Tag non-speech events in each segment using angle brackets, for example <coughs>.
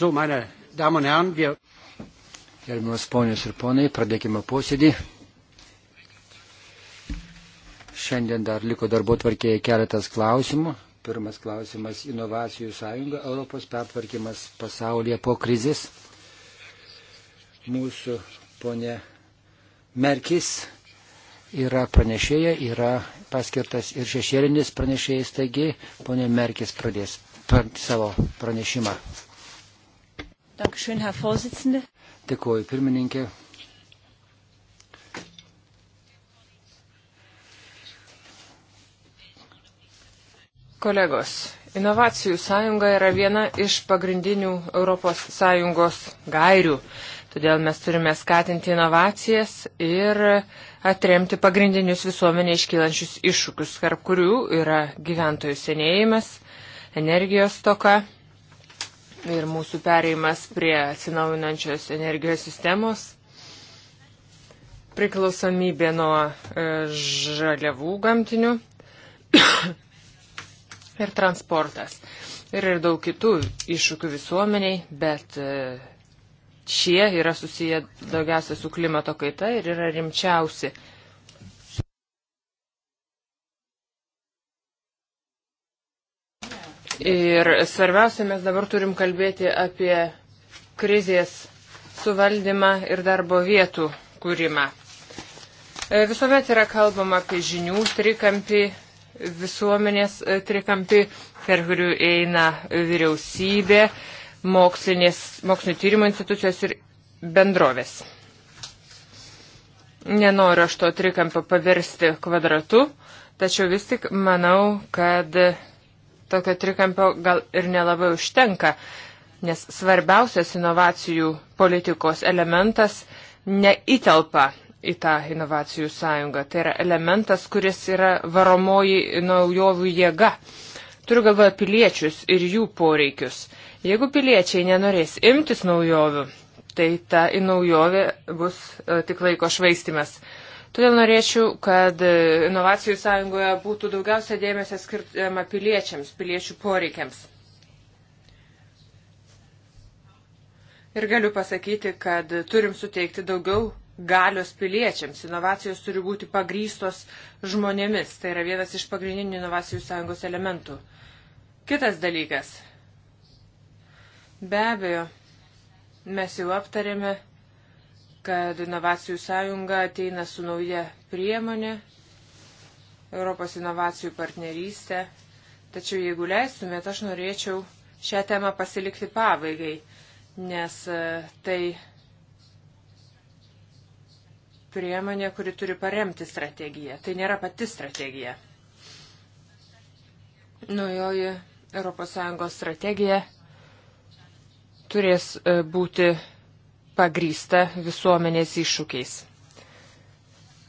So, meine Damen und Herren, wir. Gerbiamas ponios ir ponai, pradėkime posėdį. Šiandien dar liko darbo tvarkėje keletas klausimų. Pirmas klausimas - inovacijų sąjunga, Europos pertvarkymas pasaulyje po krizės. Mūsų ponė Merkis yra pranešėja, yra paskirtas ir šešėlinis pranešėjas, taigi ponė Merkis pradės pr savo pranešimą. Dankeschön, Herr Vorsitzende. Dėkuoju, pirmininkė. Kolegos, inovacijų sąjunga yra viena iš pagrindinių ES gairių. Todėl mes turime skatinti inovacijas ir atremti pagrindinius visuomenė iškylančius iššūkius, tarp kurių yra gyventojų senėjimas, energijos toka ir mūsų pereimas prie atsinaujinančios energijos sistemos, priklausomybė nuo e, žaliavų gamtinių <coughs> ir transportas. Ir ir daug kitų iššūkių visuomeniai, bet e, šie yra susiję daugiausia su klimato kaita ir yra rimčiausi Ir svarbiausia, mes dabar turim kalbėti apie krizės suvaldymą ir darbo vietų kūrimą. E, visuomet yra kalbama apie žinių trikampį, visuomenės e, trikampį, per kurių eina vyriausybė, mokslinio tyrimo institucijos ir bendrovės. Nenoriu aš to trikampio paversti kvadratu, tačiau vis tik manau, kad tokio trikampio gal ir nelabai užtenka, nes svarbiausias inovacijų politikos elementas neįtelpa į tą inovacijų sąjungą. Tai yra elementas, kuris yra varomoji naujovių jėga. Turiu galvoje piliečius ir jų poreikius. Jeigu piliečiai nenorės imtis naujovių, tai ta naujovė bus e, tik laiko švaistimas. Todėl norėčiau, kad inovacijų sąjungoje būtų daugiausia dėmesio skirtama piliečiams, piliečių poreikiams. Ir galiu pasakyti, kad turim suteikti daugiau galios piliečiams. Inovacijos turi būti pagrystos žmonėmis. Tai yra vienas iš pagrindinių inovacijų sąjungos elementų. Kitas dalykas. Be abejo, mes jau aptarėme kad inovacijų sąjunga ateina su nauja priemonė, Europos inovacijų partnerystė. Tačiau jeigu leistumėt, aš norėčiau šią temą pasilikti pabaigai, nes e, tai priemonė, kuri turi paremti strategiją. Tai nėra pati strategija. Naujoji ES strategija turės e, būti pagrįsta visuomenės iššūkiais.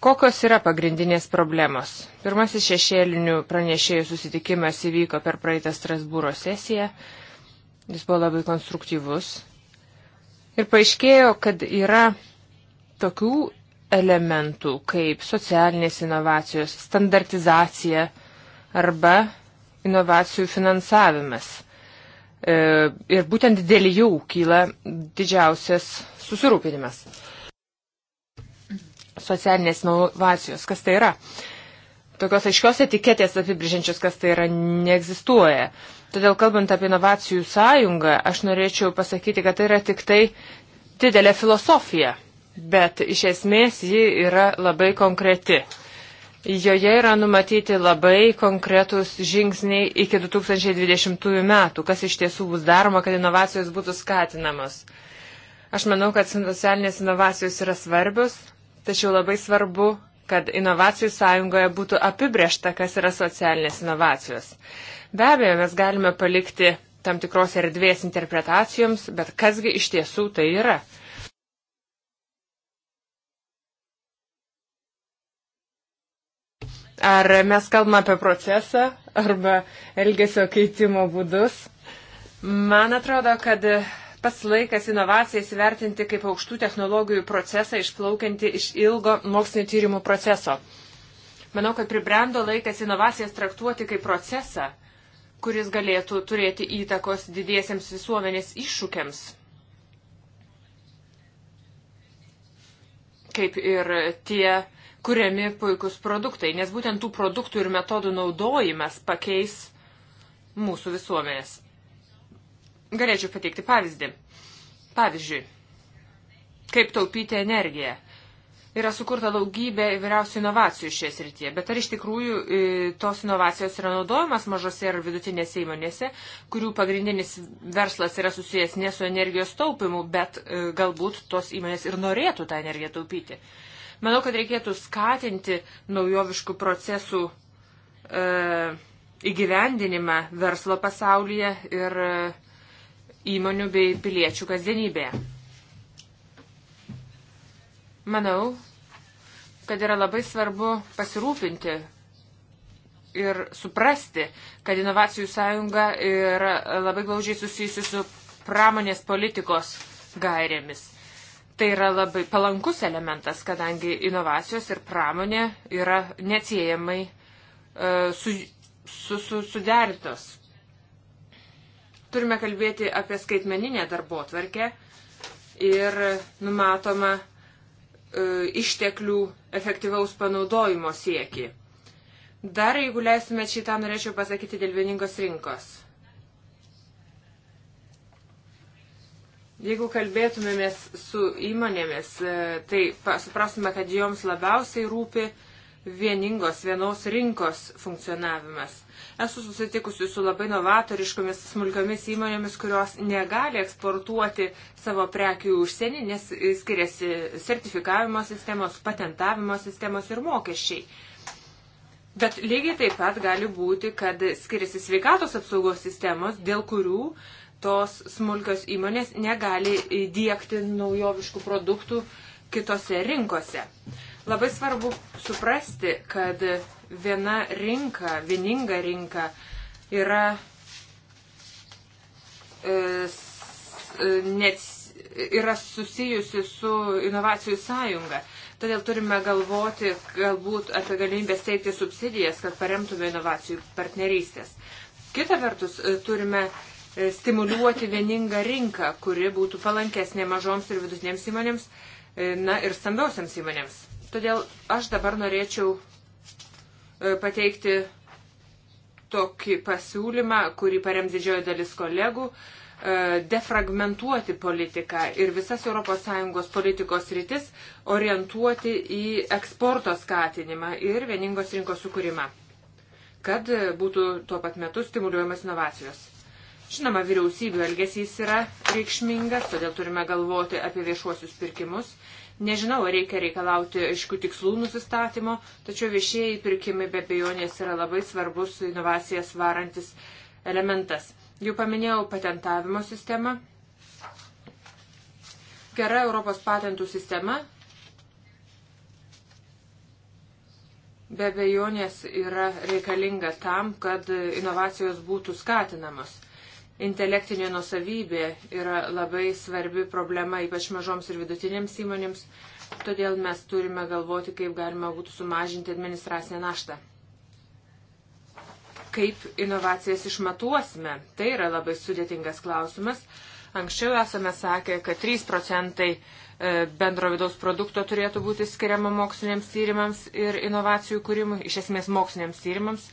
Kokios yra pagrindinės problemos? Pirmasis šešėlinių pranešėjų susitikimas įvyko per praeitą Strasbūro sesiją. Jis buvo labai konstruktyvus. Ir paaiškėjo, kad yra tokių elementų kaip socialinės inovacijos, standartizacija arba inovacijų finansavimas. E, ir būtent dėl jų kyla didžiausias susirūpinimas. Socialinės inovacijos, kas tai yra? Tokios aiškios etiketės apibrėžiančios, kas tai yra, neegzistuoja. Todėl, kalbant apie inovacijų sąjungą, aš norėčiau pasakyti, kad tai yra tik tai didelė filosofija, bet iš esmės ji yra labai konkreti. Joje yra numatyti labai konkretūs žingsniai iki 2020 metų, kas iš tiesų bus daroma, kad inovacijos būtų skatinamos. Aš manau, kad socialinės inovacijos yra svarbios, tačiau labai svarbu, kad inovacijų sąjungoje būtų apibriešta, kas yra socialinės inovacijos. Be abejo, mes galime palikti tam tikros erdvės interpretacijoms, bet kasgi iš tiesų tai yra. Ar mes kalbame apie procesą arba elgesio keitimo būdus? Man atrodo, kad pats laikas inovacijas įvertinti kaip aukštų technologijų procesą išplaukianti iš ilgo mokslinio tyrimų proceso. Manau, kad pribrendo laikas inovacijas traktuoti kaip procesą, kuris galėtų turėti įtakos didiesiems visuomenės iššūkiams. Kaip ir tie kuriami puikus produktai, nes būtent tų produktų ir metodų naudojimas pakeis mūsų visuomenės. Galėčiau pateikti pavyzdį. Pavyzdžiui, kaip taupyti energiją yra sukurta daugybė įvairiausių inovacijų šioje srityje, bet ar iš tikrųjų e, tos inovacijos yra naudojamas mažose ir vidutinėse įmonėse, kurių pagrindinis verslas yra susijęs ne su energijos taupimu, bet e, galbūt tos įmonės ir norėtų tą energiją taupyti. Manau, kad reikėtų skatinti naujoviškų procesų e, įgyvendinimą verslo pasaulyje ir e, įmonių bei piliečių kasdienybėje. Manau, kad yra labai svarbu pasirūpinti ir suprasti, kad inovacijų sąjunga yra labai glaužiai susijusi su pramonės politikos gairėmis. Tai yra labai palankus elementas, kadangi inovacijos ir pramonė yra neatsiejamai e, su, su, su, suderintos. Turime kalbėti apie skaitmeninę darbo tvarkę ir numatomą e, išteklių efektyvaus panaudojimo siekį. Dar, jeigu leisime šitą, norėčiau pasakyti dėl vieningos rinkos. Jeigu kalbėtumėmės su įmonėmis, e, tai suprasime, kad joms labiausiai rūpi vieningos vienos rinkos funkcionavimas. Esu susitikusi su labai novatoriškomis smulkiomis įmonėmis, kurios negali eksportuoti savo prekių užsienį, nes skiriasi sertifikavimo sistemos, patentavimo sistemos ir mokesčiai. Bet lygiai taip pat gali būti, kad skiriasi sveikatos apsaugos sistemos, dėl kurių uh, tos smulkios įmonės negali įdėkti naujoviškų produktų kitose rinkose. Labai svarbu suprasti, kad viena rinka, vieninga rinka yra e, e net yra susijusi su inovacijų sąjunga. Todėl turime galvoti galbūt apie galimybę steigti subsidijas, kad paremtume inovacijų partnerystės. Kita vertus, e, turime E, stimuliuoti vieningą rinką, kuri būtų palankesnė mažoms ir vidutinėms įmonėms, e, na ir stambiausiams įmonėms. Todėl aš dabar norėčiau e, pateikti tokį pasiūlymą, kurį parems didžioji dalis kolegų, defragmentuoti politiką ir visas ES politikos rytis orientuoti į eksporto skatinimą ir vieningos rinkos sukūrimą, kad būtų tuo pat metu stimuliuojamas inovacijos. Žinoma, vyriausybių elgesys yra reikšmingas, todėl turime galvoti apie viešuosius pirkimus. Nežinau, ar reikia reikalauti aiškių tikslų nusistatymo, tačiau viešieji pirkimai be bejonės yra labai svarbus inovacijas varantis elementas. Jau paminėjau patentavimo sistemą. Gera Europos patentų sistema be bejonės yra reikalinga tam, kad inovacijos būtų skatinamos. Intelektinė nusavybė yra labai svarbi problema, ypač mažoms ir vidutinėms įmonėms, todėl mes turime galvoti, kaip galima būtų sumažinti administracinę naštą. Kaip inovacijas išmatuosime? Tai yra labai sudėtingas klausimas. Anksčiau esame sakę, kad 3 procentai e, bendro vidaus produkto turėtų būti skiriama moksliniams tyrimams ir inovacijų kūrimui, iš esmės moksliniams tyrimams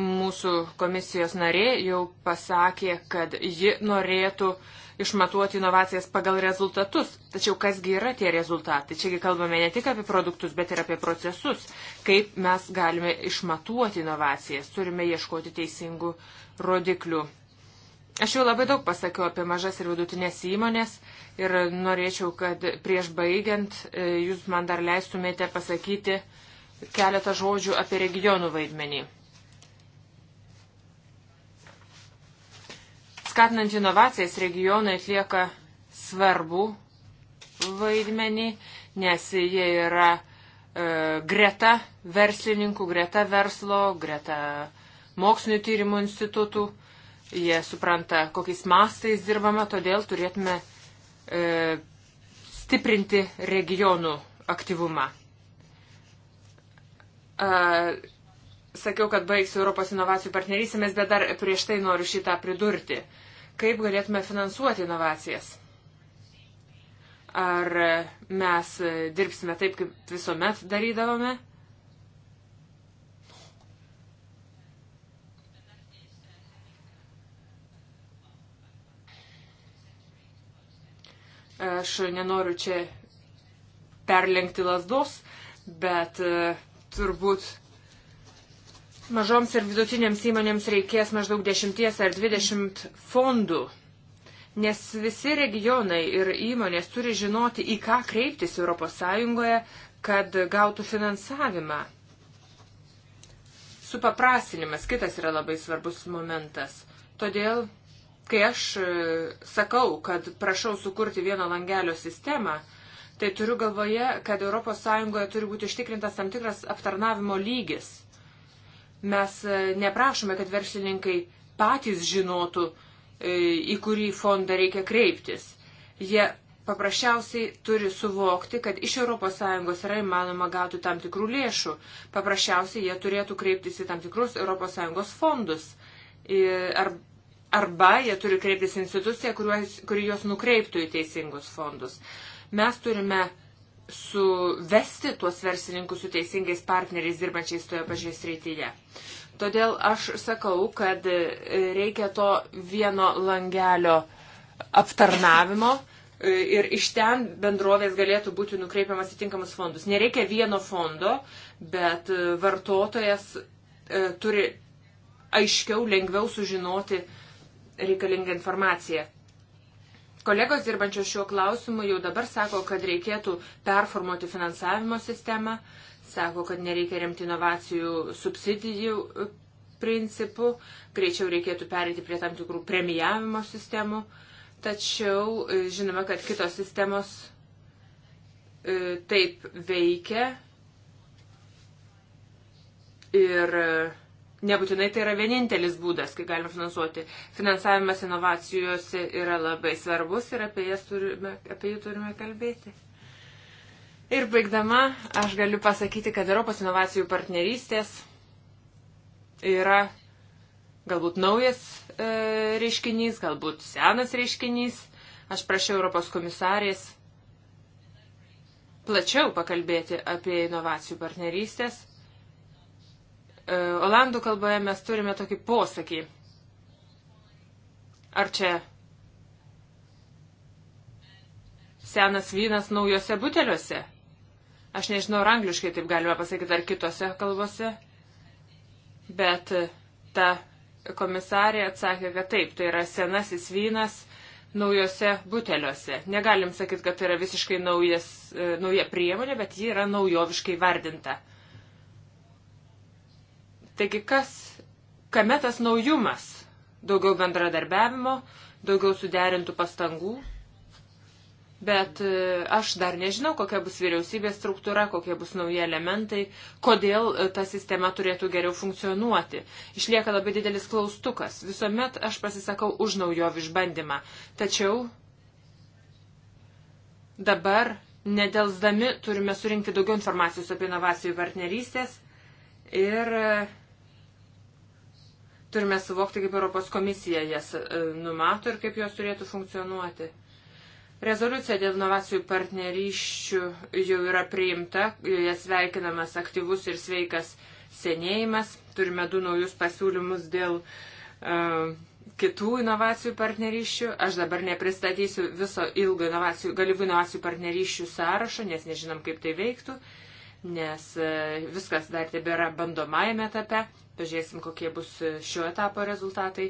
mūsų komisijos narė jau pasakė, kad ji norėtų išmatuoti inovacijas pagal rezultatus. Tačiau kasgi yra tie rezultatai? Čiagi kalbame ne tik apie produktus, bet ir apie procesus. Kaip mes galime išmatuoti inovacijas? Turime ieškoti teisingų rodiklių. Aš jau labai daug pasakiau apie mažas ir vidutinės įmonės ir norėčiau, kad prieš baigiant e, jūs man dar leistumėte pasakyti keletą žodžių apie regionų vaidmenį. Skatinant inovacijas regionai atlieka svarbu vaidmenį, nes jie yra e, greta verslininkų, greta verslo, greta mokslinio tyrimų institutų. Jie supranta, kokiais mastais dirbama, todėl turėtume e, stiprinti regionų aktyvumą. E, sakiau, kad baigsiu Europos inovacijų partnerysėmis, bet dar prieš tai noriu šitą pridurti. E, Kaip galėtume finansuoti inovacijas? Ar mes dirbsime taip, kaip visuomet darydavome? Aš nenoriu čia perlenkti lasdos, bet e, turbūt Mažoms ir vidutinėms įmonėms reikės maždaug 10 ar 20 fondų, nes visi regionai ir įmonės turi žinoti, į ką kreiptis ES, kad gautų finansavimą. Supaprasinimas kitas yra labai svarbus momentas. Todėl kai aš e, sakau, kad prašau sukurti vieno langelio sistemą, tai turiu galvoje, kad ES turi būti ištikrintas tam tikras aptarnavimo lygis. Mes e, neprašome, kad verslininkai patys žinotų, e, į kurį fondą reikia kreiptis. Jie paprasčiausiai turi suvokti, kad iš ES yra įmanoma gauti tam tikrų lėšų. Paprasčiausiai jie turėtų kreiptis į tam tikrus ES fondus. Ar, arba jie turi kreiptis instituciją, kuri juos nukreiptų į teisingus fondus. Mes turime suvesti tuos verslininkus su teisingais partneriais dirbančiais toje pačioje srityje. Todėl aš sakau, kad e, reikia to vieno langelio aptarnavimo e, ir iš ten bendrovės galėtų būti nukreipiamas į tinkamus fondus. Nereikia vieno fondo, bet e, vartotojas turi aiškiau, lengviau sužinoti reikalingą informaciją. Kolegos dirbančios šiuo klausimu jau dabar sako, kad reikėtų performuoti finansavimo sistemą, sako, kad nereikia remti inovacijų subsidijų e, principų, greičiau reikėtų perėti prie tam tikrų premijavimo sistemų. Tačiau e, žinome, kad kitos sistemos e, taip veikia ir Nebūtinai tai yra vienintelis būdas, kai galime finansuoti. Finansavimas inovacijose yra labai svarbus ir apie, turime, apie jį turime kalbėti. Ir baigdama, aš galiu pasakyti, kad Europos inovacijų partnerystės yra galbūt naujas e, reiškinys, galbūt senas reiškinys. Aš prašiau Europos komisarės plačiau pakalbėti apie inovacijų partnerystės E, olandų kalboje mes turime tokį posakį. Ar čia senas vynas naujose buteliuose? Aš nežinau, ar angliškai taip galima pasakyti, ar kitose kalbose. Bet ta komisarė atsakė, kad taip, tai yra senasis vynas naujose buteliuose. Negalim sakyti, kad tai yra visiškai naujas, e, nauja priemonė, bet ji yra naujoviškai vardinta. Taigi kas, kame tas naujumas? Daugiau bendradarbiavimo, daugiau suderintų pastangų. Bet e, aš dar nežinau, kokia bus vyriausybės struktūra, kokie bus nauji elementai, kodėl e, ta sistema turėtų geriau funkcionuoti. Išlieka labai didelis klaustukas. Visuomet aš pasisakau už naujovį išbandymą. Tačiau dabar, nedelsdami, turime surinkti daugiau informacijos apie inovacijų partnerystės ir e, Turime suvokti, kaip Europos komisija jas e, numato ir kaip jos turėtų funkcionuoti. Rezoliucija dėl inovacijų partnerysčių jau yra priimta, joje sveikinamas aktyvus ir sveikas senėjimas. Turime du naujus pasiūlymus dėl uh, kitų inovacijų partnerysčių. Aš dabar nepristatysiu viso ilgo inovacijų, galimų inovacijų partnerysčių sąrašo, nes nežinom, kaip tai veiktų, nes uh, viskas dar tebėra bandomajame etape. Uh, pažiūrėsim, kokie bus šio etapo rezultatai.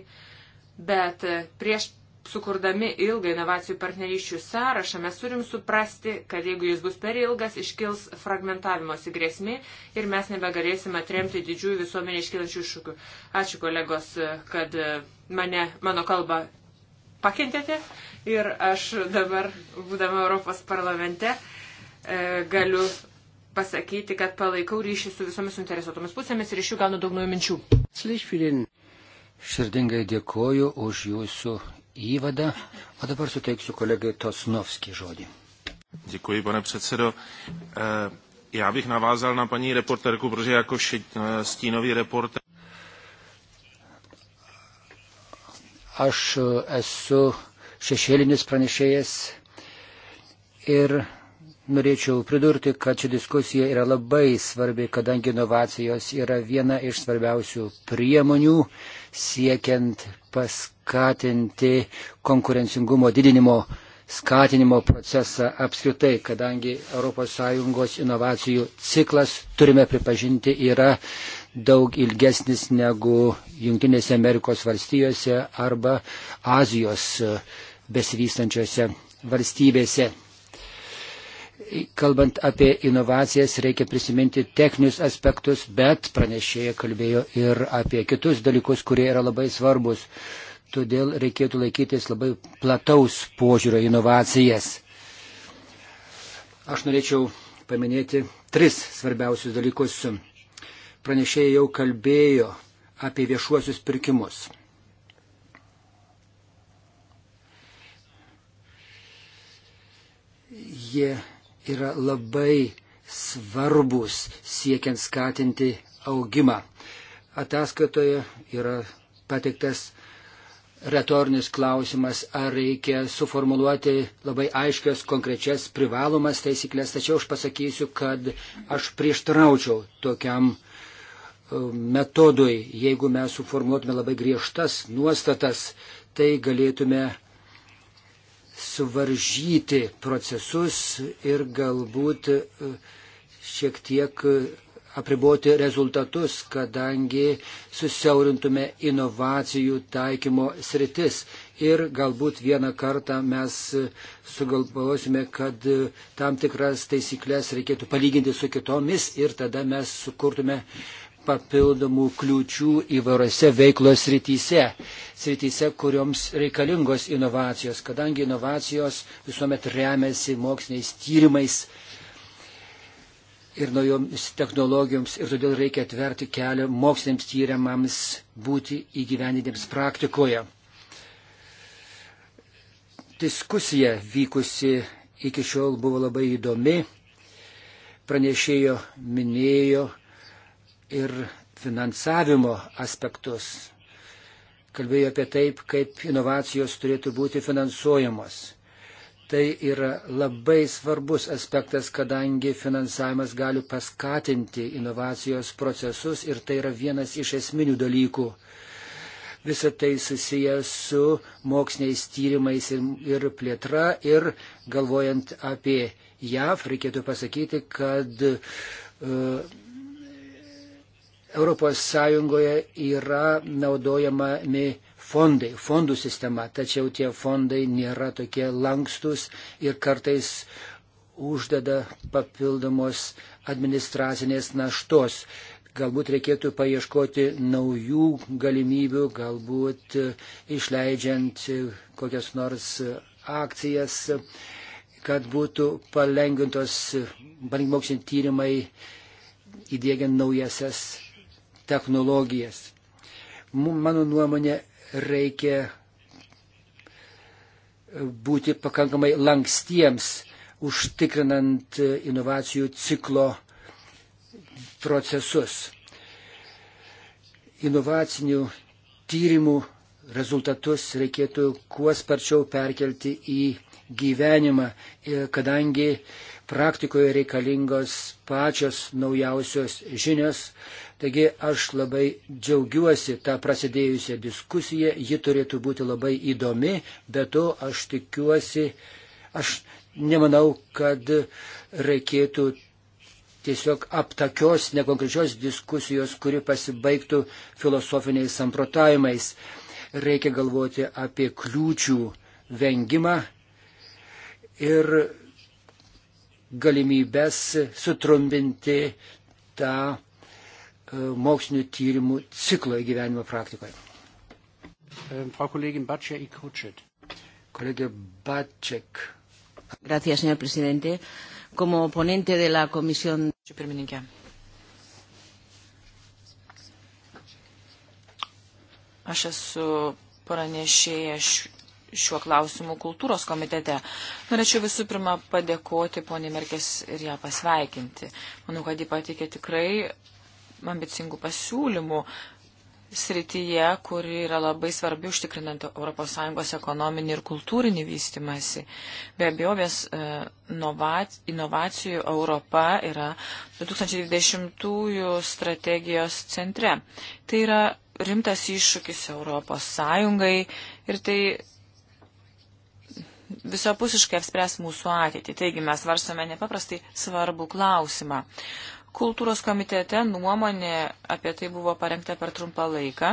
Bet e, prieš sukurdami ilgą inovacijų partnerysčių sąrašą mes turim suprasti, kad jeigu jis bus per ilgas, iškils fragmentavimosi grėsmė ir mes nebegalėsim atremti didžiųjų visuomenė iškilančių iššūkių. Ačiū kolegos, e, kad e, mane, mano kalbą pakentėte ir aš dabar, būdama Europos parlamente, galiu pasakyti, kad palaikau ryšį su visomis interesuotomis pusėmis ir iš jų gaunu daug naujų minčių. Slyšvilin, širdingai dėkoju už jūsų įvadą, o dabar suteiksiu kolegai Tosnovskį žodį. Děkuji, pane předsedo. E, já bych navázal na paní reporterku, protože jako šit, e, stínový reporter. Aš e, esu šešėlinis pranešėjas ir Norėčiau pridurti, kad ši diskusija yra labai svarbi, kadangi inovacijos yra viena iš svarbiausių priemonių siekiant paskatinti konkurencingumo didinimo skatinimo procesą apskritai, kadangi ES inovacijų ciklas, turime pripažinti, yra daug ilgesnis negu Junktinėse Amerikos valstijose arba Azijos besivystančiose valstybėse kalbant apie inovacijas, reikia prisiminti techninius aspektus, bet pranešėja kalbėjo ir apie kitus dalykus, kurie yra labai svarbus. Todėl reikėtų laikytis labai plataus požiūrio inovacijas. Aš norėčiau paminėti tris svarbiausius dalykus. Pranešėja jau kalbėjo apie viešuosius pirkimus. jie yra labai svarbus siekiant skatinti augimą. Ataskatoje yra pateiktas retornis klausimas, ar reikia suformuluoti labai aiškias, konkrečias, privalomas taisyklės, tačiau aš pasakysiu, kad aš prieštaraučiau tokiam e, metodui, jeigu mes suformuotume labai griežtas nuostatas, tai galėtume suvaržyti procesus ir galbūt e, šiek tiek e, apriboti rezultatus, kadangi susiaurintume inovacijų taikymo sritis. Ir galbūt vieną kartą mes e, sugalvosime, kad tam tikras taisyklės reikėtų palyginti su kitomis ir tada mes sukurtume papildomų kliūčių įvairiose veiklos srityse, srityse, kurioms reikalingos inovacijos, kadangi inovacijos visuomet remiasi moksliniais tyrimais ir naujoms technologijoms ir todėl reikia atverti kelią moksliniams tyrimams būti įgyvenidėms praktikoje. Diskusija vykusi iki šiol buvo labai įdomi. Pranešėjo minėjo ir finansavimo aspektus. Kalbėjo apie taip, kaip inovacijos turėtų būti finansuojamos. Tai yra labai svarbus aspektas, kadangi finansavimas gali paskatinti inovacijos procesus ir tai yra vienas iš esminių dalykų. Visą tai susijęs su moksliniais tyrimais ir, ir plėtra ir galvojant apie JAV, reikėtų pasakyti, kad uh, ES yra naudojami fondai, fondų sistema, tačiau tie fondai nėra tokie lankstus ir kartais uždeda papildomos administracinės naštos. Galbūt reikėtų paieškoti naujų galimybių, galbūt išleidžiant kokias nors akcijas, kad būtų palengvintos bandymokslinti tyrimai, įdėgiant naujasias technologijas. Mano nuomonė, reikia būti pakankamai lankstiems, užtikrinant inovacijų ciklo procesus. Inovacinių tyrimų rezultatus reikėtų kuo sparčiau perkelti į gyvenimą, e, kadangi praktikoje reikalingos pačios naujausios žinios, Taigi aš labai džiaugiuosi tą prasidėjusią diskusiją, ji turėtų būti labai įdomi, bet to aš tikiuosi, aš nemanau, kad reikėtų tiesiog aptakios, nekonkrečios diskusijos, kuri pasibaigtų filosofiniais samprotavimais. Reikia galvoti apie kliūčių vengimą ir galimybės sutrumpinti tą E, mokslinių tyrimų ciklo įgyvenimo praktikoje. E, Frau Kollegin Batschek. Kolegė Batschek. Gracias, señor presidente. Como ponente de la comisión. Pirmininkė. Aš esu pranešėję šiuo klausimu kultūros komitete. Norėčiau visų pirma padėkoti poniai Merkės ir ją pasveikinti. Manau, kad ji patikė tikrai ambicingų pasiūlymų srityje, kuri yra labai svarbi užtikrinant ES ekonominį ir kultūrinį vystimąsi. Be abejo, vės e, inovacijų Europa yra 2020 strategijos centre. Tai yra rimtas iššūkis ES ir tai visapusiškai apspręs mūsų ateitį. Taigi mes varstome nepaprastai svarbų klausimą. Kultūros komitete nuomonė apie tai buvo parengta per trumpą laiką.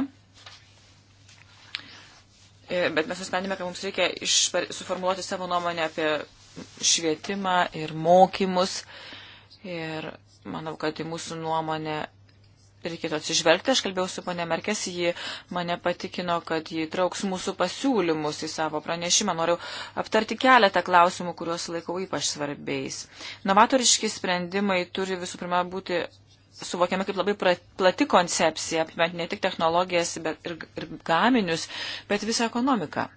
E, bet mes nusprendėme, kad mums reikia išpar... suformuoluoti savo nuomonę apie švietimą ir mokymus. Ir manau, kad į mūsų nuomonę reikėtų atsižvelgti. Aš kalbėjau su ponė Merkes, ji mane patikino, kad ji trauks mūsų pasiūlymus į savo pranešimą. Noriu aptarti keletą klausimų, kuriuos laikau ypač svarbiais. Novatoriški sprendimai turi visų pirma būti suvokiama kaip labai plati koncepcija, apimant ne tik technologijas bet ir, ir gaminius, bet visą ekonomiką.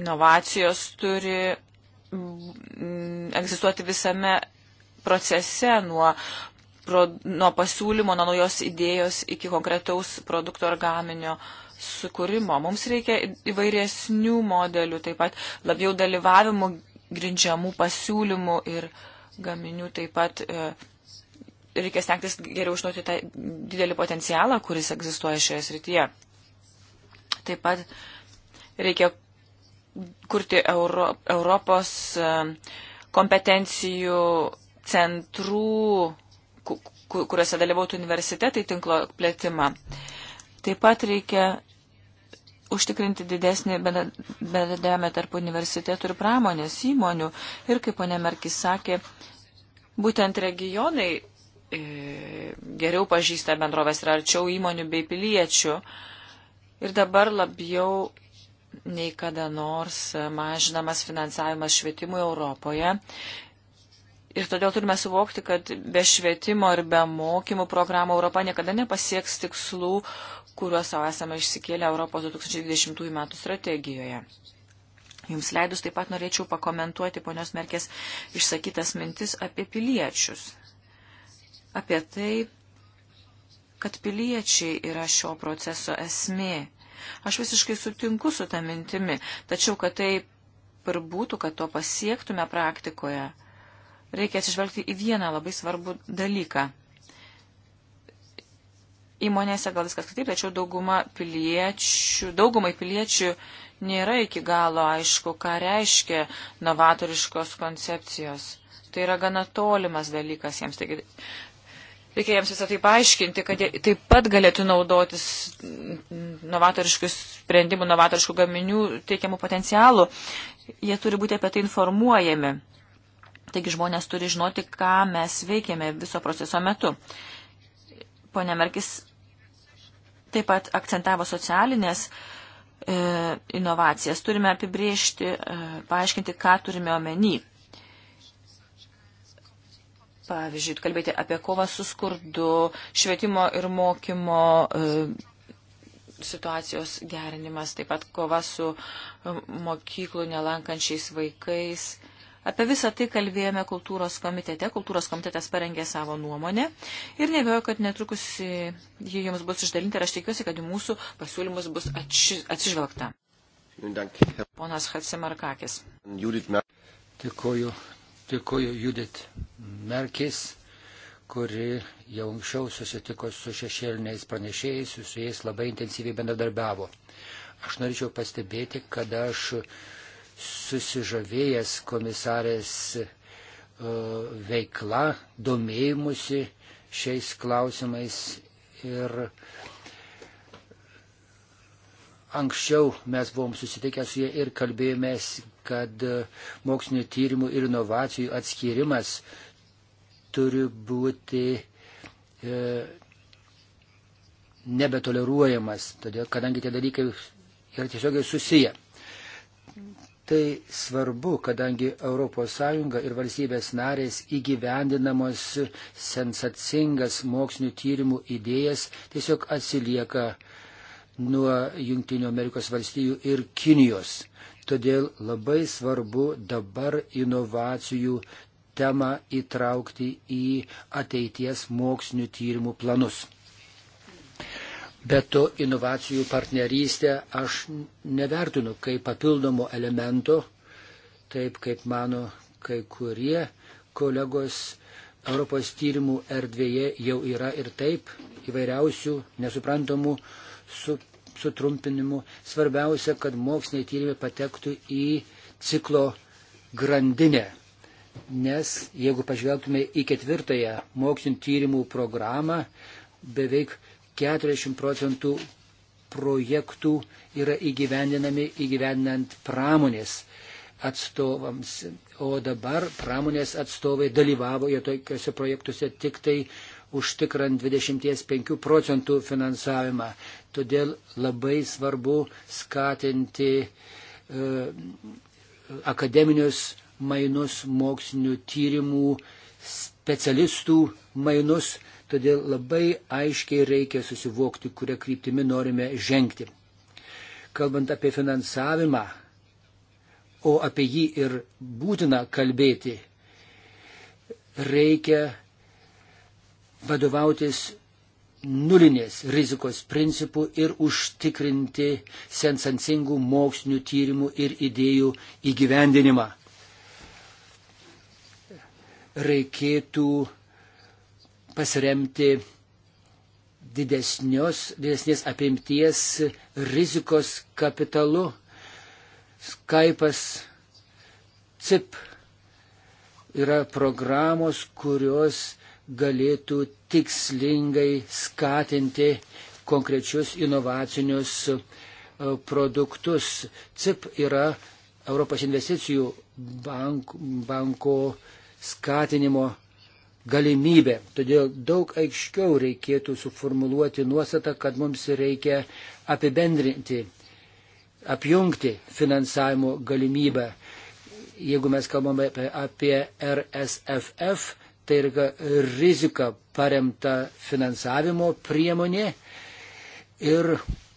Inovacijos turi egzistuoti visame procese nuo, pro, nuo pasiūlymo, nuo naujos idėjos iki konkretaus produkto ar gaminio sukūrimo. Mums reikia įvairesnių modelių, taip pat labiau dalyvavimų grindžiamų pasiūlymų ir gaminių taip pat. E, reikia stengtis geriau išnuoti tą didelį potencialą, kuris egzistuoja šioje srityje. Taip pat reikia kurti Euro, Europos e, kompetencijų centrų, kuriuose dalyvautų universitetai tinklo plėtimą. Taip pat reikia užtikrinti didesnį bendradarbiavimą tarp universitetų ir pramonės įmonių. Ir kaip ponė Merkis sakė, būtent regionai e, geriau pažįsta bendrovės ir arčiau įmonių bei piliečių. Ir dabar labiau nei kada nors mažinamas finansavimas švietimui Europoje Ir todėl turime suvokti, kad be švietimo ir be mokymų programų Europa niekada nepasieks tikslų, kuriuos savo esame išsikėlę Europos 2020 m. strategijoje. Jums leidus taip pat norėčiau pakomentuoti ponios Merkės išsakytas mintis apie piliečius. Apie tai, kad piliečiai yra šio proceso esmė. Aš visiškai sutinku su tą mintimi, tačiau kad taip ir būtų, kad to pasiektume praktikoje, reikia atsižvelgti į vieną labai svarbų dalyką. Įmonėse gal viskas kitaip, tačiau dauguma piliečių, daugumai piliečių nėra iki galo aišku, ką reiškia novatoriškos koncepcijos. Tai yra gana tolimas dalykas jiems. Taigi, reikia jiems visą tai paaiškinti, kad jie taip pat galėtų naudotis novatoriškų sprendimų, novatoriškų gaminių teikiamų potencialų. Jie turi būti apie tai informuojami. Taigi žmonės turi žinoti, ką mes veikėme viso proceso metu. Pone Merkis taip pat akcentavo socialinės e, inovacijas. Turime apibriežti, e, paaiškinti, ką turime omeny. Pavyzdžiui, kalbėti apie kovą su skurdu, švietimo ir mokymo e, situacijos gerinimas, taip pat kova su e, mokyklų nelankančiais vaikais. E, Apie visą tai kalbėjome kultūros komitete. Kultūros komitetas parengė savo nuomonę ir nebėjau, kad netrukus ji jums bus išdalinta ir aš tikiuosi, kad į mūsų pasiūlymus bus atsižvelgta. Ponas Hatsimarkakis. Dėkoju, dėkoju Judit Merkis kuri jau anksčiau susitiko su šešėliniais pranešėjais, su jais labai intensyviai bendradarbiavo. Aš norėčiau pastebėti, kad aš susižavėjęs komisarės e, veikla, domėjimusi šiais klausimais ir anksčiau mes buvom susitikę su jie ir kalbėjomės, kad mokslinio tyrimų ir inovacijų atskirimas turi būti e, nebetoleruojamas, todėl, kadangi tie dalykai yra tiesiogiai susiję. Tai svarbu, kadangi ES ir valstybės narės įgyvendinamos sensacingas mokslinių tyrimų idėjas tiesiog atsilieka nuo Junktinio Amerikos valstijų ir Kinijos. Todėl labai svarbu dabar inovacijų temą įtraukti į ateities mokslinių tyrimų planus. Bet to inovacijų partnerystę aš nevertinu kaip papildomo elemento, taip kaip mano kai kurie kolegos Europos tyrimų erdvėje jau yra ir taip įvairiausių nesuprantamų su, sutrumpinimų. Svarbiausia, kad moksliniai tyrimai patektų į ciklo grandinę. Nes jeigu pažvelgtume į ketvirtąją mokslinio tyrimų programą, beveik 40 procentų projektų yra įgyvendinami įgyvendinant pramonės atstovams. O dabar pramonės atstovai dalyvavo jo tokiuose projektuose tik tai užtikrant 25 procentų finansavimą. Todėl labai svarbu skatinti e, akademinius mainus, mokslinių tyrimų, specialistų mainus. Todėl labai aiškiai reikia susivokti, kurią kryptimį norime žengti. Kalbant apie finansavimą, o apie jį ir būtina kalbėti, reikia vadovautis nulinės rizikos principų ir užtikrinti sensacingų mokslinių tyrimų ir idėjų įgyvendinimą. Reikėtų pasiremti didesnios, didesnės apimties rizikos kapitalu. Skype'as, CIP yra programos, kurios galėtų tikslingai skatinti konkrečius inovacinius e, produktus. CIP yra Europos investicijų bank, banko skatinimo galimybė. Todėl daug aiškiau reikėtų suformuluoti nuostatą, kad mums reikia apibendrinti, apjungti finansavimo galimybę. Jeigu mes kalbame apie RSFF, tai yra rizika paremta finansavimo priemonė ir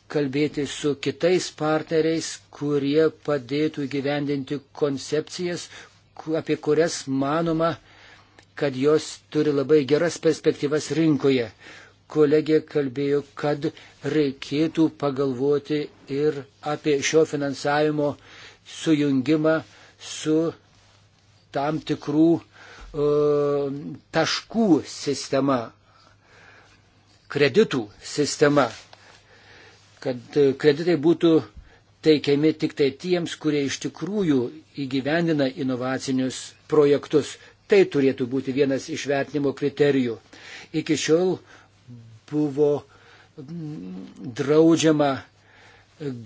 kalbėti su kitais partneriais, kurie padėtų įgyvendinti koncepcijas, apie kurias manoma kad jos turi labai geras perspektyvas rinkoje. Kolegė kalbėjo, kad reikėtų pagalvoti ir apie šio finansavimo sujungimą su tam tikrų uh, taškų sistema, kreditų sistema, kad e, kreditai būtų teikiami tik tai tiems, kurie iš tikrųjų įgyvendina inovacinius projektus. Tai turėtų būti vienas iš vertinimo kriterijų. Iki šiol buvo draudžiama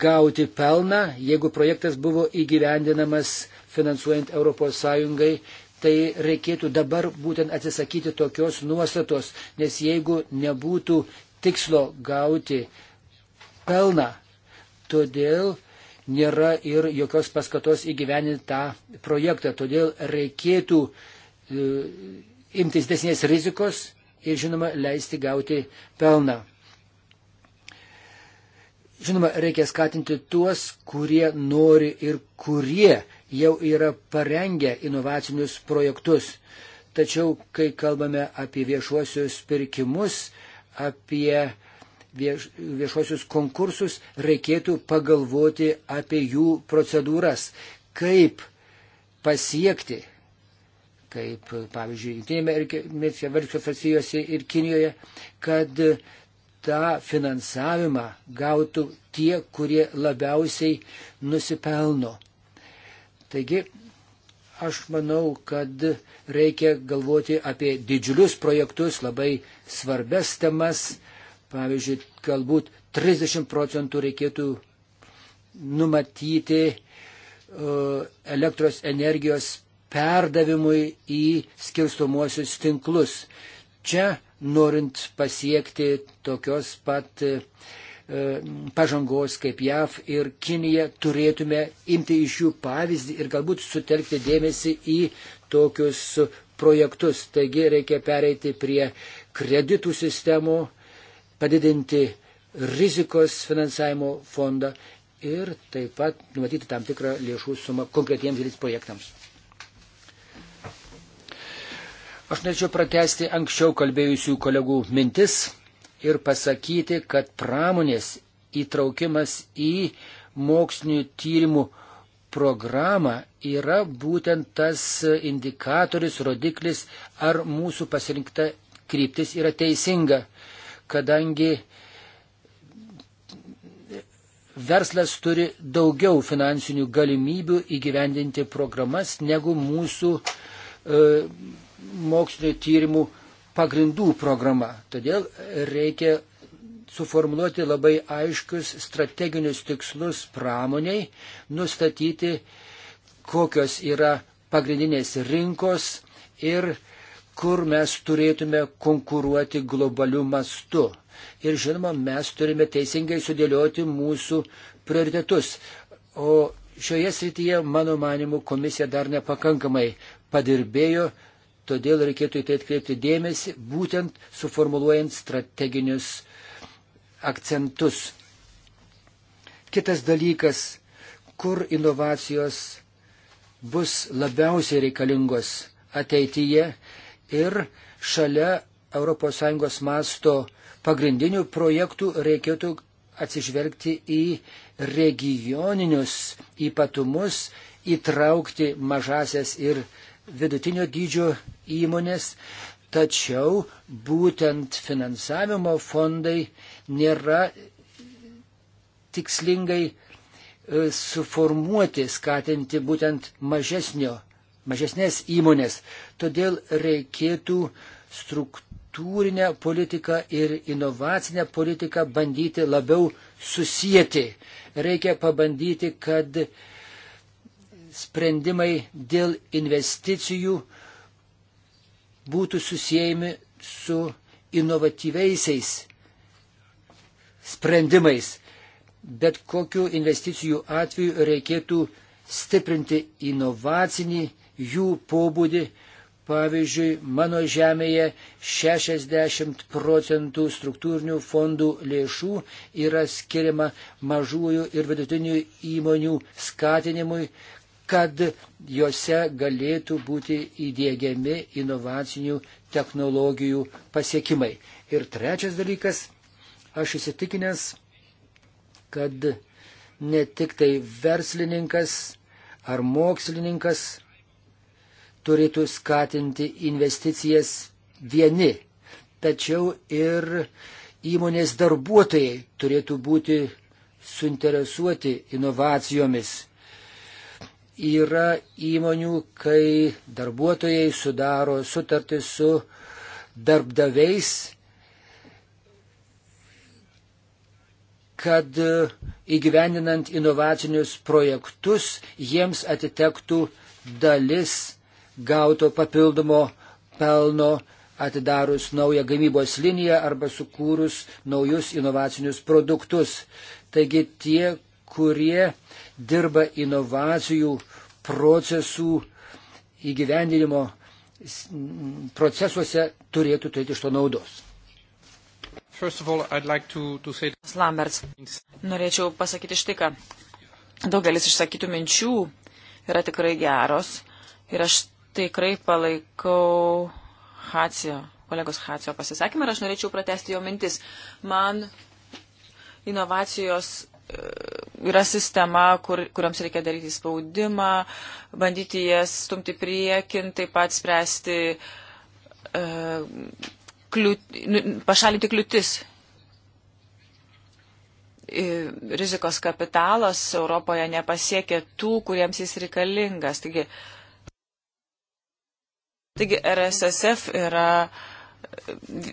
gauti pelną, jeigu projektas buvo įgyvendinamas finansuojant ES, tai reikėtų dabar būtent atsisakyti tokios nuostatos, nes jeigu nebūtų tikslo gauti pelną, todėl nėra ir jokios paskatos įgyveninti tą projektą. Todėl reikėtų uh, E, imtis desnės rizikos ir, žinoma, leisti gauti pelną. Žinoma, reikia skatinti tuos, kurie nori ir kurie jau yra parengę inovacinius projektus. Tačiau, kai kalbame apie viešuosius pirkimus, apie vieš, viešuosius konkursus, reikėtų pagalvoti apie jų procedūras, kaip pasiekti, kaip pavyzdžiui, Junktinėse Amerikos valstijose ir Kinijoje, kad tą finansavimą gautų tie, kurie labiausiai nusipelno. Taigi, aš manau, kad reikia galvoti apie didžiulius projektus, labai svarbes temas. Pavyzdžiui, galbūt 30 procentų reikėtų numatyti uh, elektros energijos perdavimui į skirstomuosius tinklus. Čia, norint pasiekti tokios pat e, pažangos kaip JAV ir Kinija, turėtume imti iš jų pavyzdį ir galbūt sutelkti dėmesį į tokius projektus. Taigi reikia pereiti prie kreditų sistemų, padidinti rizikos finansavimo fondą ir taip pat numatyti tam tikrą lėšų sumą konkretiems projektams. Aš norėčiau pratesti anksčiau kalbėjusių kolegų mintis ir pasakyti, kad pramonės įtraukimas į mokslinių tyrimų programą yra būtent tas indikatorius, rodiklis, ar mūsų pasirinkta kryptis yra teisinga, kadangi verslas turi daugiau finansinių galimybių įgyvendinti programas negu mūsų e, mokslinio tyrimų pagrindų programa. Todėl reikia suformuoluoti labai aiškius strateginius tikslus pramoniai, nustatyti, kokios yra pagrindinės rinkos ir kur mes turėtume konkuruoti globaliu mastu. Ir žinoma, mes turime teisingai sudėlioti mūsų prioritetus. O šioje srityje, mano manimu, komisija dar nepakankamai padirbėjo, Todėl reikėtų į tai atkreipti dėmesį, būtent suformuluojant strateginius akcentus. Kitas dalykas, kur inovacijos bus labiausiai reikalingos ateityje ir šalia ES masto pagrindinių projektų reikėtų atsižvelgti į regioninius ypatumus, įtraukti mažasias ir vidutinio dydžio įmonės, tačiau būtent finansavimo fondai nėra tikslingai e, suformuoti, skatinti būtent mažesnio, mažesnės įmonės. Todėl reikėtų struktūrinę politiką ir inovacinę politiką bandyti labiau susijęti. Reikia pabandyti, kad sprendimai dėl investicijų būtų susijęmi su inovatyviaisiais sprendimais. Bet kokiu investicijų atveju reikėtų stiprinti inovacinį jų pobūdį. Pavyzdžiui, mano žemėje 60 procentų struktūrinių fondų lėšų yra skiriama mažųjų ir vidutinių įmonių skatinimui, kad juose galėtų būti įdėgiami inovacinių technologijų pasiekimai. Ir trečias dalykas, aš įsitikinęs, kad ne tik tai verslininkas ar mokslininkas turėtų skatinti investicijas vieni, tačiau ir įmonės darbuotojai turėtų būti suinteresuoti inovacijomis yra įmonių, kai darbuotojai sudaro sutartį su darbdaviais, kad įgyvendinant inovacinius projektus jiems atitektų dalis gauto papildomo pelno atidarius naują gamybos liniją arba sukūrus naujus inovacinius produktus. Taigi tie, kurie dirba inovacijų procesų įgyvendinimo procesuose, turėtų turėti iš to naudos. All, like to, to say... Lamberts, norėčiau pasakyti štai ką. Daugelis išsakytų minčių yra tikrai geros ir aš tikrai palaikau Hacijo, kolegos Hacijo pasisakymą ir aš norėčiau pratesti jo mintis. Man inovacijos e, yra sistema, kur, kuriams reikia daryti spaudimą, bandyti jas stumti priekin, taip pat spręsti, e, kliūt, nu, pašalinti kliūtis. E, rizikos kapitalas Europoje nepasiekia tų, kuriems jis reikalingas. Taigi, taigi RSSF yra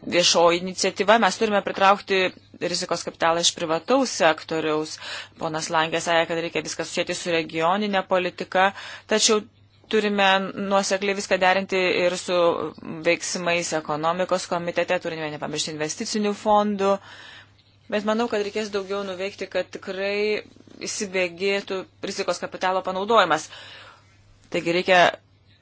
viešoji iniciatyva, mes turime pritraukti rizikos kapitalą iš privataus sektoriaus. Ponas Langė sąja, kad reikia viską susijęti su regioninė politika, tačiau turime nuosekliai viską derinti ir su veiksmais ekonomikos komitete, turime nepamiršti investicinių fondų, bet manau, kad reikės daugiau nuveikti, kad tikrai įsibėgėtų rizikos kapitalo panaudojimas. Taigi reikia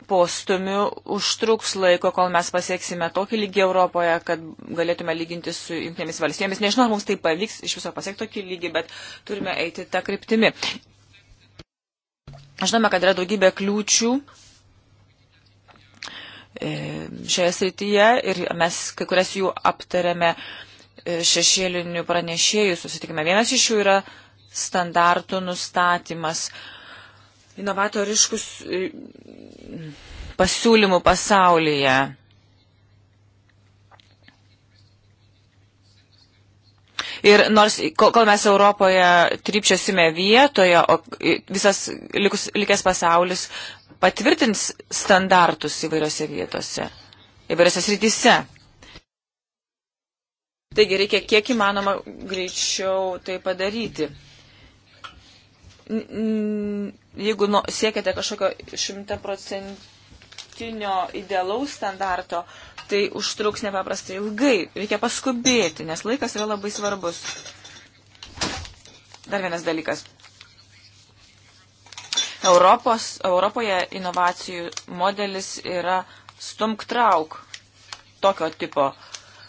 postumiu užtruks laiko, kol mes pasieksime tokį lygį Europoje, kad galėtume lyginti su jungtinėmis valstybėmis. Nežinau, ar mums tai pavyks iš viso pasiekti tokį lygį, bet turime eiti tą kryptimį. Žinome, kad yra daugybė kliūčių e, šioje srityje ir mes kai kurias jų aptarėme e, šešėlinių pranešėjų susitikime. Vienas iš jų yra standartų nustatymas. Uh, inovatoriškus e, pasiūlymų pasaulyje. Ir nors, kol mes Europoje trypčiosime vietoje, o visas likus, likęs pasaulis patvirtins standartus įvairiose vietose, įvairiose srityse. Taigi reikia kiek įmanoma greičiau tai padaryti jeigu nu, siekiate kažkokio šimtaprocentinio idealaus standarto, tai užtruks nepaprastai ilgai. Reikia paskubėti, nes laikas yra labai svarbus. Dar vienas dalykas. Europos, Europoje inovacijų modelis yra stumk trauk tokio tipo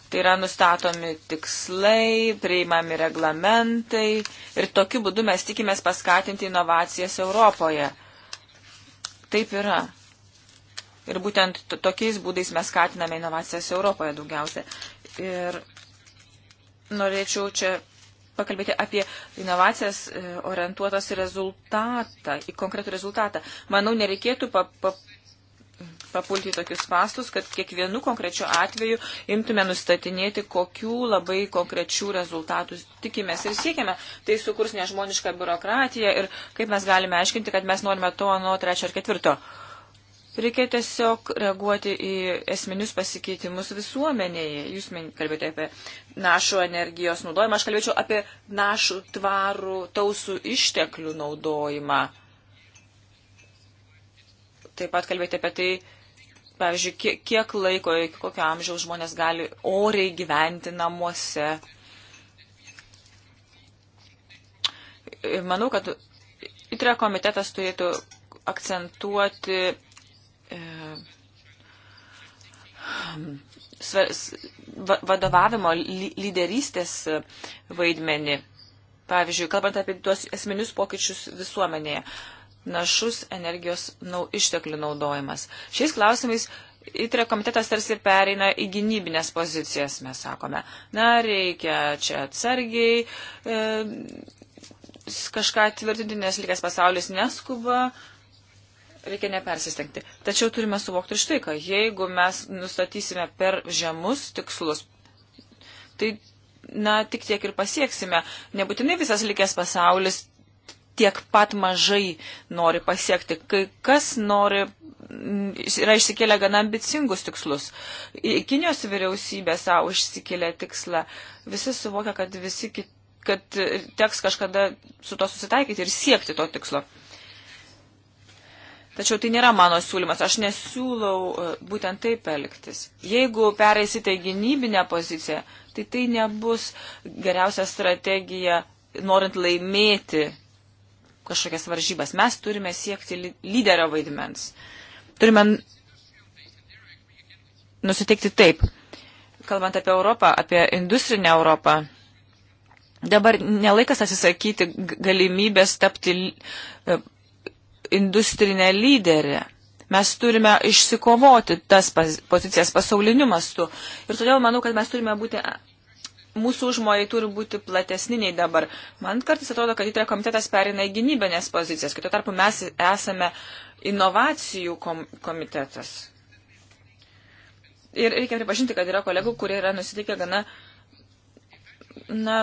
Tai yra nustatomi tikslai, priimami reglamentai ir tokiu būdu mes tikimės paskatinti inovacijas Europoje. Taip yra. Ir būtent tokiais būdais mes skatiname inovacijas Europoje daugiausia. Ir norėčiau čia pakalbėti apie inovacijas e, orientuotas į rezultatą, į konkretų rezultatą. Manau, nereikėtų pa, pa, papulti į tokius pastus, kad kiekvienu konkrečiu atveju imtume nustatinėti, kokių labai konkrečių rezultatų tikimės ir siekiame. Tai sukurs nežmonišką biurokratiją ir kaip mes galime aiškinti, kad mes norime to, nuo trečio ar ketvirto. Reikia tiesiog reaguoti į esminius pasikeitimus visuomenėje. Jūs kalbėjote apie našų energijos naudojimą, aš kalbėčiau apie našų tvarų tausų išteklių naudojimą. Taip pat kalbėti apie tai, pavyzdžiui, kiek, kiek laiko, iki kokio amžiaus žmonės gali oriai gyventi namuose. Manau, kad ITRE komitetas turėtų akcentuoti e, vadovavimo lyderystės vaidmenį. Pavyzdžiui, kalbant apie tuos esminius pokyčius visuomenėje. E, našus energijos nau, išteklių naudojimas. Šiais klausimais įtrė komitetas tarsi pereina į gynybinės pozicijas, mes sakome. Na, reikia čia atsargiai e, kažką tvirtinti, nes likęs pasaulis neskuba. Reikia nepersistengti. Tačiau turime suvokti štai, kad jeigu mes nustatysime per žemus tikslus, tai na, tik tiek ir pasieksime. Nebūtinai visas likęs pasaulis tiek pat mažai nori pasiekti. Kai kas nori, yra išsikėlę gana ambicingus tikslus. Kinijos vyriausybė savo išsikėlė tikslą. Visi suvokia, kad, visi kit, kad teks kažkada su to susitaikyti ir siekti to tikslo. Tačiau tai nėra mano siūlymas, aš nesiūlau e, būtent taip elgtis. Jeigu pereisite į gynybinę poziciją, tai tai nebus geriausia strategija norint laimėti kažkokias varžybas. Mes turime siekti lyderio vaidmens. Turime nusiteikti taip. Kalbant apie Europą, apie industrinę Europą, dabar nelaikas atsisakyti galimybės tapti e, industrinę lyderę. Mes turime išsikovoti tas pozicijas pasauliniu mastu. Ir todėl manau, kad mes turime būti mūsų užmojai turi būti platesniniai dabar. Man kartais atrodo, kad įtrė komitetas perina į gynybinės pozicijas, kitu tarpu mes esame inovacijų kom komitetas. Ir reikia pripažinti, kad yra kolegų, kurie yra nusiteikę gana, na,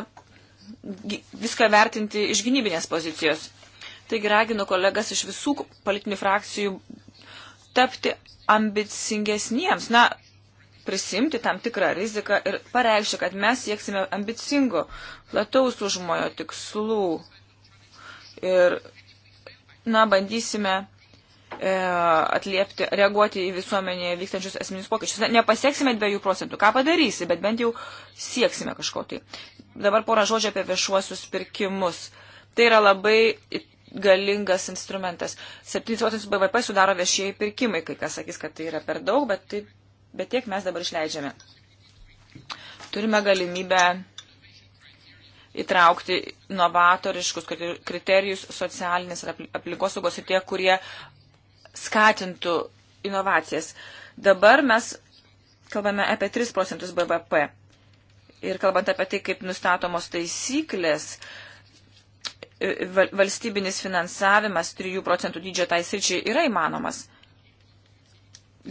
viską vertinti iš gynybinės pozicijos. Taigi raginu kolegas iš visų politinių frakcijų tapti ambicingesniems. Na, prisimti tam tikrą riziką ir pareikšti, kad mes sieksime ambicingo, plataus užmojo tikslų ir, na, bandysime e, atliepti, reaguoti į visuomenėje vykstančius esminius pokyčius. Nepasieksime 2 procentų, ką padarysi, bet bent jau sieksime kažko tai. Dabar porą žodžių apie viešuosius pirkimus. Tai yra labai galingas instrumentas. 7 procentus BVP sudaro viešieji pirkimai, kai kas sakys, kad tai yra per daug, bet taip bet tiek mes dabar išleidžiame. Turime galimybę įtraukti novatoriškus kriterijus socialinės ir aplinkosaugos ir tie, kurie skatintų inovacijas. Dabar mes kalbame apie 3 procentus BVP. Ir kalbant apie tai, kaip nustatomos taisyklės, e, e, valstybinis finansavimas 3 procentų dydžio tai sričiai yra įmanomas.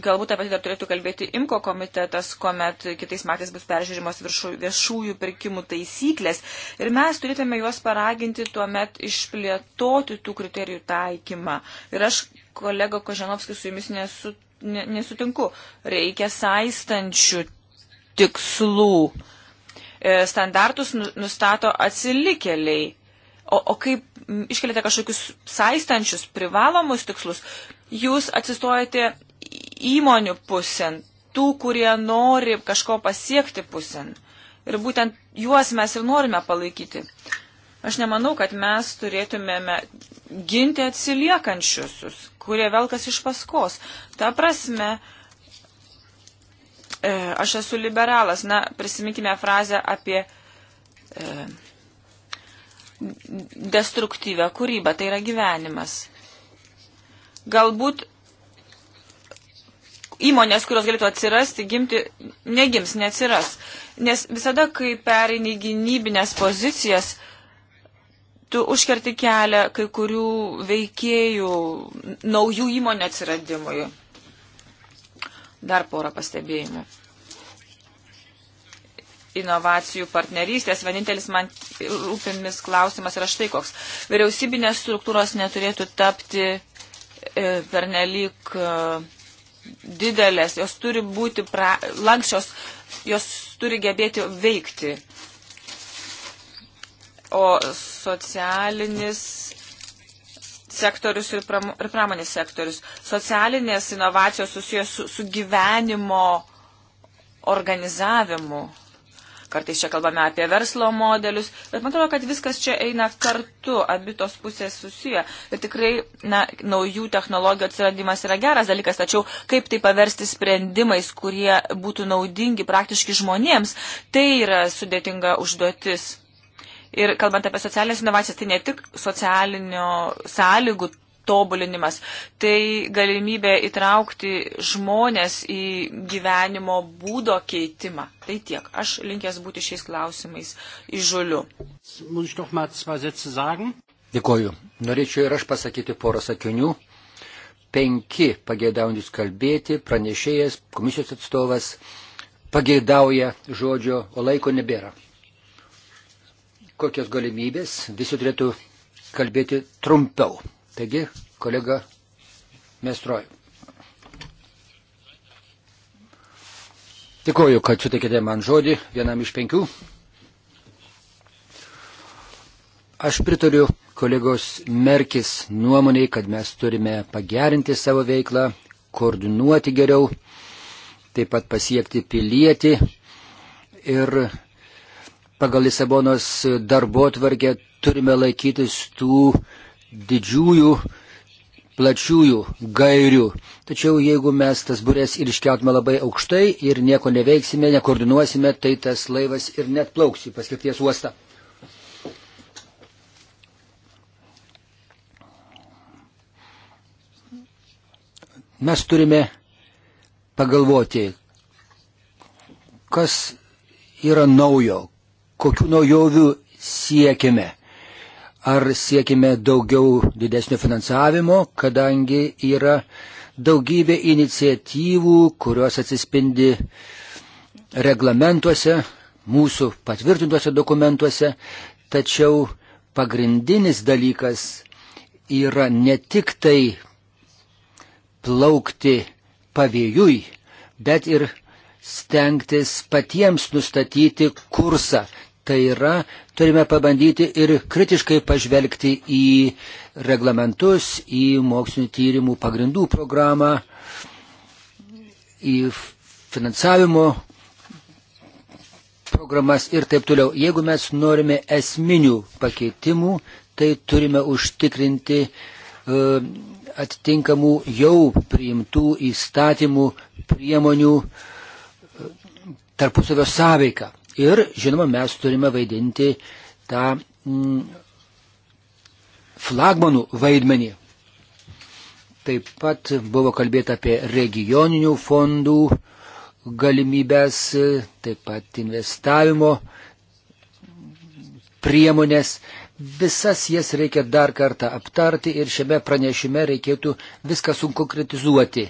Galbūt apie tai dar turėtų kalbėti IMKO komitetas, kuomet kitais metais bus peržiūrimos viršų, viešųjų pirkimų taisyklės. Ir mes turėtume juos paraginti tuomet išplėtoti tų kriterijų taikymą. Ir aš, kolega Koženovskis, su jumis nesu, ne, nesutinku. Reikia saistančių tikslų. E, standartus nu, nustato atsilikėliai. O, o kaip iškeliate kažkokius saistančius, privalomus tikslus, jūs atsistojate įmonių pusėn, tų, kurie nori kažko pasiekti pusėn. Ir būtent juos mes ir norime palaikyti. Aš nemanau, kad mes turėtumėme ginti atsiliekančiusius, kurie velkas iš paskos. Ta prasme, e, aš esu liberalas. Na, prisiminkime frazę apie e, destruktyvę kūrybą, tai yra gyvenimas. Galbūt įmonės, kurios galėtų atsirasti, gimti, negims, neatsiras. Nes visada, kai pereini gynybinės pozicijas, tu užkerti kelią kai kurių veikėjų, naujų įmonių atsiradimui. Dar porą pastebėjimų. Inovacijų partnerystės. Vienintelis man rūpimis klausimas yra štai koks. Vyriausybinės struktūros neturėtų tapti e, pernelyg. E, didelės, jos turi būti pra, lankščios, jos turi gebėti veikti. O socialinis sektorius ir, pram, ir pramonės sektorius. Socialinės inovacijos susijęs su, su gyvenimo organizavimu kartais čia kalbame apie verslo modelius, bet man atrodo, kad viskas čia eina kartu, abi tos pusės susiję. Ir tikrai na, naujų technologijų atsiradimas yra geras dalykas, tačiau kaip tai paversti sprendimais, kurie būtų naudingi praktiški žmonėms, tai yra sudėtinga užduotis. Ir kalbant apie socialinės inovacijas, tai ne tik socialinio sąlygų tobulinimas. Tai galimybė įtraukti žmonės į gyvenimo būdo keitimą. Tai tiek. Aš linkęs būti šiais klausimais įžuliu. Dėkoju. Norėčiau ir aš pasakyti porą sakinių. Penki pageidaujantis kalbėti, pranešėjas, komisijos atstovas pageidauja žodžio, o laiko nebėra. Kokios galimybės, visi turėtų kalbėti trumpiau. Taigi, kolega Mestroj. Tikoju, kad sutikėte man žodį vienam iš penkių. Aš pritariu kolegos Merkis nuomoniai, kad mes turime pagerinti savo veiklą, koordinuoti geriau, taip pat pasiekti pilietį ir pagal Lisabonos darbo tvarkę turime laikytis tų uh, didžiųjų plačiųjų gairių. Tačiau jeigu mes tas burės ir iškeltume labai aukštai ir nieko neveiksime, nekoordinuosime, tai tas laivas ir net plauks į paskirties uostą. Mes turime pagalvoti, kas yra naujo, kokiu naujoviu siekime ar siekime daugiau didesnio finansavimo, kadangi yra daugybė iniciatyvų, kurios atsispindi reglamentuose, mūsų patvirtintuose dokumentuose, tačiau pagrindinis dalykas yra ne tik tai plaukti pavėjui, bet ir stengtis patiems nustatyti kursą, Tai yra, turime pabandyti ir kritiškai pažvelgti į reglamentus, į mokslinio tyrimų pagrindų programą, į finansavimo programas ir taip toliau. Jeigu mes norime esminių pakeitimų, tai turime užtikrinti uh, atitinkamų jau priimtų įstatymų priemonių uh, tarpusavio sąveiką. Ir, žinoma, mes turime vaidinti tą mm, flagmanų vaidmenį. Taip pat buvo kalbėta apie regioninių fondų galimybės, taip pat investavimo priemonės. Visas jas reikia dar kartą aptarti ir šiame pranešime reikėtų viską sunkokretizuoti.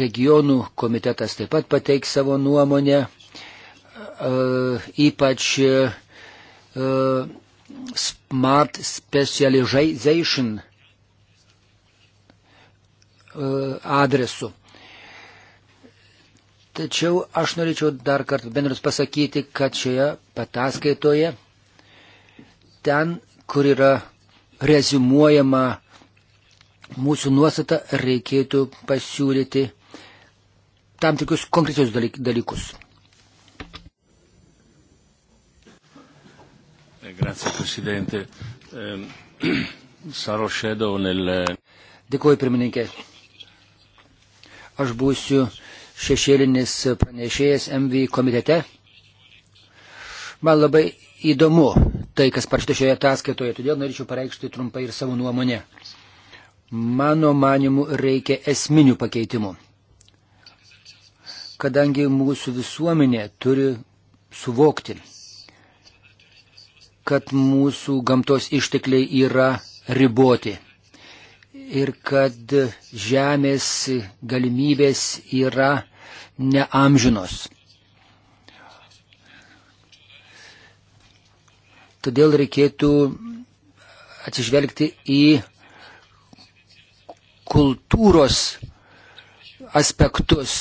Regionų komitetas taip pat pateiks savo nuomonę. E, ypač e, e, smart specialization adresu. Tačiau aš norėčiau dar kartą bendrus pasakyti, kad šioje pataskaitoje ten, kur yra rezumuojama mūsų nuostata, reikėtų pasiūlyti tam tikrus konkrečius dalykus. Grazie, Presidente. Ehm, <clears throat> Saro Šedo nel. Dėkuoju, pirmininkė. Aš būsiu šešėlinis pranešėjas MV komitete. Man labai įdomu tai, kas parašyta šioje ataskaitoje, todėl norėčiau pareikšti trumpai ir savo nuomonę. Mano manimu reikia esminių pakeitimų. Kadangi mūsų visuomenė turi suvokti kad mūsų gamtos ištekliai yra riboti ir kad žemės galimybės yra neamžinos. Todėl reikėtų atsižvelgti į kultūros aspektus,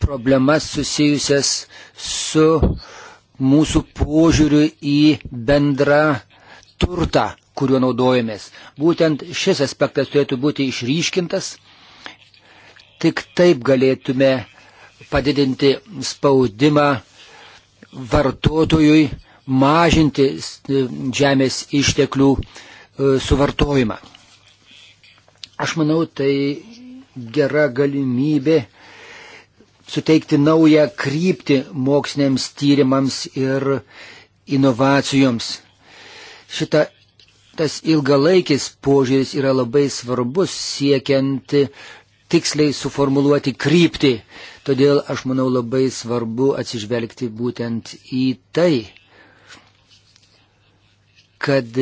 problemas susijusias su uh, mūsų požiūriu į bendrą turtą, kuriuo naudojamės. Būtent šis aspektas turėtų būti išryškintas. Tik taip galėtume padidinti spaudimą vartotojui, mažinti žemės išteklių e, suvartojimą. Aš manau, tai gera galimybė suteikti naują kryptį moksliniams tyrimams ir inovacijoms. Šita, tas ilgalaikis požiūris yra labai svarbus siekiant tiksliai suformuluoti kryptį. Todėl aš manau labai svarbu atsižvelgti būtent į tai, kad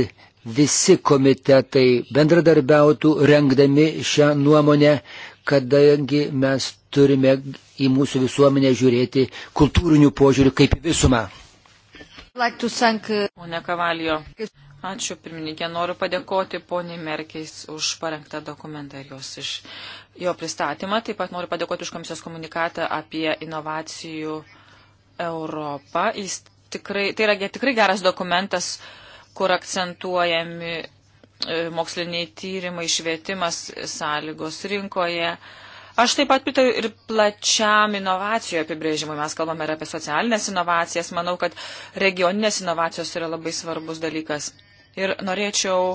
visi komitetai bendradarbiautų rengdami šią nuomonę, kadangi mes turime į mūsų visuomenę žiūrėti kultūrinių požiūrių kaip visumą. Uh, Pone Kavalijo, ačiū pirmininkė, noriu padėkoti poniai Merkiais už parengtą dokumentą ir jos iš jo pristatymą. Taip pat noriu padėkoti už komisijos komunikatą apie inovacijų Europą. Jis tikrai, tai yra tikrai geras dokumentas, kur akcentuojami E, moksliniai tyrimai, švietimas, sąlygos rinkoje. Aš taip pat pritariu ir plačiam inovacijų apibrėžimui. Mes kalbame ir apie socialinės inovacijas. Manau, kad regioninės inovacijos yra labai svarbus dalykas. Ir norėčiau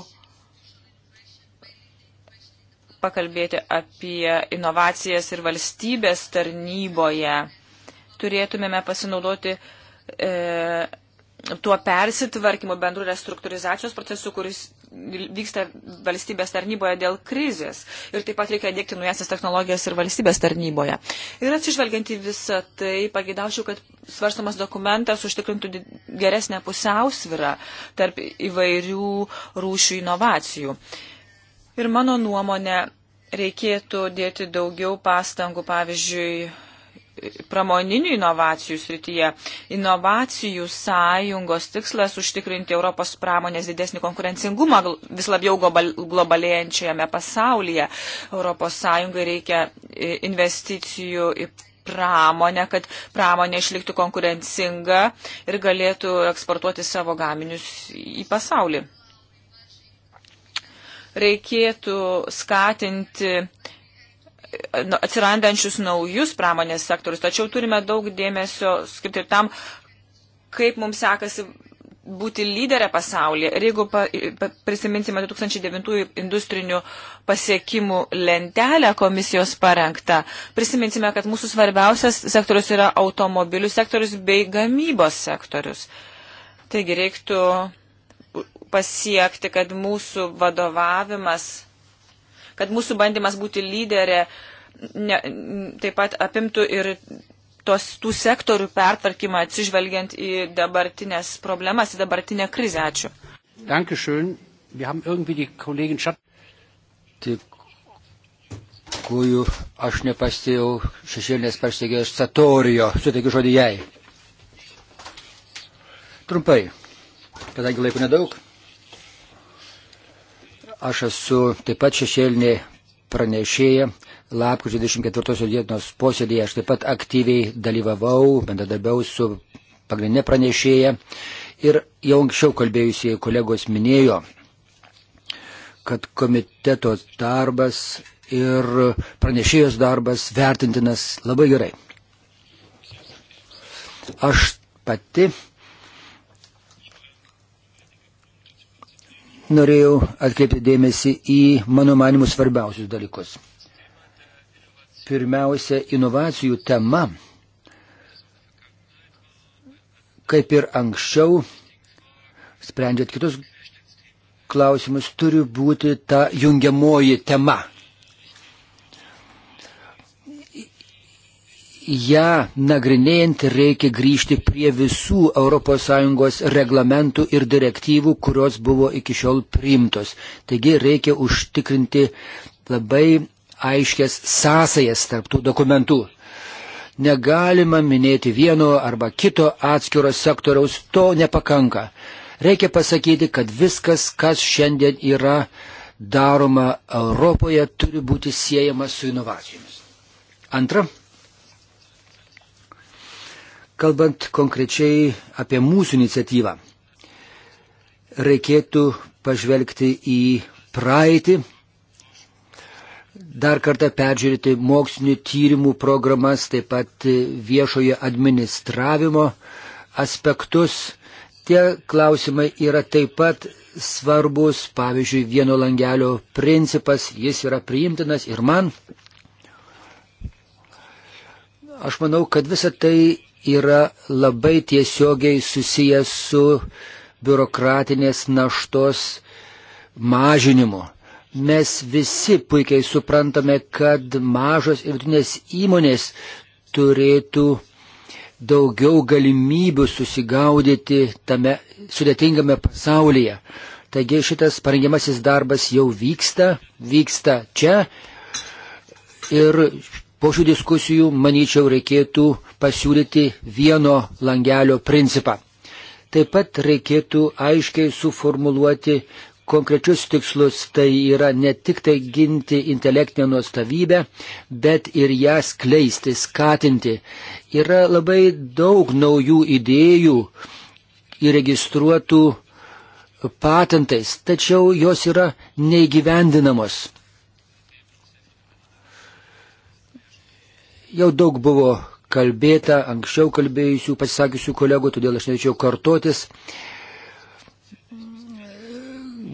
pakalbėti apie inovacijas ir valstybės tarnyboje. Turėtumėme pasinaudoti e, tuo persitvarkymu bendru restruktūrizacijos procesu, kuris vyksta valstybės tarnyboje dėl krizės. Ir taip pat reikia dėkti naujasias technologijas ir valstybės tarnyboje. Ir atsižvelgiant į visą tai, pagidaučiau, kad svarstamas dokumentas užtikrintų geresnę pusiausvirą tarp įvairių rūšių inovacijų. Ir mano nuomonė, reikėtų dėti daugiau pastangų, pavyzdžiui, pramoninių inovacijų srityje. Inovacijų sąjungos tikslas užtikrinti Europos pramonės didesnį konkurencingumą vis labiau globalėjančiame pasaulyje. Europos sąjungai reikia e, investicijų į pramonę, kad pramonė išliktų konkurencinga ir galėtų eksportuoti savo gaminius į pasaulį. Reikėtų skatinti Nu, atsirandančius naujus pramonės sektorius, tačiau turime daug dėmesio skirti tam, kaip mums sekasi būti lyderę pasaulyje. Ir jeigu pa, pa, prisiminsime 2009 industrinių pasiekimų lentelę komisijos parengtą, prisiminsime, kad mūsų svarbiausias sektorius yra automobilių sektorius bei gamybos sektorius. Taigi reiktų pasiekti, kad mūsų vadovavimas kad mūsų bandymas būti lyderė ne, taip pat apimtų ir tos, tų sektorių pertvarkymą atsižvelgiant į dabartinės problemas, į dabartinę krizę. Ačiū. Dankeschön. Wir haben irgendwie die Kollegin Schatten. Tikrųjų, aš nepastėjau šešėlinės persigės Satorijo, suteikiu žodį jai. Trumpai, kadangi laiko nedaug. Aš esu taip pat šešėlinė pranešėja. Lapkričio 24 dienos posėdėje aš taip pat aktyviai dalyvavau, bendradarbiau su pagrindinė pranešėja. Ir jau anksčiau kalbėjusieji kolegos minėjo, kad komiteto darbas ir pranešėjos darbas vertintinas labai gerai. Aš pati norėjau atkreipti dėmesį į mano manimų svarbiausius dalykus. Pirmiausia, inovacijų tema, kaip ir anksčiau, sprendžiant kitus klausimus, turi būti ta jungiamoji tema ją nagrinėjant reikia grįžti prie visų ES reglamentų ir direktyvų, kurios buvo iki šiol priimtos. Taigi reikia užtikrinti labai aiškias sąsajas tarptų dokumentų. Negalima minėti vieno arba kito atskiro sektoriaus, to nepakanka. Reikia pasakyti, kad viskas, kas šiandien yra daroma Europoje, turi būti siejama su inovacijomis. Antra. Kalbant konkrečiai apie mūsų iniciatyvą, reikėtų pažvelgti į praeitį, dar kartą peržiūrėti mokslinių tyrimų programas, taip pat viešojo administravimo aspektus. Tie klausimai yra taip pat svarbus, pavyzdžiui, vieno langelio principas, jis yra priimtinas ir man. Aš manau, kad visa tai yra labai tiesiogiai susijęs su biurokratinės naštos mažinimu. Mes visi puikiai suprantame, kad mažos ir vidutinės įmonės turėtų daugiau galimybių susigaudyti tame sudėtingame pasaulyje. Taigi šitas parengiamasis darbas jau vyksta, vyksta čia ir Po šių diskusijų, manyčiau, reikėtų pasiūlyti vieno langelio principą. Taip pat reikėtų aiškiai suformuluoti konkrečius tikslus, tai yra ne tik tai ginti intelektinę nuostavybę, bet ir ją skleisti, skatinti. Yra labai daug naujų idėjų įregistruotų patentais, tačiau jos yra neįgyvendinamos. Jau daug buvo kalbėta, anksčiau kalbėjusių, pasisakiusių kolegų, todėl aš nerečiau kartotis.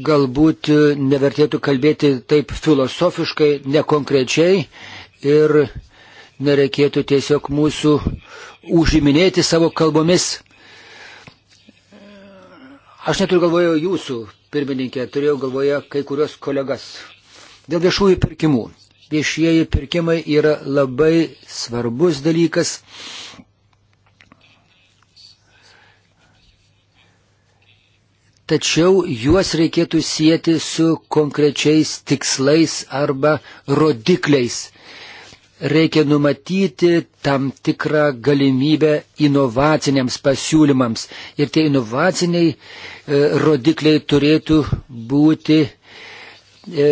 Galbūt nevertėtų kalbėti taip filosofiškai, nekonkrečiai ir nereikėtų tiesiog mūsų užiminėti savo kalbomis. Aš neturiu galvoje jūsų, pirmininkė, turėjau galvoje kai kurios kolegas. Dėl viešųjų pirkimų viešieji pirkimai yra labai svarbus dalykas. Tačiau juos reikėtų sieti su konkrečiais tikslais arba rodikliais. Reikia numatyti tam tikrą galimybę inovaciniams pasiūlymams. Ir tie inovaciniai e, rodikliai turėtų būti e,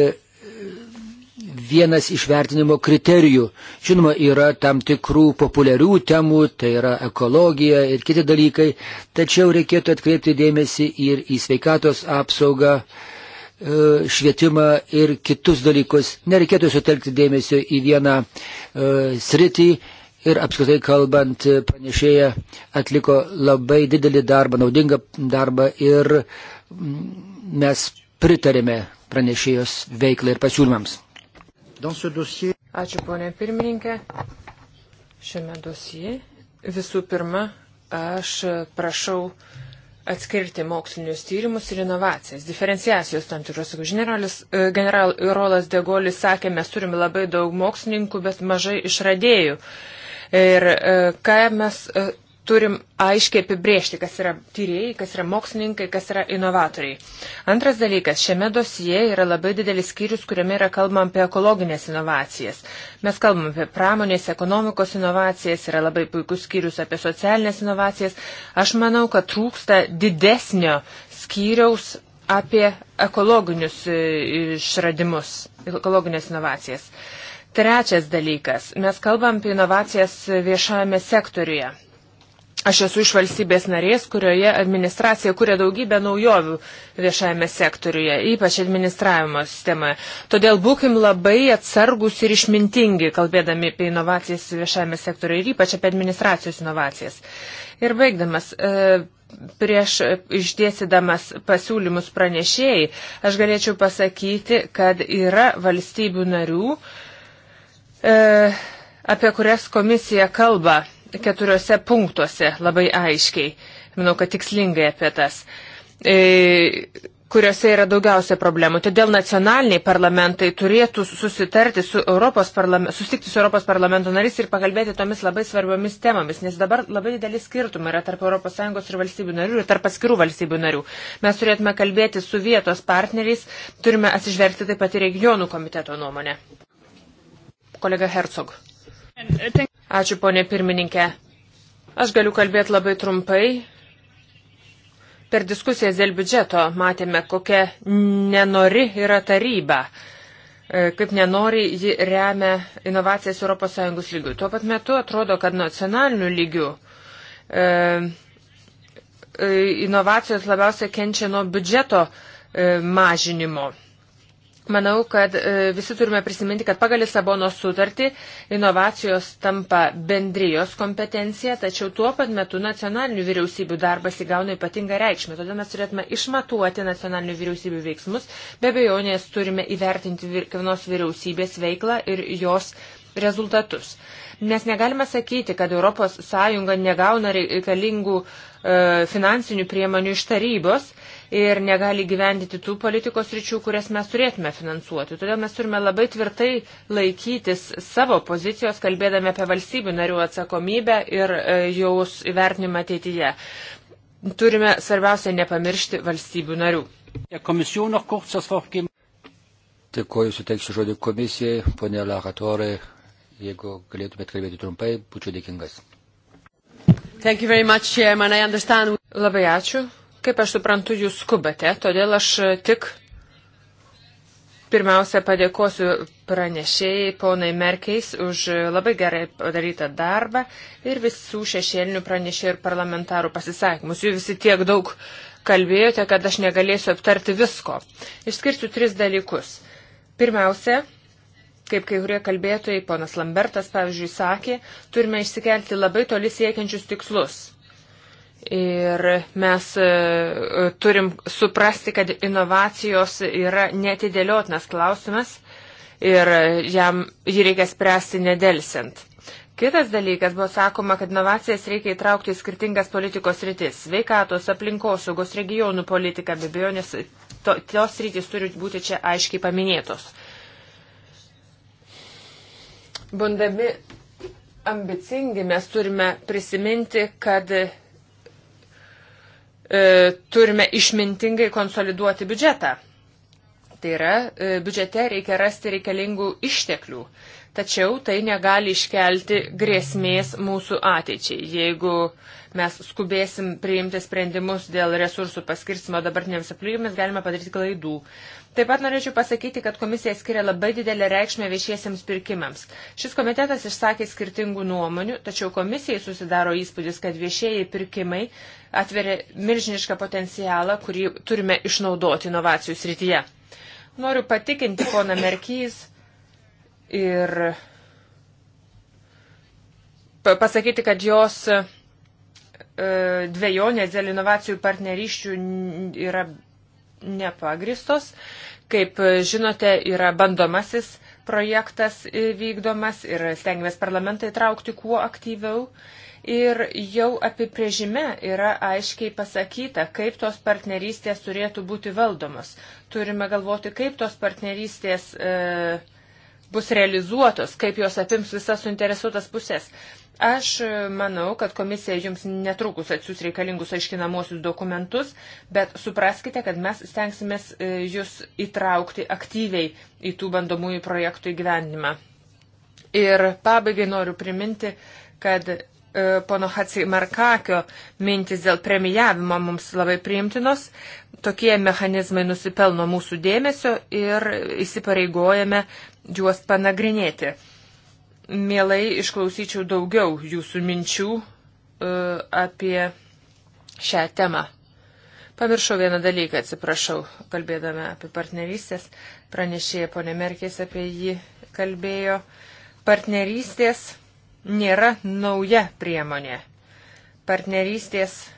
vienas iš vertinimo kriterijų. Žinoma, yra tam tikrų populiarių temų, tai yra ekologija ir kiti dalykai, tačiau reikėtų atkreipti dėmesį ir į sveikatos apsaugą, e, švietimą ir kitus dalykus. Nereikėtų sutelkti dėmesio į vieną e, sritį. Ir apskritai kalbant, pranešėja atliko labai didelį darbą, naudingą darbą ir mm, mes pritarėme pranešėjos veiklai ir pasiūlymams. Ačiū, ponė pirmininkė. Šiame dosijai visų pirma, aš prašau atskirti mokslinius tyrimus ir inovacijas, diferenciacijos tam tikros. Generolas e, Degolis sakė, mes turime labai daug mokslininkų, bet mažai išradėjų. Ir e, ką mes e, turim aiškiai apibriežti, kas yra tyrėjai, kas yra mokslininkai, kas yra inovatoriai. Antras dalykas, šiame dosije yra labai didelis skyrius, kuriame yra kalbama apie ekologinės inovacijas. Mes kalbam apie pramonės, ekonomikos inovacijas, yra labai puikus skyrius apie socialinės inovacijas. Aš manau, kad trūksta didesnio skyriaus apie ekologinius e, išradimus, ekologinės inovacijas. Trečias dalykas. Mes kalbam apie inovacijas viešajame sektoriuje. Aš esu iš valstybės narės, kurioje administracija kuria daugybę naujovių viešajame sektoriuje, ypač administravimo sistemoje. Todėl būkim labai atsargus ir išmintingi, kalbėdami apie inovacijas viešajame sektoriuje ir ypač apie administracijos inovacijas. Ir baigdamas, e, prieš išdėsidamas pasiūlymus pranešėjai, aš galėčiau pasakyti, kad yra valstybių narių, e, apie kurias komisija kalba keturiose punktuose labai aiškiai, manau, kad tikslingai apie tas, e, kuriuose yra daugiausia problemų. Todėl nacionaliniai parlamentai turėtų susitarti su Europos parlamentu, susitikti su Europos parlamento narys ir pakalbėti tomis labai svarbiomis temomis, nes dabar labai didelis skirtumai yra tarp ES ir valstybių narių ir tarp atskirų valstybių narių. Mes turėtume kalbėti su vietos partneriais, turime atsižvelgti taip pat ir regionų komiteto nuomonę. Kolega Herzog. Uh, Ačiū, ponė pirmininkė. Aš galiu kalbėti labai trumpai. Per diskusijas dėl biudžeto matėme, kokia nenori yra taryba e, kaip nenori, ji remia inovacijas ES lygių. Tuo pat metu atrodo, kad nacionaliniu lygiu e, e inovacijos labiausiai kenčia nuo biudžeto e, mažinimo. Manau, kad e, visi turime prisiminti, kad pagal Lisabono sutartį inovacijos tampa bendrijos kompetencija, tačiau tuo pat metu nacionalinių vyriausybių darbas įgauna ypatingą reikšmę. Todėl mes turėtume išmatuoti nacionalinių vyriausybių veiksmus, be abejonės turime įvertinti kiekvienos vyriausybės veiklą ir jos rezultatus. Mes negalime sakyti, kad ES negauna reikalingų e, finansinių priemonių iš tarybos ir negali gyvendyti tų politikos ryčių, kurias mes turėtume finansuoti. Todėl mes turime labai tvirtai laikytis savo pozicijos, kalbėdami apie valstybių narių atsakomybę ir e, jaus įvertinimą ateityje. Turime svarbiausia nepamiršti valstybių narių. Dėkuoju, suteiksiu žodį komisijai, ponė Lahatorė, jeigu galėtumėt kalbėti trumpai, būčiau dėkingas. Much, Labai ačiū. Kaip aš suprantu, jūs skubate, todėl aš e, tik pirmiausia padėkosiu pranešėjai ponai Merkeis už e, labai gerai padarytą darbą ir visų šešėlinių pranešėjų ir parlamentarų pasisakymus. Jūs visi tiek daug kalbėjote, kad aš negalėsiu aptarti visko. Išskirsiu tris dalykus. Pirmiausia, kaip kai kurie kalbėtojai, ponas Lambertas, pavyzdžiui, sakė, turime išsikelti labai toli siekiančius tikslus. Ir mes e, e, turim suprasti, kad inovacijos yra netidėliotinas klausimas ir e, jam jį reikia spręsti nedelsiant. Kitas dalykas buvo sakoma, kad inovacijas reikia įtraukti į skirtingas politikos rytis - sveikatos, aplinkosaugos, regionų politiką, be abejo, nes to, tos rytis turi būti čia aiškiai paminėtos. Bundami ambicingi mes turime prisiminti, kad E, turime išmintingai konsoliduoti biudžetą. Tai yra, e, biudžete reikia rasti reikalingų išteklių, tačiau tai negali iškelti grėsmės mūsų ateičiai. Jeigu mes skubėsim priimti sprendimus dėl resursų paskirstimo dabartiniams aplinkybėms, galime padaryti klaidų. Taip pat norėčiau pasakyti, kad komisija skiria labai didelę reikšmę viešiesiems pirkimams. Šis komitetas išsakė skirtingų nuomonių, tačiau komisijai susidaro įspūdis, kad viešieji pirkimai atveria milžinišką potencialą, kurį turime išnaudoti inovacijų srityje. Noriu patikinti poną Merkys ir pasakyti, kad jos e, dviejonės dėl inovacijų partneriščių yra nepagristos. Kaip žinote, yra bandomasis projektas vykdomas ir stengiamės parlamentą įtraukti kuo aktyviau. Ir jau apibrėžime yra aiškiai pasakyta, kaip tos partnerystės turėtų būti valdomos. Turime galvoti, kaip tos partnerystės e, bus realizuotos, kaip jos apims visas suinteresuotas pusės. Aš e, manau, kad komisija jums netrukus atsiūs reikalingus aiškinamosius dokumentus, bet supraskite, kad mes stengsimės e, jūs įtraukti aktyviai į tų bandomųjų projektų įgyvendimą. Ir pabaigai noriu priminti, kad e, pono Hatsi Markakio mintis dėl premijavimo mums labai priimtinos. Tokie mechanizmai nusipelno mūsų dėmesio ir įsipareigojame juos panagrinėti mielai išklausyčiau daugiau jūsų minčių uh, apie šią temą. Pamiršau vieną dalyką, atsiprašau, kalbėdama apie partnerystės. Pranešėja ponė Merkės apie jį kalbėjo. Partnerystės nėra nauja priemonė. Partnerystės e,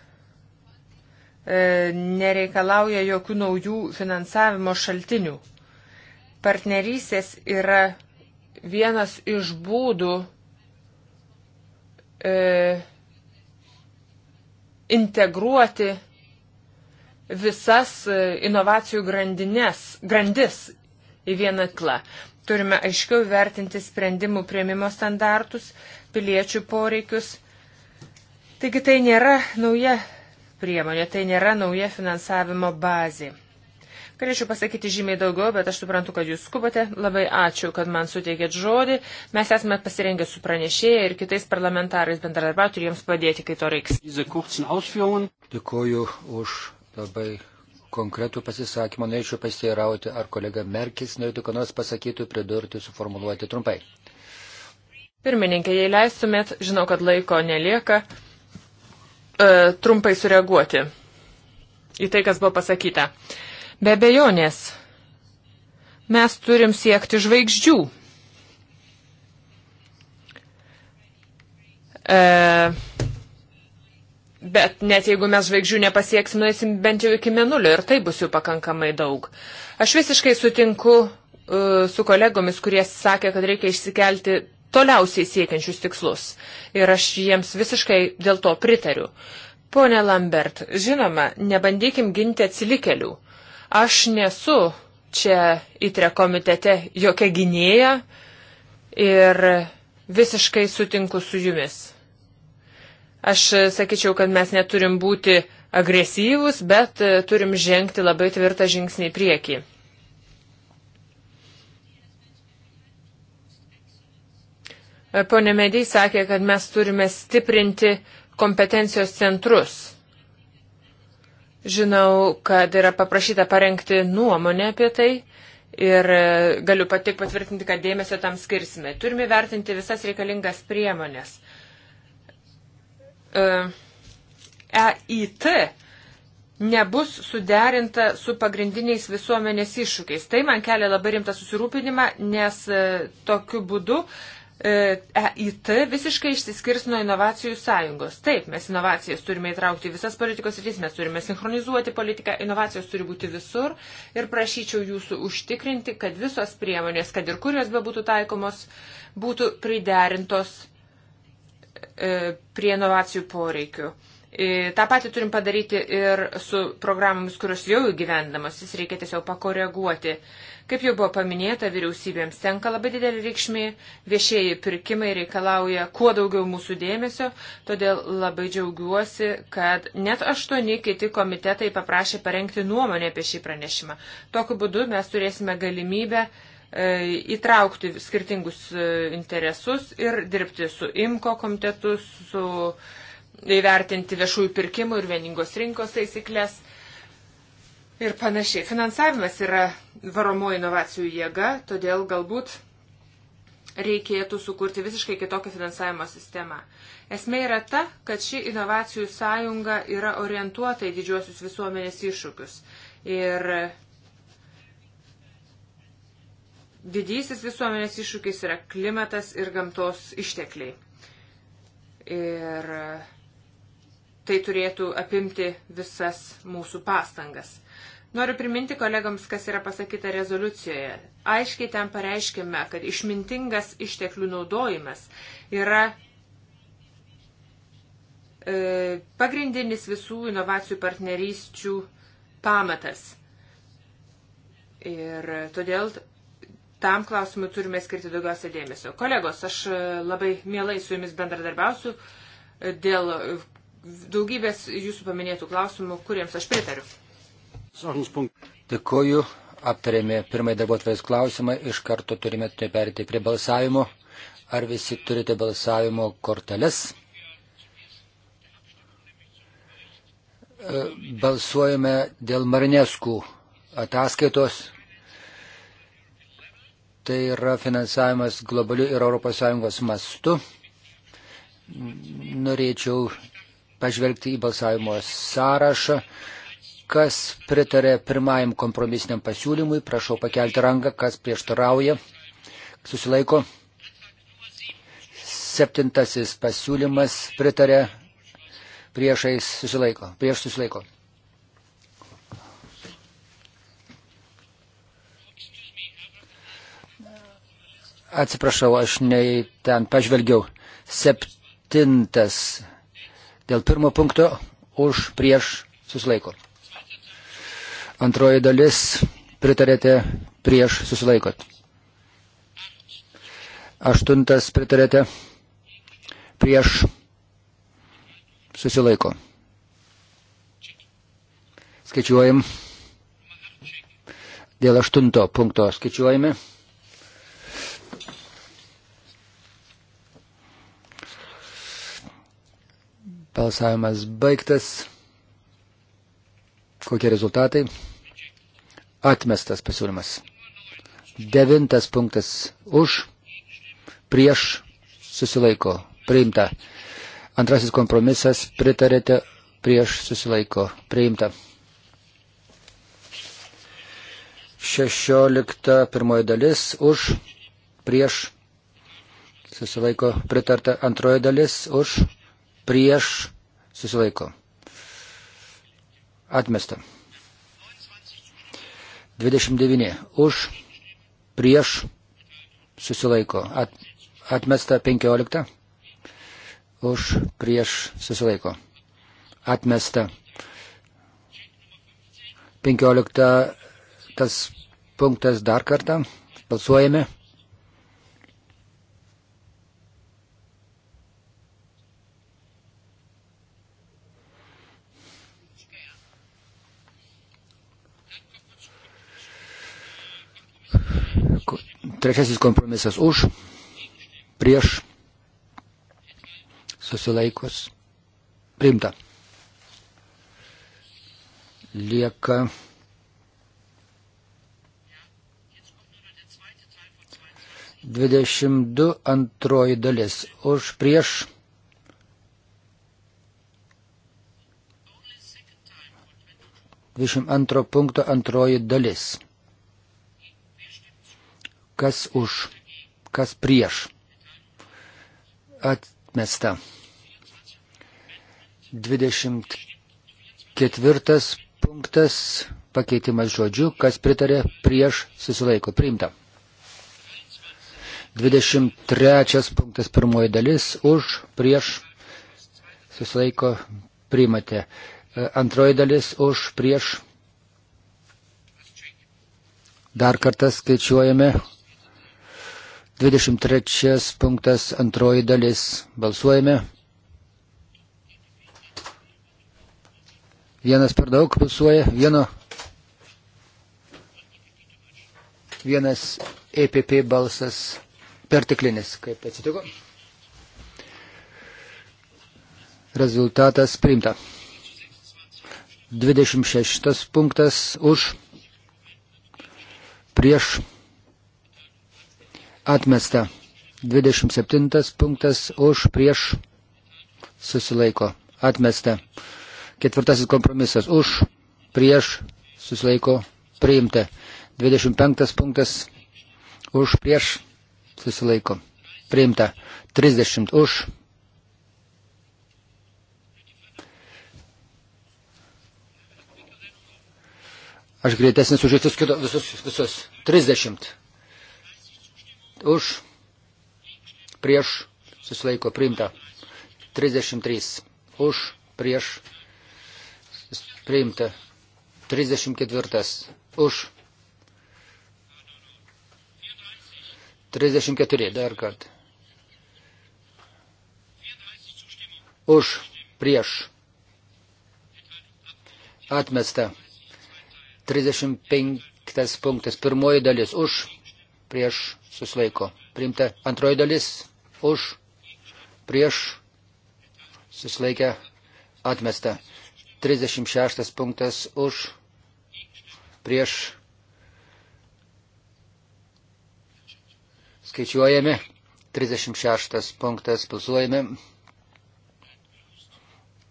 nereikalauja jokių naujų finansavimo šaltinių. Partnerystės yra vienas iš būdų e, integruoti visas e, inovacijų grandinės, grandis į vieną klą. Turime aiškiau vertinti sprendimų prieimimo standartus, piliečių poreikius. Taigi tai nėra nauja priemonė, tai nėra nauja finansavimo bazė. Galėčiau pasakyti žymiai daugiau, bet aš suprantu, kad jūs skubate. Labai ačiū, kad man suteikėt žodį. Mes esame pasirengę su pranešėja ir kitais parlamentarais bendradarbiauti ir jiems padėti, kai to reiks. Dėkuoju už labai konkretų pasisakymą. Norėčiau pasiteirauti, ar kolega Merkis norėtų ką nors pasakyti, pridurti, suformuluoti trumpai. Pirmininkė, jei leistumėt, žinau, kad laiko nelieka, e, trumpai sureaguoti į tai, kas buvo pasakyta. E, Be bejonės, mes turim siekti žvaigždžių. E, bet net jeigu mes žvaigždžių nepasieksim, nuėsim bent jau iki menulio ir tai bus jų pakankamai daug. Aš visiškai sutinku e, su kolegomis, kurie sakė, kad reikia išsikelti toliausiai siekiančius tikslus. Ir aš jiems visiškai dėl to pritariu. Pone Lambert, žinoma, nebandykim ginti atsilikelių. Aš nesu čia įtre komitete jokia gynėja ir visiškai sutinku su jumis. Aš sakyčiau, kad mes neturim būti agresyvūs, bet e, turim žengti labai tvirtą žingsnį į priekį. E, Pone Mediai sakė, kad mes turime stiprinti kompetencijos centrus. Žinau, kad yra paprašyta parengti nuomonę apie tai ir e, galiu tik patvirtinti, kad dėmesio tam skirsime. Turime vertinti visas reikalingas priemonės. EIT e nebus suderinta su pagrindiniais visuomenės iššūkiais. Tai man kelia labai rimtą susirūpinimą, nes e, tokiu būdu EIT e visiškai išsiskirs nuo inovacijų sąjungos. Taip, mes inovacijas turime įtraukti visas politikos rytis, mes turime sinchronizuoti politiką, inovacijos turi būti visur ir prašyčiau jūsų užtikrinti, kad visos priemonės, kad ir kur jos bebūtų taikomos, būtų priderintos e, prie inovacijų poreikių. E, Ta pati turim padaryti ir su programomis, kurios jau įgyvendamos, jis reikia tiesiog pakoreguoti. Kaip jau buvo paminėta, vyriausybėms tenka labai didelį reikšmį, viešieji pirkimai reikalauja kuo daugiau mūsų dėmesio, todėl labai džiaugiuosi, kad net aštuoni kiti komitetai paprašė parengti nuomonę apie šį pranešimą. Tokiu būdu mes turėsime galimybę e, įtraukti skirtingus e, interesus ir dirbti su IMKO komitetu, su įvertinti viešųjų pirkimų ir vieningos rinkos taisyklės ir panašiai. Finansavimas yra varomoji inovacijų jėga, todėl galbūt reikėtų sukurti visiškai kitokią finansavimo sistemą. Esmė yra ta, kad ši inovacijų sąjunga yra orientuota į didžiuosius visuomenės iššūkius. Ir didysis visuomenės iššūkis yra klimatas ir gamtos ištekliai. Ir tai turėtų apimti visas mūsų pastangas. Noriu priminti kolegams, kas yra pasakyta rezoliucijoje. Aiškiai ten pareiškime, kad išmintingas išteklių naudojimas yra e, pagrindinis visų inovacijų partnerysčių pamatas. Ir todėl tam klausimui turime skirti daugiausia dėmesio. Kolegos, aš e, labai mielai su jumis bendradarbiausiu e, dėl daugybės jūsų paminėtų klausimų, kuriems aš pritariu. Dėkuoju, aptarėme pirmąjį darbuotojas klausimą, iš karto turime perėti prie balsavimo. Ar visi turite balsavimo korteles? E, balsuojame dėl Marineskų ataskaitos. Tai yra finansavimas globaliu ir ES mastu norėčiau pažvelgti į balsavimo sąrašą. Kas pritarė pirmajam kompromisiniam pasiūlymui, prašau pakelti ranką, kas prieštarauja, susilaiko. Septintasis pasiūlymas pritarė, priešais susilaiko, prieš susilaiko. Atsiprašau, aš nei ten pažvelgiau. Septintas Dėl pirmo punkto už prieš susilaiko. Antroji dalis pritarėte prieš susilaikot. Aštuntas pritarėte prieš susilaiko. Skaičiuojam. Dėl aštunto punkto skaičiuojame. Balsavimas baigtas. Kokie rezultatai? Atmestas pasiūlymas. Devintas punktas už, prieš, susilaiko, priimta. Antrasis kompromisas, pritarėte, prieš, susilaiko, priimta. Šešiolikta pirmoji dalis už, prieš, susilaiko, pritarta. Antroji dalis už, prieš susilaiko. Atmesta. 29 už prieš susilaiko. At, atmesta 15 už prieš susilaiko. Atmesta 15 tas punktas dar kartą. Balsuojame. Trečiasis kompromisas už, prieš, susilaikus, priimta. Lieka dvidešimt du antroji dalis už prieš. Dvidešimt antro punkto antroji dalis. Kas už, kas prieš. Atmesta. 24 punktas pakeitimas žodžiu, kas pritarė prieš susilaiko priimta. 23 punktas pirmoji dalis už prieš susilaiko priimate. Antroji dalis už prieš. Dar kartą skaičiuojame 23 punktas antroji dalis. Balsuojame. Vienas per daug balsuoja, vieno. Vienas EPP balsas perteklinis, kaip atsitiko. Rezultatas priimta. 26 punktas už prieš Atmesta. 27 punktas už prieš susilaiko. Atmesta. Ketvirtasis kompromisas už prieš susilaiko priimta. 25 punktas už prieš susilaiko priimta. 30 už. Aš greitesnis už visus, visus, visus. 30 už, prieš, susilaiko priimta. 33 už, prieš, priimta. 34 už. 34 dar kartą. Už, prieš. Atmesta. 35 punktas, pirmoji dalis už, prieš susilaiko. Priimta antroji dalis už, prieš, susilaikę, atmesta. 36 punktas už, prieš. Skaičiuojame. 36 punktas balsuojame.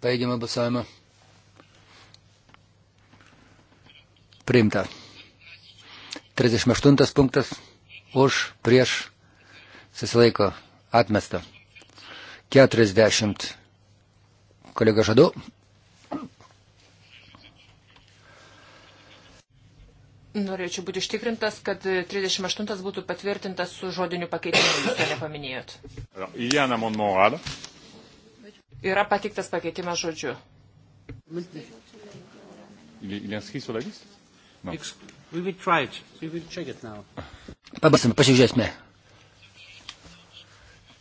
Baigiame balsavimą. Priimta. 38 punktas už, prieš, susilaiko, atmesta. 40. Kolega Žadu. Norėčiau būti ištikrintas, kad 38 būtų patvirtintas su žodiniu pakeitimu, jūs to nepaminėjot. Yra patiktas pakeitimas žodžiu. Il est inscrit sur la liste Non. We will try it. We will check it now. Pabasim, pasižiūrėsime.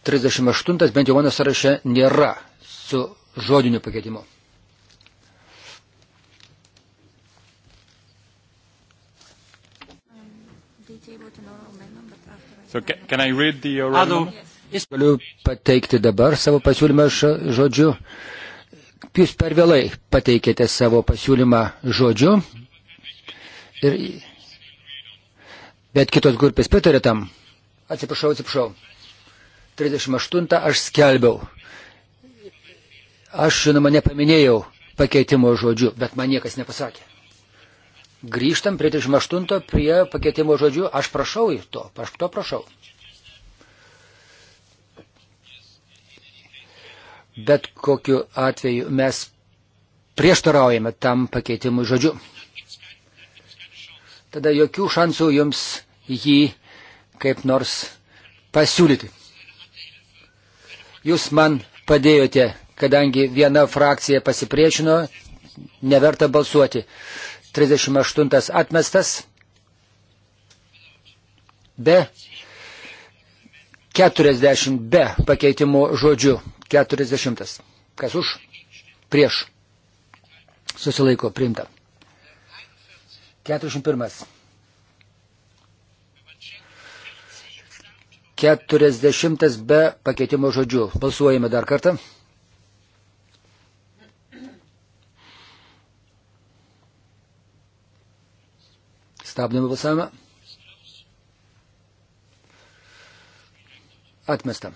38 bent jau mano sąraše nėra su žodiniu pakeitimu. So can I read the oral Galiu pateikti dabar savo pasiūlymą žodžiu. Jūs per vėlai pateikėte savo pasiūlymą žodžiu. Ir bet kitos grupės pritarė tam. Atsiprašau, atsiprašau. 38 aš skelbiau. Aš, žinoma, nepaminėjau pakeitimo žodžių, bet man niekas nepasakė. Grįžtam prie 38 prie pakeitimo žodžių. Aš prašau į to, aš to prašau. Bet kokiu atveju mes prieštaraujame tam pakeitimui žodžiu. Tada jokių šansų jums jį kaip nors pasiūlyti. Jūs man padėjote, kadangi viena frakcija pasipriešino, neverta balsuoti. 38 atmestas. Be 40 be pakeitimo žodžių. 40. Kas už? Prieš. Susilaiko priimta. 41. 40 be pakeitimo žodžių. Balsuojame dar kartą. Stabdome balsavimą. Atmesta.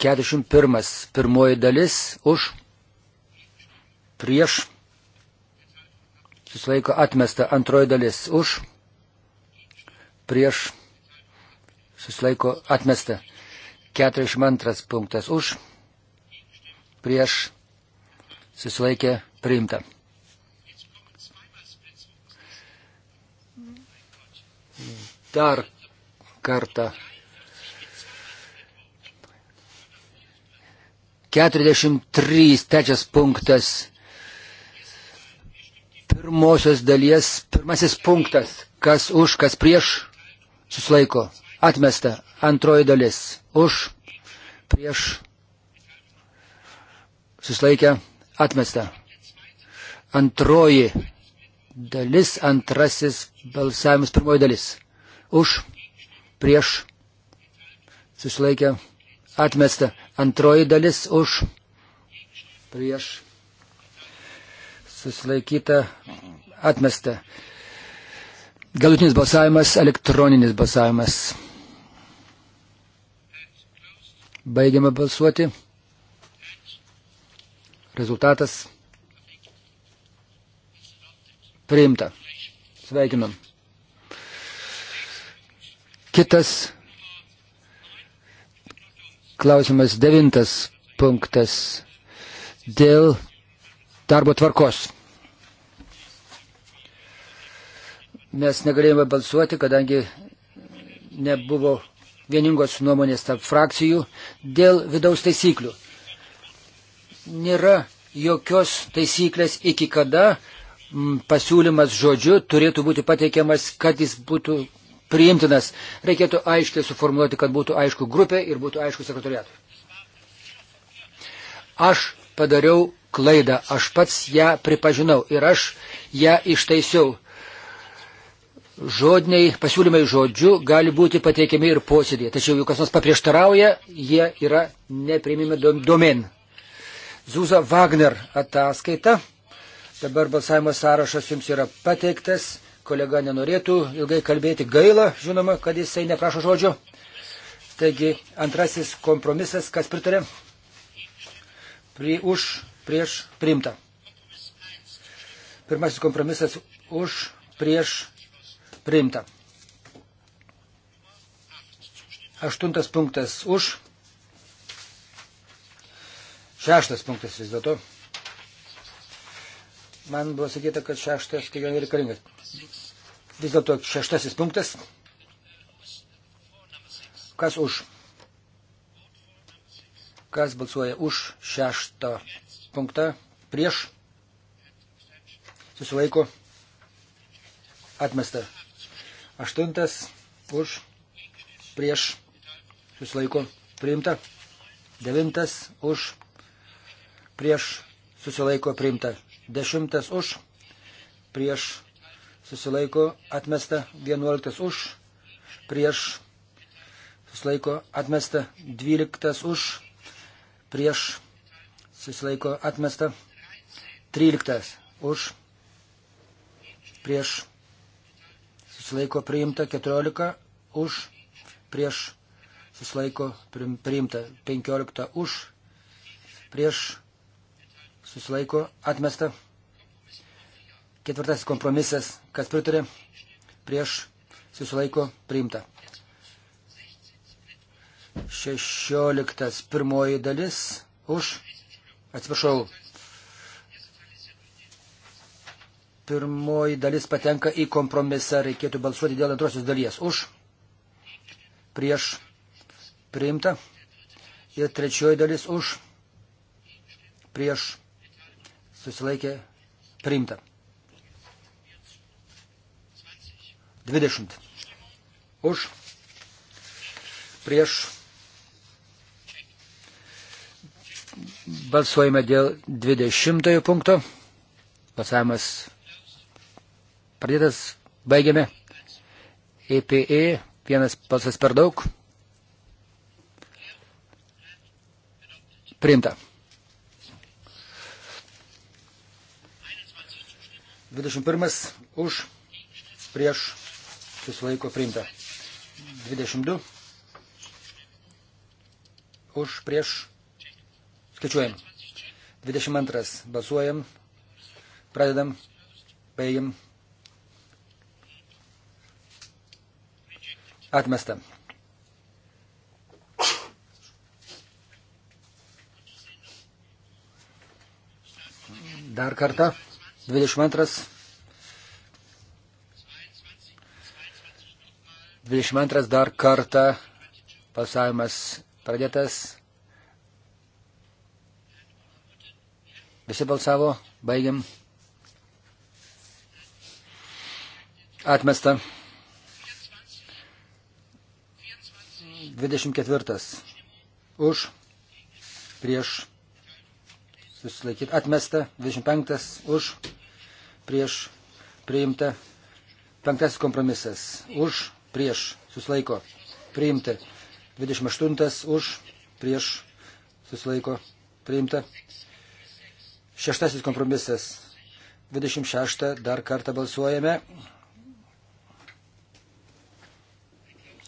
41. Pirmoji dalis už, prieš, susilaiko atmesta. Antroji dalis už prieš susilaiko atmesta. 42 punktas už, prieš susilaikė priimta. Dar kartą. 43 trečias punktas. Pirmosios dalies, pirmasis punktas, kas už, kas prieš, susilaiko atmesta antroji dalis už, prieš susilaikę atmesta. Antroji dalis, antrasis balsavimas, pirmoji dalis už, prieš susilaikę atmesta. Antroji dalis už, prieš susilaikyta atmesta. Galutinis balsavimas, elektroninis balsavimas. Baigiame balsuoti. Rezultatas priimta. Sveikinam. Kitas klausimas, devintas punktas dėl darbo tvarkos. mes negalėjome balsuoti, kadangi nebuvo vieningos nuomonės tarp frakcijų dėl vidaus taisyklių. Nėra jokios taisyklės iki kada pasiūlymas žodžiu turėtų būti pateikiamas, kad jis būtų priimtinas. Reikėtų aiškiai suformuoluoti, kad būtų aišku grupė ir būtų aišku sekretoriatui. Aš padariau klaidą, aš pats ją pripažinau ir aš ją ištaisiau žodiniai pasiūlymai žodžiu gali būti pateikiami ir posėdėje. Tačiau jeigu kas nors paprieštarauja, jie yra neprimimi domen. Zuza Wagner ataskaita. Dabar balsavimo sąrašas jums yra pateiktas. Kolega nenorėtų ilgai kalbėti. Gaila, žinoma, kad jisai neprašo žodžio. Taigi antrasis kompromisas, kas pritarė? Pri, už, prieš, primta. Pirmasis kompromisas už, prieš, priimta. Aštuntas punktas už. Šeštas punktas vis dėlto. Man buvo sakyta, kad šeštas, kai jo nereikalingas. Vis dėlto šeštasis punktas. Kas už? Kas balsuoja už šeštą punktą? Prieš? Susilaiko? Atmesta. Aštuntas už prieš susilaiko priimta. Devintas už prieš susilaiko priimta. Dešimtas už prieš susilaiko atmesta. Vienuoliktas už prieš susilaiko atmesta. Dvyliktas už prieš susilaiko atmesta. Tryliktas už prieš susilaiko priimta, 14 už, prieš susilaiko priimta, 15 už, prieš susilaiko atmesta. Ketvirtasis kompromisas, kas pritarė, prieš susilaiko priimta. 16. Pirmoji dalis už, atsiprašau, Pirmoji dalis patenka į kompromisą, reikėtų balsuoti dėl antrosios dalies. Už, prieš, priimta. Ir trečioji dalis už, prieš, susilaikė, priimta. 20. Už, prieš, balsuojame dėl 20 punkto. Balsavimas pradėtas, baigiame. EPE, e, vienas pasas per daug. Priimta. 21 už, prieš, susilaiko priimta. 22 už, prieš, skaičiuojam. 22 balsuojam, pradedam, baigiam. Atmesta. Dar kartą. 22. 22 dar kartą balsavimas pradėtas. Visi balsavo, baigiam. Atmesta. 24. Už, prieš, susilaikyti, atmesta. 25. Už, prieš, priimta. Penktasis kompromisas. Už, prieš, susilaiko, priimta. 28. Už, prieš, susilaiko, priimta. Šeštasis kompromisas. 26. Dar kartą balsuojame.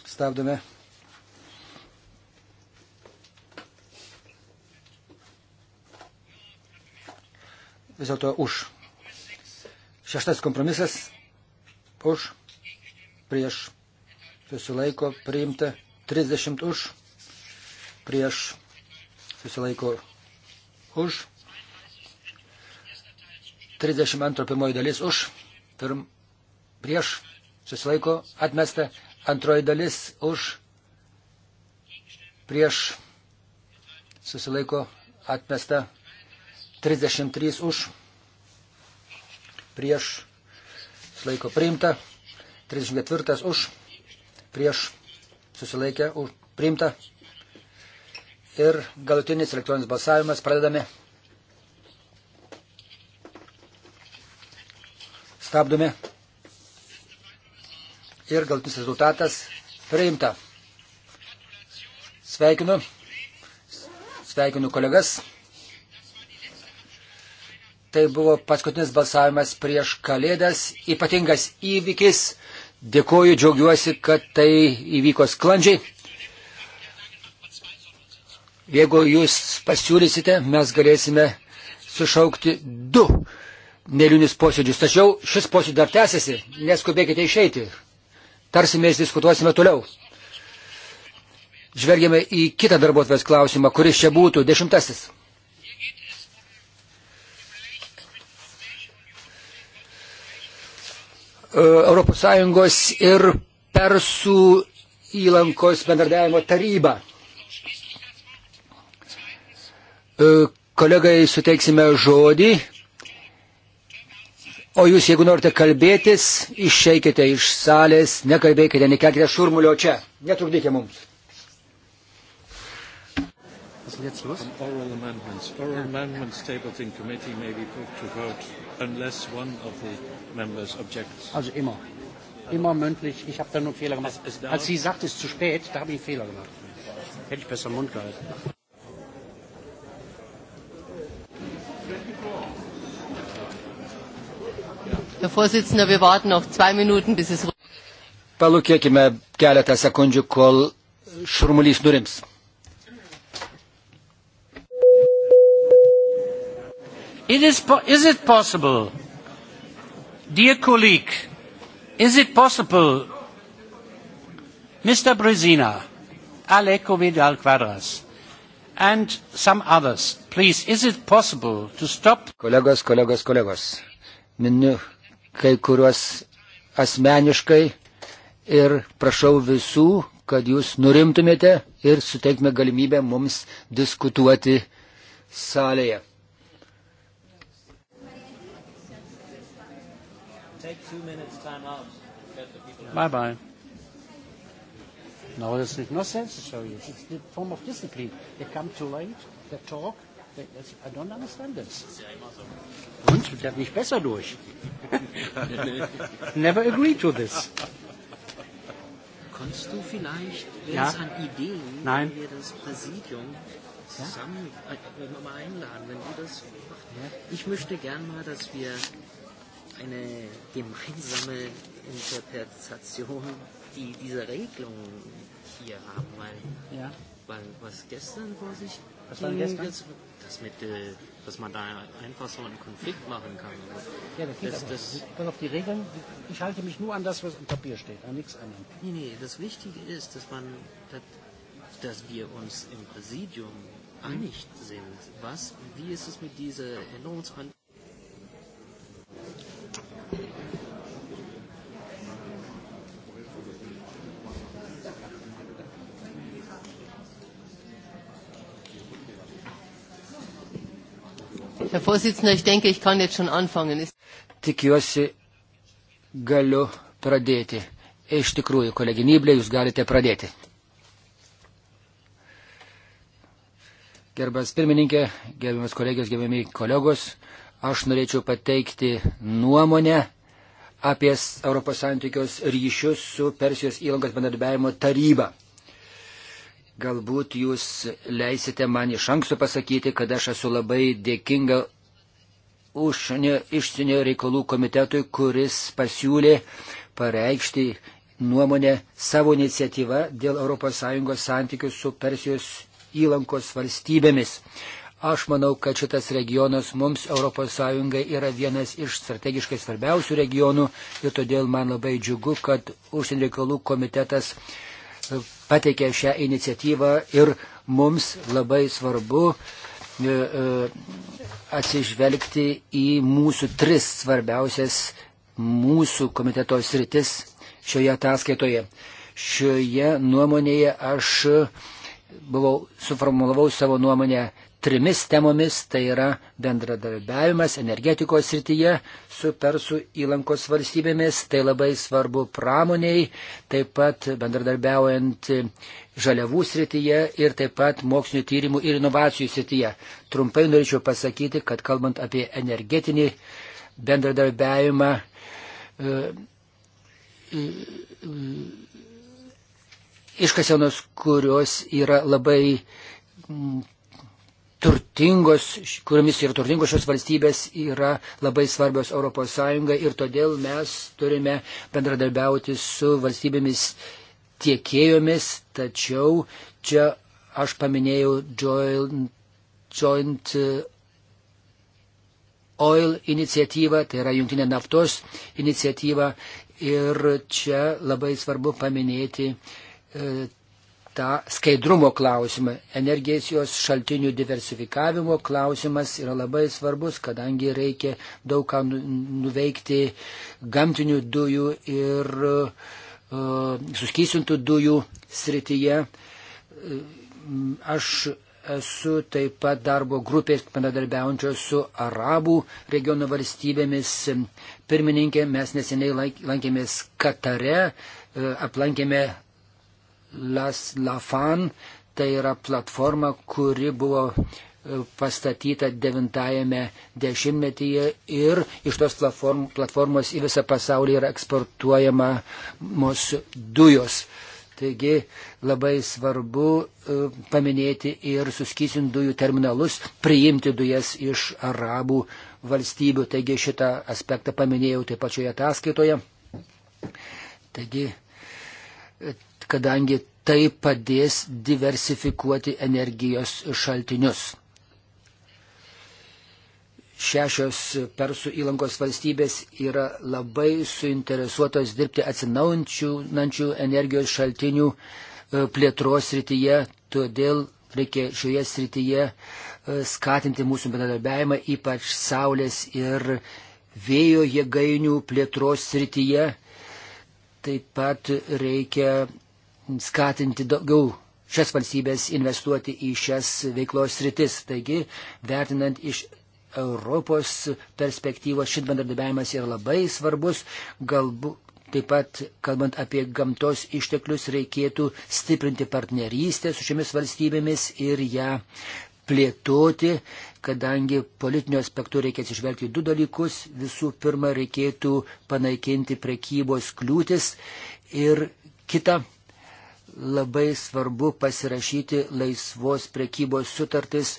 Stabdome. vis dėlto už. Šeštas kompromisas už, prieš, susilaiko, priimta, 30 už, prieš, susilaiko, už, 32 pirmoji dalis už, pirm, prieš, susilaiko, atmesta, antroji dalis už, prieš, susilaiko, atmesta, 33 už, prieš, susilaiko priimta, 34 už, prieš, susilaikė, už, priimta. Ir galutinis elektroninis balsavimas pradedame. Stabdome. Ir galutinis rezultatas priimta. Sveikinu. Sveikinu kolegas. Tai buvo paskutinis balsavimas prieš Kalėdas, ypatingas įvykis. Dėkoju, džiaugiuosi, kad tai įvyko sklandžiai. Jeigu jūs pasiūlysite, mes galėsime sušaukti du neįlinius posėdžius. Tačiau šis posėdis dar tęsiasi, neskubėkite išeiti. Tarsimės, diskutuosime toliau. Žvelgiame į kitą darbuotvės klausimą, kuris čia būtų dešimtasis. ES ir Persų įlankos bendradavimo tarybą. E, kolegai suteiksime žodį, o jūs, jeigu norite kalbėtis, išeikite iš salės, nekalbėkite, nekelkite šurmulio čia, netrukdykite mums. Yes, let's vote. From oral amendments. Oral yeah. amendments tabled in committee may be put to vote unless one of the members objects. Also immer. Immer mündlich. Ich habe da nur einen Fehler gemacht. Als sie sagt, es ist zu spät, da habe ich einen Fehler gemacht. Hätte ich besser im Mund gehalten. Herr Vorsitzender, wir warten noch zwei Minuten, bis es. Palūkėkime keletą sekundžių, kol šurmulys nurims. It is, po- is it possible, dear colleague, is it possible, Mr. Brezina, Aleco Vidal Quadras, and some others, please, is it possible to stop? Kolegos, kolegos, kolegos, miniu kai kuriuos asmeniškai ir prašau visų, kad jūs nurimtumėte ir suteikime galimybę mums diskutuoti salėje. Take two minutes time out. Bye bye. No, this makes no sense to show you. It's the form of discipline. They come too late, they talk. They, that's, I don't understand this. Und? Der hat nicht besser durch. <laughs> Never agree to this. Konntest du vielleicht, wenn ja? es an Ideen, Nein. wenn wir das Präsidium zusammen ja? äh, nochmal äh, einladen, wenn du das machst? Ja? Ich möchte gern mal, dass wir eine gemeinsame Interpretation die, dieser Regelung hier haben, weil, ja. weil was gestern vor sich was war gestern? Das, das mit, äh, dass man da einfach so einen Konflikt machen kann. Ja, das geht das, aber. Das Pass auf die Regeln. Ich halte mich nur an das, was im Papier steht, an nichts anderem. Nee, nee, das Wichtige ist, dass man, dass, dass wir uns im Präsidium mhm. einig sind. Was, wie ist es mit dieser Änderungsanträge? Herr Vorsitzender, ich denke, ich kann jetzt schon anfangen. Tikiuosi, galiu pradėti. Iš tikrųjų, kolegė Nyblė, jūs galite pradėti. Gerbas pirmininkė, gerbiamas kolegijos, gerbiami kolegos, aš norėčiau pateikti nuomonę apie Europos santykios ryšius su Persijos įlankos bendradarbiavimo taryba. Galbūt jūs leisite man iš anksto pasakyti, kad aš esu labai dėkinga užsienio, išsienio reikalų komitetui, kuris pasiūlė pareikšti nuomonę savo iniciatyvą dėl ES santykių su Persijos įlankos valstybėmis. Aš manau, kad šitas regionas mums ES yra vienas iš strategiškai svarbiausių regionų ir todėl man labai džiugu, kad užsienio reikalų komitetas e, pateikė šią iniciatyvą ir mums labai svarbu e, e, atsižvelgti į mūsų tris svarbiausias mūsų komiteto sritis šioje ataskaitoje. Šioje nuomonėje aš buvau, suformulavau savo nuomonę trimis temomis, tai yra bendradarbiavimas energetikos srityje su Persų įlankos valstybėmis, tai labai svarbu pramoniai, taip pat bendradarbiaujant žaliavų srityje ir taip pat mokslinio tyrimų ir inovacijų srityje. Trumpai norėčiau pasakyti, kad kalbant apie energetinį bendradarbiavimą, e, e, iškasenos, kurios yra labai turtingos, kuriomis ir turtingos šios valstybės yra labai svarbios ES ir todėl mes turime bendradarbiauti su valstybėmis tiekėjomis, tačiau čia aš paminėjau joint, joint uh, oil iniciatyvą, tai yra jungtinė naftos iniciatyva ir čia labai svarbu paminėti uh, tą skaidrumo klausimą. Energijos šaltinių diversifikavimo klausimas yra labai svarbus, kadangi reikia daug ką nu, nuveikti gamtinių dujų ir uh, e, suskysintų dujų srityje. Aš esu taip pat darbo grupės bendradarbiaujančios su arabų regiono valstybėmis pirmininkė. Mes neseniai lankėmės Katare, e, aplankėme Laslafan, tai yra platforma, kuri buvo e, pastatyta 90-ame dešimtmetyje ir iš tos platformos į visą pasaulį yra eksportuojama mūsų dujos. Taigi labai svarbu e, paminėti ir suskysintų dujų terminalus, priimti dujas iš arabų valstybių. Taigi šitą aspektą paminėjau taip pačioje ataskaitoje. Taigi kadangi tai padės diversifikuoti energijos šaltinius. Šešios Persų įlankos valstybės yra labai suinteresuotos dirbti atsinaujančių energijos šaltinių e, plėtros srityje, todėl reikia šioje srityje e, skatinti mūsų bendradarbiavimą, ypač saulės ir vėjo jėgainių plėtros srityje. Taip pat reikia skatinti daugiau šias valstybės investuoti į šias veiklos sritis. Taigi, vertinant iš Europos perspektyvos, šit bendradarbiavimas yra labai svarbus. Galbūt taip pat, kalbant apie gamtos išteklius, reikėtų stiprinti partnerystę su šiomis valstybėmis ir ją plėtoti, kadangi politiniu aspektu reikia atsižvelgti du dalykus. Visų pirma, reikėtų panaikinti prekybos kliūtis ir kita labai svarbu pasirašyti laisvos prekybos sutartis.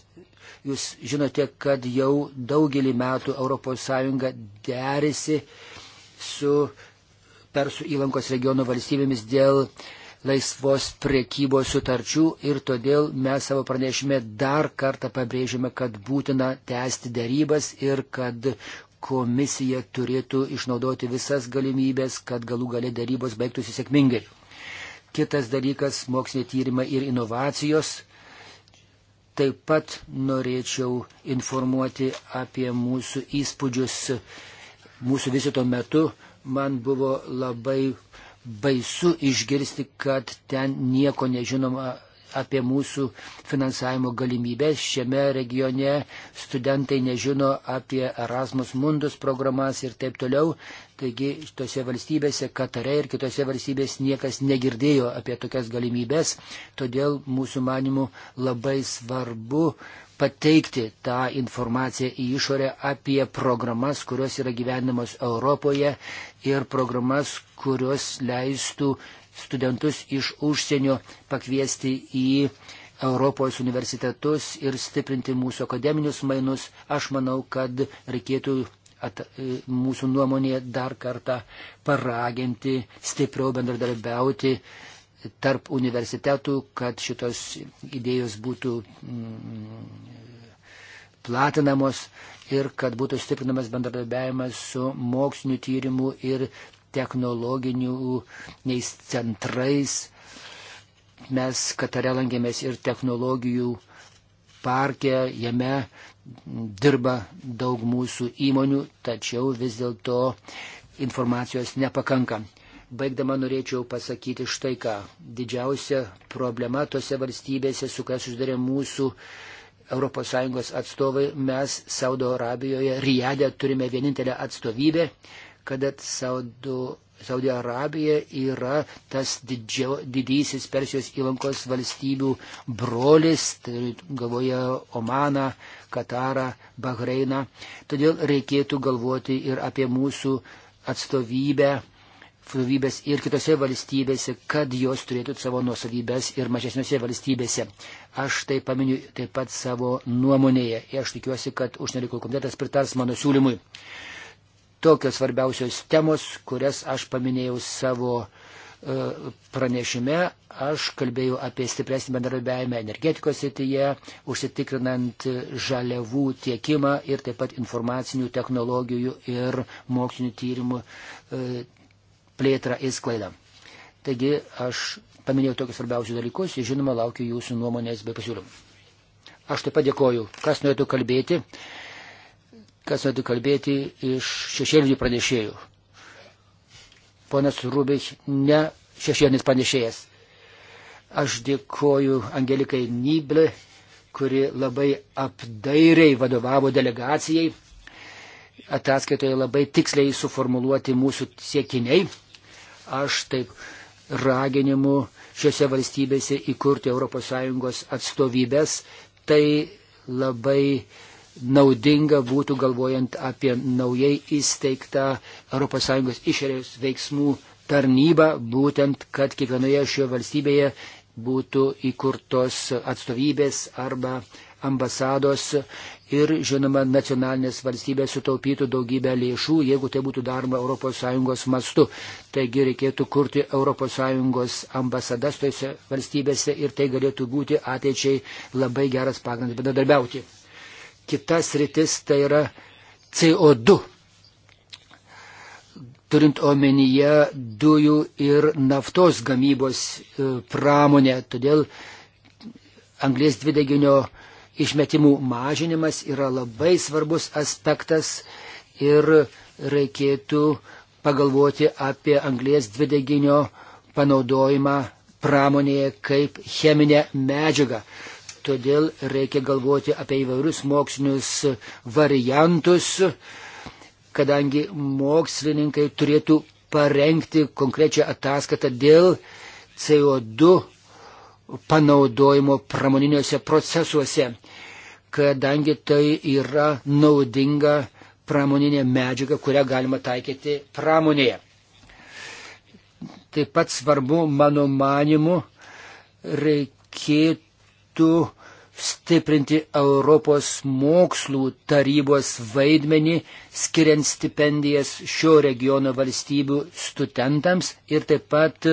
Jūs žinote, kad jau daugelį metų ES derisi su Persų įlankos regiono valstybėmis dėl laisvos priekybos sutarčių ir todėl mes savo pranešime dar kartą pabrėžime, kad būtina tęsti dėrybas ir kad komisija turėtų išnaudoti visas galimybės, kad galų galė dėrybos baigtųsi sėkmingai. Kitas dalykas - moksliniai tyrimai ir inovacijos. Taip pat norėčiau informuoti apie mūsų įspūdžius mūsų vizito metu. Man buvo labai baisu išgirsti, kad ten nieko nežinoma apie mūsų finansavimo galimybės. Šiame regione studentai nežino apie Erasmus Mundus programas ir taip toliau. Taigi tose valstybėse, Katare ir kitose valstybėse niekas negirdėjo apie tokias galimybės. Todėl mūsų manimų labai svarbu pateikti tą informaciją į išorę apie programas, kurios yra gyvenamos Europoje ir programas, kurios leistų studentus iš užsienio pakviesti į Europos universitetus ir stiprinti mūsų akademinius mainus. Aš manau, kad reikėtų at, mūsų nuomonėje dar kartą paraginti, stipriau bendradarbiauti tarp universitetų, kad šitos idėjos būtų mm, platinamos ir kad būtų stiprinamas bendradarbiavimas su moksliniu tyrimu ir technologiniais centrais. Mes Katare lankėmės ir technologijų parke, jame dirba daug mūsų įmonių, tačiau vis dėlto informacijos nepakanka. Baigdama norėčiau pasakyti štai ką. Didžiausia problema tose valstybėse, su kuria susidarė mūsų ES atstovai, mes Saudo Arabijoje, Rijade turime vienintelę atstovybę, kada Saudo, Saudo Arabija yra tas didžio, didysis Persijos įlankos valstybių brolis, tai galvoja Omaną, Katarą, Bahreiną. Todėl reikėtų galvoti ir apie mūsų atstovybę atstovybės ir kitose valstybėse, kad jos turėtų savo nuosavybės ir mažesniuose valstybėse. Aš tai paminiu taip pat savo nuomonėje ir aš tikiuosi, kad užsienio reikalų komitetas pritars mano siūlymui tokios svarbiausios temos, kurias aš paminėjau savo e, pranešime. Aš kalbėjau apie stipresnį bendradarbiavimą energetikos srityje, užsitikrinant žaliavų tiekimą ir taip pat informacinių technologijų ir mokslinių tyrimų e, plėtrą ir sklaidą. Taigi aš paminėjau tokius svarbiausius dalykus ir žinoma laukiu jūsų nuomonės bei pasiūlymų. Aš taip pat dėkoju, kas norėtų kalbėti kas turėtų kalbėti iš šešėlinių pranešėjų. Ponas Rubik ne šešėlinis pranešėjas. Aš dėkoju Angelikai Nyblė, kuri labai apdairiai vadovavo delegacijai. Ataskaitoje labai tiksliai suformuluoti mūsų siekiniai. Aš taip raginimu šiuose valstybėse įkurti ES atstovybės. Tai labai uh, naudinga būtų galvojant apie naujai įsteigtą ES išorės veiksmų tarnybą, būtent, kad kiekvienoje šioje valstybėje būtų įkurtos atstovybės arba ambasados ir, žinoma, nacionalinės valstybės sutaupytų daugybę lėšų, jeigu tai būtų daroma ES mastu. Taigi reikėtų kurti ES ambasadas tose valstybėse ir tai galėtų būti ateičiai labai geras pagrindas bendradarbiauti kitas rytis tai yra CO2. Turint omenyje dujų ir naftos gamybos e, pramonę, todėl anglės dvideginio išmetimų mažinimas yra labai svarbus aspektas ir reikėtų pagalvoti apie anglės dvideginio panaudojimą pramonėje kaip cheminę medžiagą todėl reikia galvoti apie įvairius mokslinius variantus, kadangi mokslininkai turėtų parengti konkrečią ataskaitą dėl CO2 panaudojimo pramoniniuose procesuose, kadangi tai yra naudinga pramoninė medžiaga, kurią galima taikyti pramonėje. Taip pat svarbu, mano manimu, reikėtų stiprinti Europos mokslų tarybos vaidmenį, skiriant stipendijas šio regiono valstybių studentams ir taip pat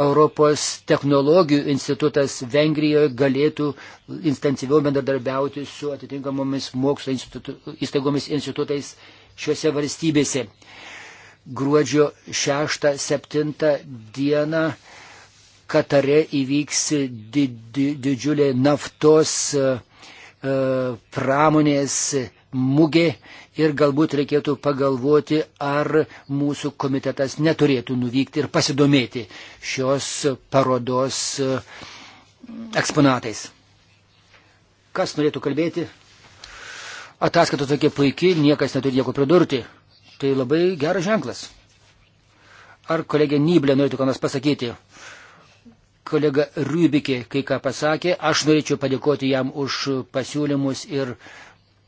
Europos technologijų institutas Vengrijoje galėtų intensyviau bendradarbiauti su atitinkamomis mokslo institu, įstaigomis institutais šiuose valstybėse. Gruodžio 6-7 dieną Katare įvyks did, didžiulė naftos e, e, pramonės mugė ir galbūt reikėtų pagalvoti, ar mūsų komitetas neturėtų nuvykti ir pasidomėti šios parodos e, eksponatais. Kas norėtų kalbėti? Ataskaita tokia puikiai, niekas neturi nieko pridurti. Tai labai geras ženklas. Ar kolegė Nyblė norėtų ką nors pasakyti? Uh, kolega Rybikė kai ką pasakė. Aš norėčiau padėkoti jam už pasiūlymus ir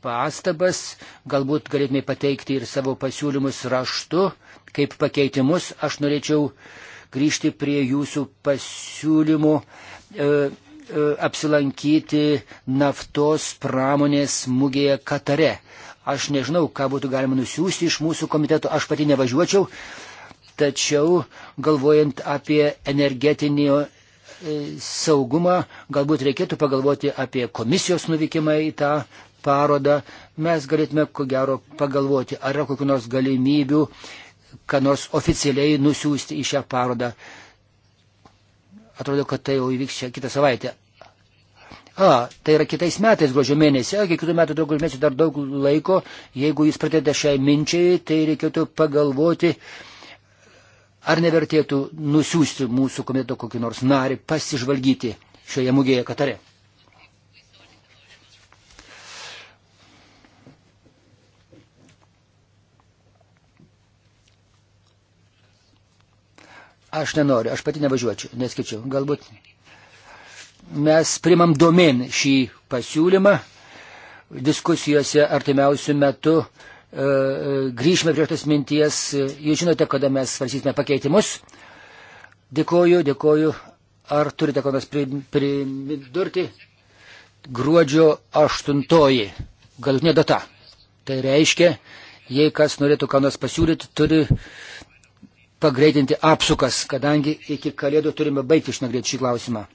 pastabas. Galbūt galėtume pateikti ir savo pasiūlymus raštu, kaip pakeitimus. Aš norėčiau grįžti prie jūsų pasiūlymų. E, e apsilankyti naftos pramonės mugėje Katare. Aš nežinau, ką būtų galima nusiųsti iš mūsų komiteto, aš pati nevažiuočiau, tačiau galvojant apie energetinio E, saugumą, galbūt reikėtų pagalvoti apie komisijos nuvykimą į tą parodą. Mes galėtume, ko gero, pagalvoti, ar yra kokių nors galimybių, ką nors oficialiai nusiųsti į šią parodą. Atrodo, kad tai jau įvyks čia kitą savaitę. A, tai yra kitais metais, gruodžio mėnesį, iki kitų metų daug mėnesių dar daug laiko, jeigu jis pradeda šiai minčiai, tai reikėtų pagalvoti, uh, Ar nevertėtų nusiųsti mūsų komiteto kokį nors narį pasižvalgyti šioje mugėje Katare? Aš nenoriu, aš pati nevažiuočiau, neskaičiau, galbūt. Mes primam domen šį pasiūlymą diskusijose artimiausių metų E, e, grįžime prie tos minties. Jūs žinote, kada mes svarsysime pakeitimus. Dėkoju, dėkoju. Ar turite ką nors pridurti? Gruodžio 8. Galutinė data. Tai reiškia, jei kas norėtų ką nors pasiūlyti, turi pagreitinti apsukas, kadangi iki kalėdų turime baigti išnagrinėti šį klausimą.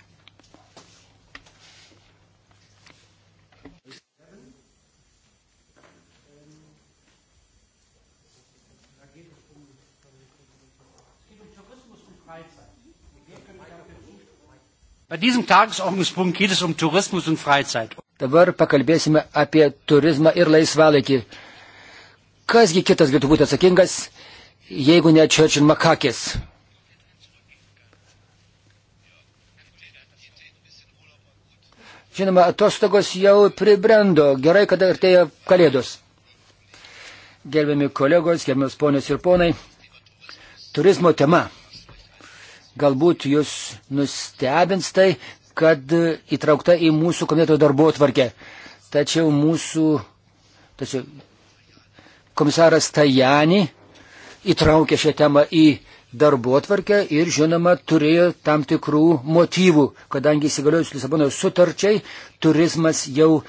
Um Dabar pakalbėsime apie turizmą ir laisvalaikį. Kasgi kitas galėtų būti atsakingas, jeigu ne Churchill Makakis? Žinoma, atostogos jau pribrendo. Gerai, kada artėja kalėdos. Gerbiami kolegos, gerbiamas ponios ir ponai, turizmo tema. Galbūt jūs nustebins tai, kad įtraukta į mūsų komiteto darbo atvarkę. Tačiau mūsų tačiau, komisaras Tajani įtraukė šią temą į darbo atvarkę ir, žinoma, turėjo tam tikrų motyvų, kadangi įsigaliojus Lisabonos sutarčiai turizmas jau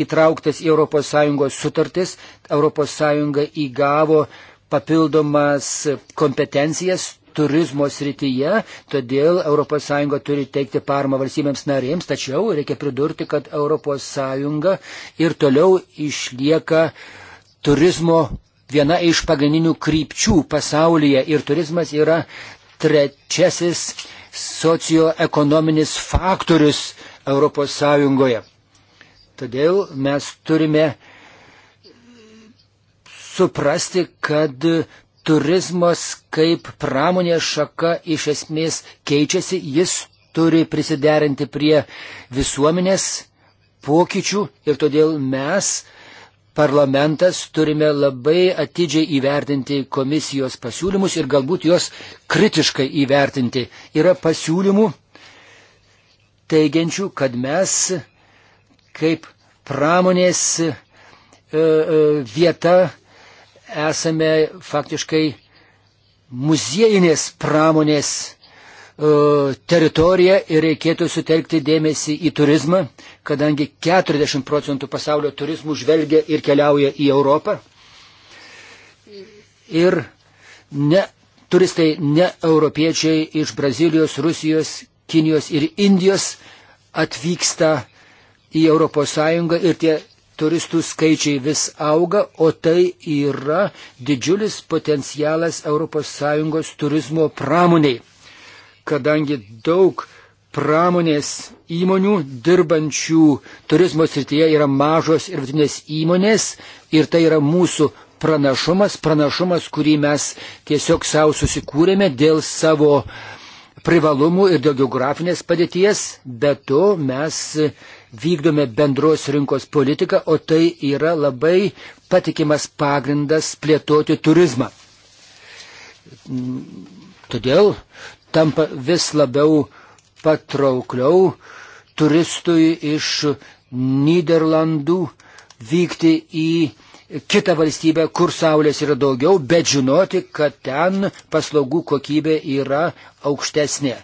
įtrauktas į ES sutartis, ES įgavo papildomas kompetencijas turizmo srityje, todėl ES turi teikti parmą valstybėms narėms, tačiau reikia pridurti, kad ES ir toliau išlieka turizmo viena iš pagrindinių krypčių pasaulyje ir turizmas yra trečiasis socioekonominis faktorius ES. Todėl mes turime suprasti, kad turizmas kaip pramonės šaka iš esmės keičiasi, jis turi prisiderinti prie visuomenės pokyčių ir todėl mes, parlamentas, turime labai atidžiai įvertinti komisijos pasiūlymus ir galbūt juos kritiškai įvertinti. Yra pasiūlymų teigiančių, kad mes kaip pramonės e, e, vieta esame faktiškai muziejinės pramonės e, teritorija ir reikėtų sutelkti dėmesį į turizmą, kadangi 40 procentų pasaulio turizmų žvelgia ir keliauja į Europą. Ir ne, turistai ne europiečiai iš Brazilijos, Rusijos, Kinijos ir Indijos atvyksta į ES ir tie turistų skaičiai vis auga, o tai yra didžiulis potencialas ES turizmo pramoniai, kadangi daug pramonės įmonių dirbančių turizmo srityje yra mažos ir vidutinės įmonės ir tai yra mūsų pranašumas, pranašumas, kurį mes tiesiog savo susikūrėme dėl savo privalumų ir dėl geografinės padėties, bet to mes vykdome bendros rinkos politiką, o tai yra labai patikimas pagrindas plėtoti turizmą. Todėl tampa vis labiau patraukliau turistui iš Niderlandų vykti į kitą valstybę, kur saulės yra daugiau, bet žinoti, kad ten paslaugų kokybė yra aukštesnė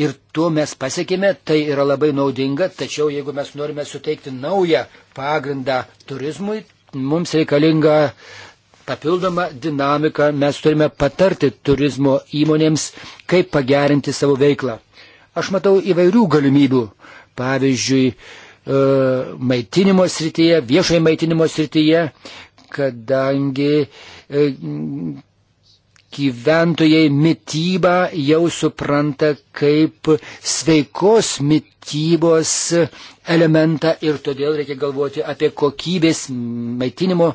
ir tuo mes pasiekime, tai yra labai naudinga, tačiau jeigu mes norime suteikti naują pagrindą turizmui, mums reikalinga papildoma dinamika, mes turime patarti turizmo įmonėms, kaip pagerinti savo veiklą. Aš matau įvairių galimybių, pavyzdžiui, e, maitinimo srityje, viešoje maitinimo srityje, kadangi e, gyventojai mytybą jau supranta kaip sveikos mytybos elementą ir todėl reikia galvoti apie kokybės maitinimo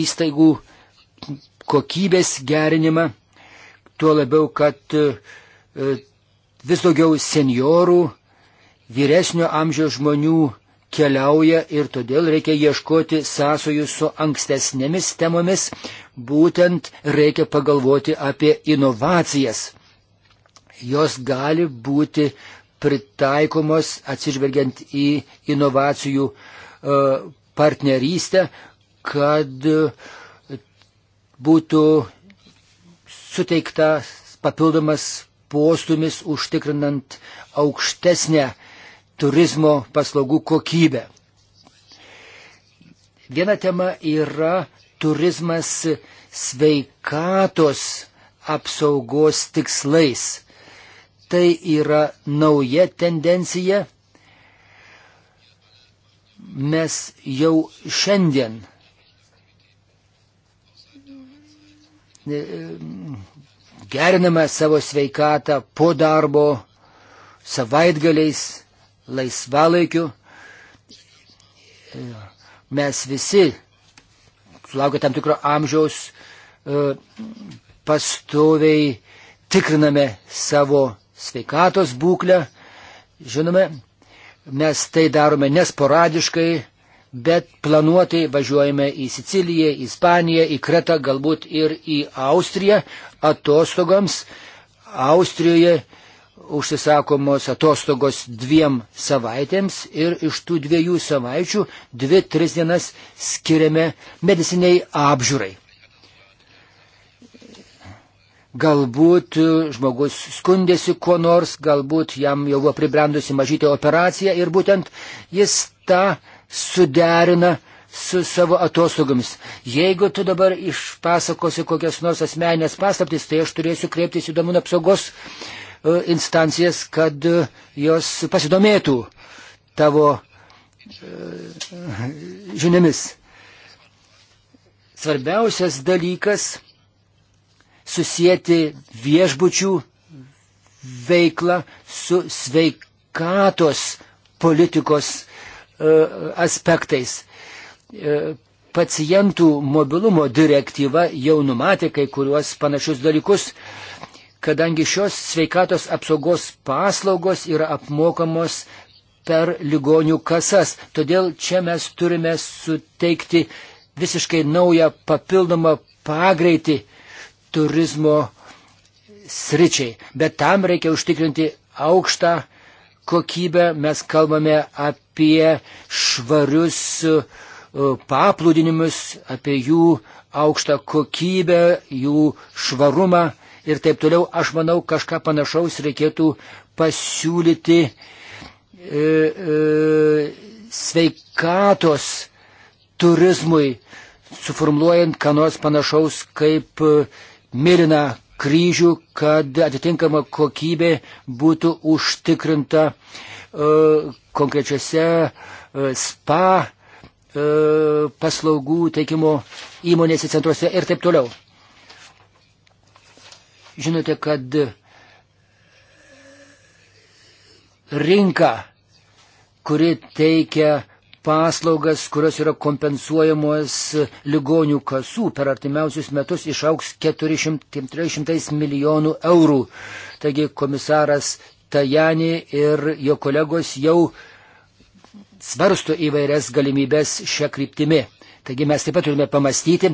įstaigų kokybės gerinimą, tuo labiau, kad e, vis daugiau seniorų, vyresnio amžiaus žmonių keliauja ir todėl reikia ieškoti sąsojų su ankstesnėmis temomis, būtent reikia pagalvoti apie inovacijas. Jos gali būti pritaikomos atsižvelgiant į inovacijų e, partnerystę, kad būtų suteiktas papildomas postumis užtikrinant aukštesnę turizmo paslaugų kokybę. Viena tema yra turizmas sveikatos apsaugos tikslais. Tai yra nauja tendencija. Mes jau šiandien e, geriname savo sveikatą po darbo, savaitgaliais laisvalaikiu. Mes visi sulaukę tam tikro amžiaus e, pastoviai tikriname savo sveikatos būklę. Žinome, mes tai darome nesporadiškai, bet planuotai važiuojame į Siciliją, į Ispaniją, į Kretą, galbūt ir į Austriją atostogams. Austrijoje užsisakomos atostogos dviem savaitėms ir iš tų dviejų savaičių dvi, tris dienas skiriame mediciniai apžiūrai. Galbūt žmogus skundėsi kuo nors, galbūt jam jau buvo pribrendusi mažytė operacija ir būtent jis tą suderina su savo atostogomis. Jeigu tu dabar išpasakosi kokias nors asmenės paslaptis, tai aš turėsiu kreiptis į duomenų apsaugos uh, E, instancijas, kad e, jos pasidomėtų tavo e, žiniomis. Svarbiausias dalykas - susijęti viešbučių veiklą su sveikatos politikos aspektais. Pacientų mobilumo direktyva jau numatė kai kuriuos panašius dalykus kadangi šios sveikatos apsaugos paslaugos yra apmokamos per ligonių kasas. Todėl čia mes turime suteikti visiškai naują papildomą pagreitį turizmo sričiai. Bet tam reikia užtikrinti aukštą kokybę. Mes kalbame apie švarius e, paplūdinimus, apie jų aukštą kokybę, jų švarumą ir taip toliau, aš manau, kažką panašaus reikėtų pasiūlyti e, e, sveikatos turizmui, suformuluojant ką nors panašaus kaip e, Mirina kryžių, kad atitinkama kokybė būtų užtikrinta e, konkrečiose e, spa e, paslaugų teikimo įmonėse centruose ir taip toliau. Žinote, kad rinka, kuri teikia paslaugas, kurios yra kompensuojamos ligonių kasų per artimiausius metus išauks 400 milijonų eurų. Taigi komisaras Tajani ir jo kolegos jau svarsto įvairias galimybės šią kryptimį. Taigi mes taip pat turime pamastyti.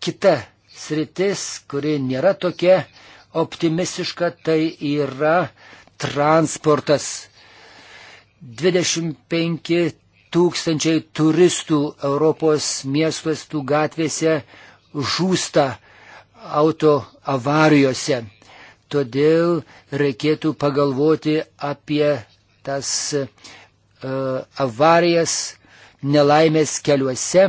Kita sritis, kuri nėra tokia optimistiška, tai yra transportas. 25 tūkstančiai turistų Europos miestuostų gatvėse žūsta auto avarijose. Todėl reikėtų pagalvoti apie tas uh, avarijas, nelaimės keliuose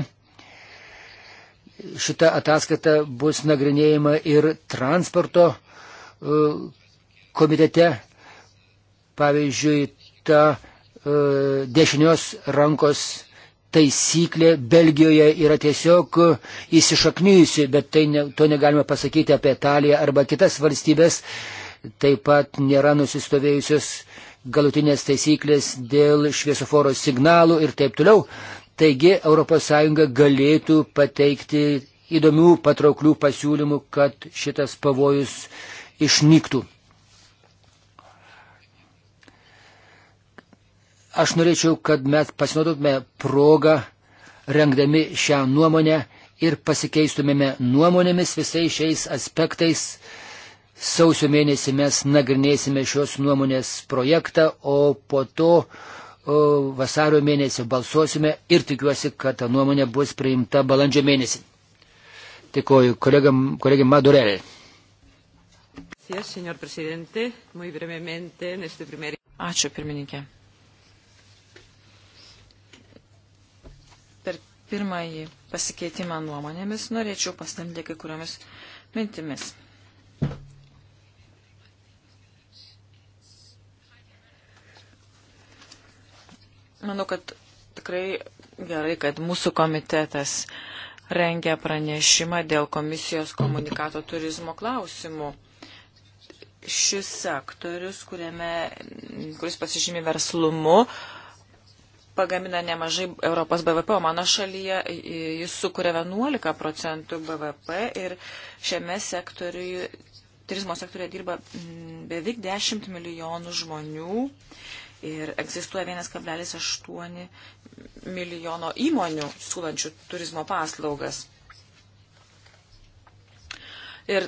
šita ataskaita bus nagrinėjama ir transporto e, komitete. Pavyzdžiui, ta e, dešinios rankos taisyklė Belgijoje yra tiesiog įsišaknyjusi, bet tai ne, to negalima pasakyti apie Italiją arba kitas valstybės. Taip pat nėra nusistovėjusios galutinės taisyklės dėl šviesoforo signalų ir taip toliau. Taigi ES galėtų pateikti įdomių patrauklių pasiūlymų, kad šitas pavojus išnyktų. Aš norėčiau, kad mes pasinaudotume progą, rengdami šią nuomonę ir pasikeistumėme nuomonėmis visais šiais aspektais. Sausio mėnesį mes nagrinėsime šios nuomonės projektą, o po to uh, vasario mėnesį balsuosime ir tikiuosi, kad ta nuomonė bus priimta balandžio mėnesį. Tikoju kolegiam Madurelė. Ačiū, pirmininkė. Per pirmąjį pasikeitimą nuomonėmis norėčiau pasidalyti kai kuriomis mintimis. Manau, kad tikrai gerai, kad mūsų komitetas rengia pranešimą dėl komisijos komunikato turizmo klausimų. Šis sektorius, kuriame, kuris pasižymi verslumu, pagamina nemažai Europos BVP, o mano šalyje jis sukuria 11 procentų BVP ir šiame sektoriuje, turizmo sektoriuje dirba beveik 10 milijonų žmonių Ir egzistuoja 1,8 milijono įmonių siūlančių turizmo paslaugas. Ir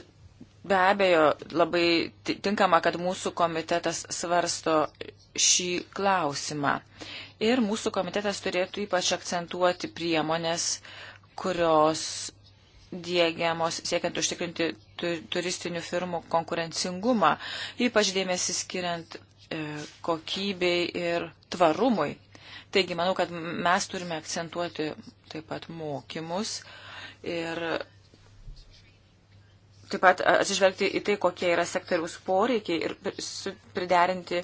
Be abejo, labai tinkama, kad mūsų komitetas svarsto šį klausimą. Ir mūsų komitetas turėtų ypač akcentuoti priemonės, kurios dėgiamos siekiant užtikrinti turistinių firmų konkurencingumą, ypač dėmesį skiriant E, kokybei ir tvarumui. Taigi, manau, kad mes turime akcentuoti taip pat mokymus ir taip pat atsižvelgti į tai, kokie yra sektoriaus poreikiai ir priderinti e,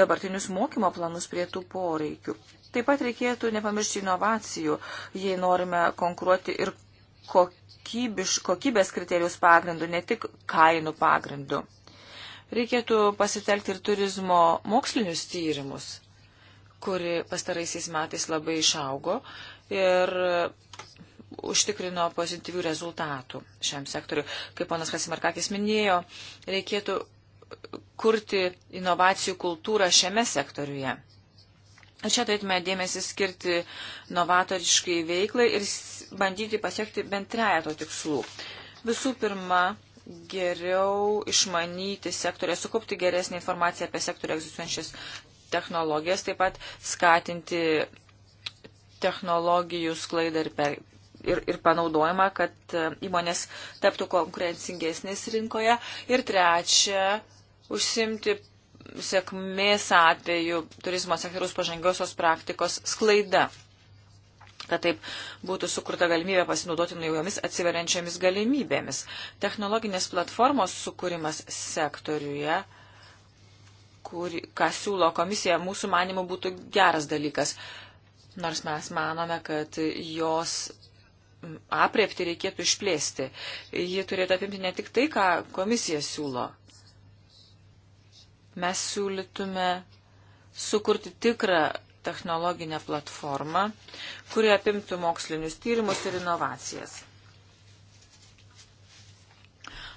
dabartinius mokymo planus prie tų poreikių. Taip pat reikėtų nepamiršti inovacijų, jei norime konkuruoti ir kokybiš, kokybės kriterijus pagrindų, ne tik kainų pagrindų reikėtų pasitelkti ir turizmo mokslinius tyrimus, kuri pastaraisiais metais labai išaugo ir užtikrino pozityvių rezultatų šiam sektoriu. Kaip ponas Kasimarkakis minėjo, reikėtų kurti inovacijų kultūrą šiame sektoriuje. Čia turėtume dėmesį skirti novatoriškai veiklai ir bandyti pasiekti bent trejato tikslų. Visų pirma, geriau išmanyti sektorę, sukaupti geresnį informaciją apie sektorių egzistuojančias technologijas, taip pat skatinti technologijų sklaidą ir, per, ir, ir panaudojimą, kad e, įmonės taptų konkurencingesnės rinkoje. Ir trečia, užsimti sėkmės atveju turizmo sektoriaus pažangiosios praktikos sklaida kad taip būtų sukurta galimybė pasinaudoti naujomis atsiveriančiamis galimybėmis. Technologinės platformos sukūrimas sektoriuje, kur, ką siūlo komisija, mūsų manimų būtų geras dalykas. Nors mes manome, kad jos apriepti reikėtų išplėsti. Ji turėtų apimti ne tik tai, ką komisija siūlo. Mes siūlytume sukurti tikrą technologinę platformą, kuri apimtų mokslinius tyrimus ir inovacijas.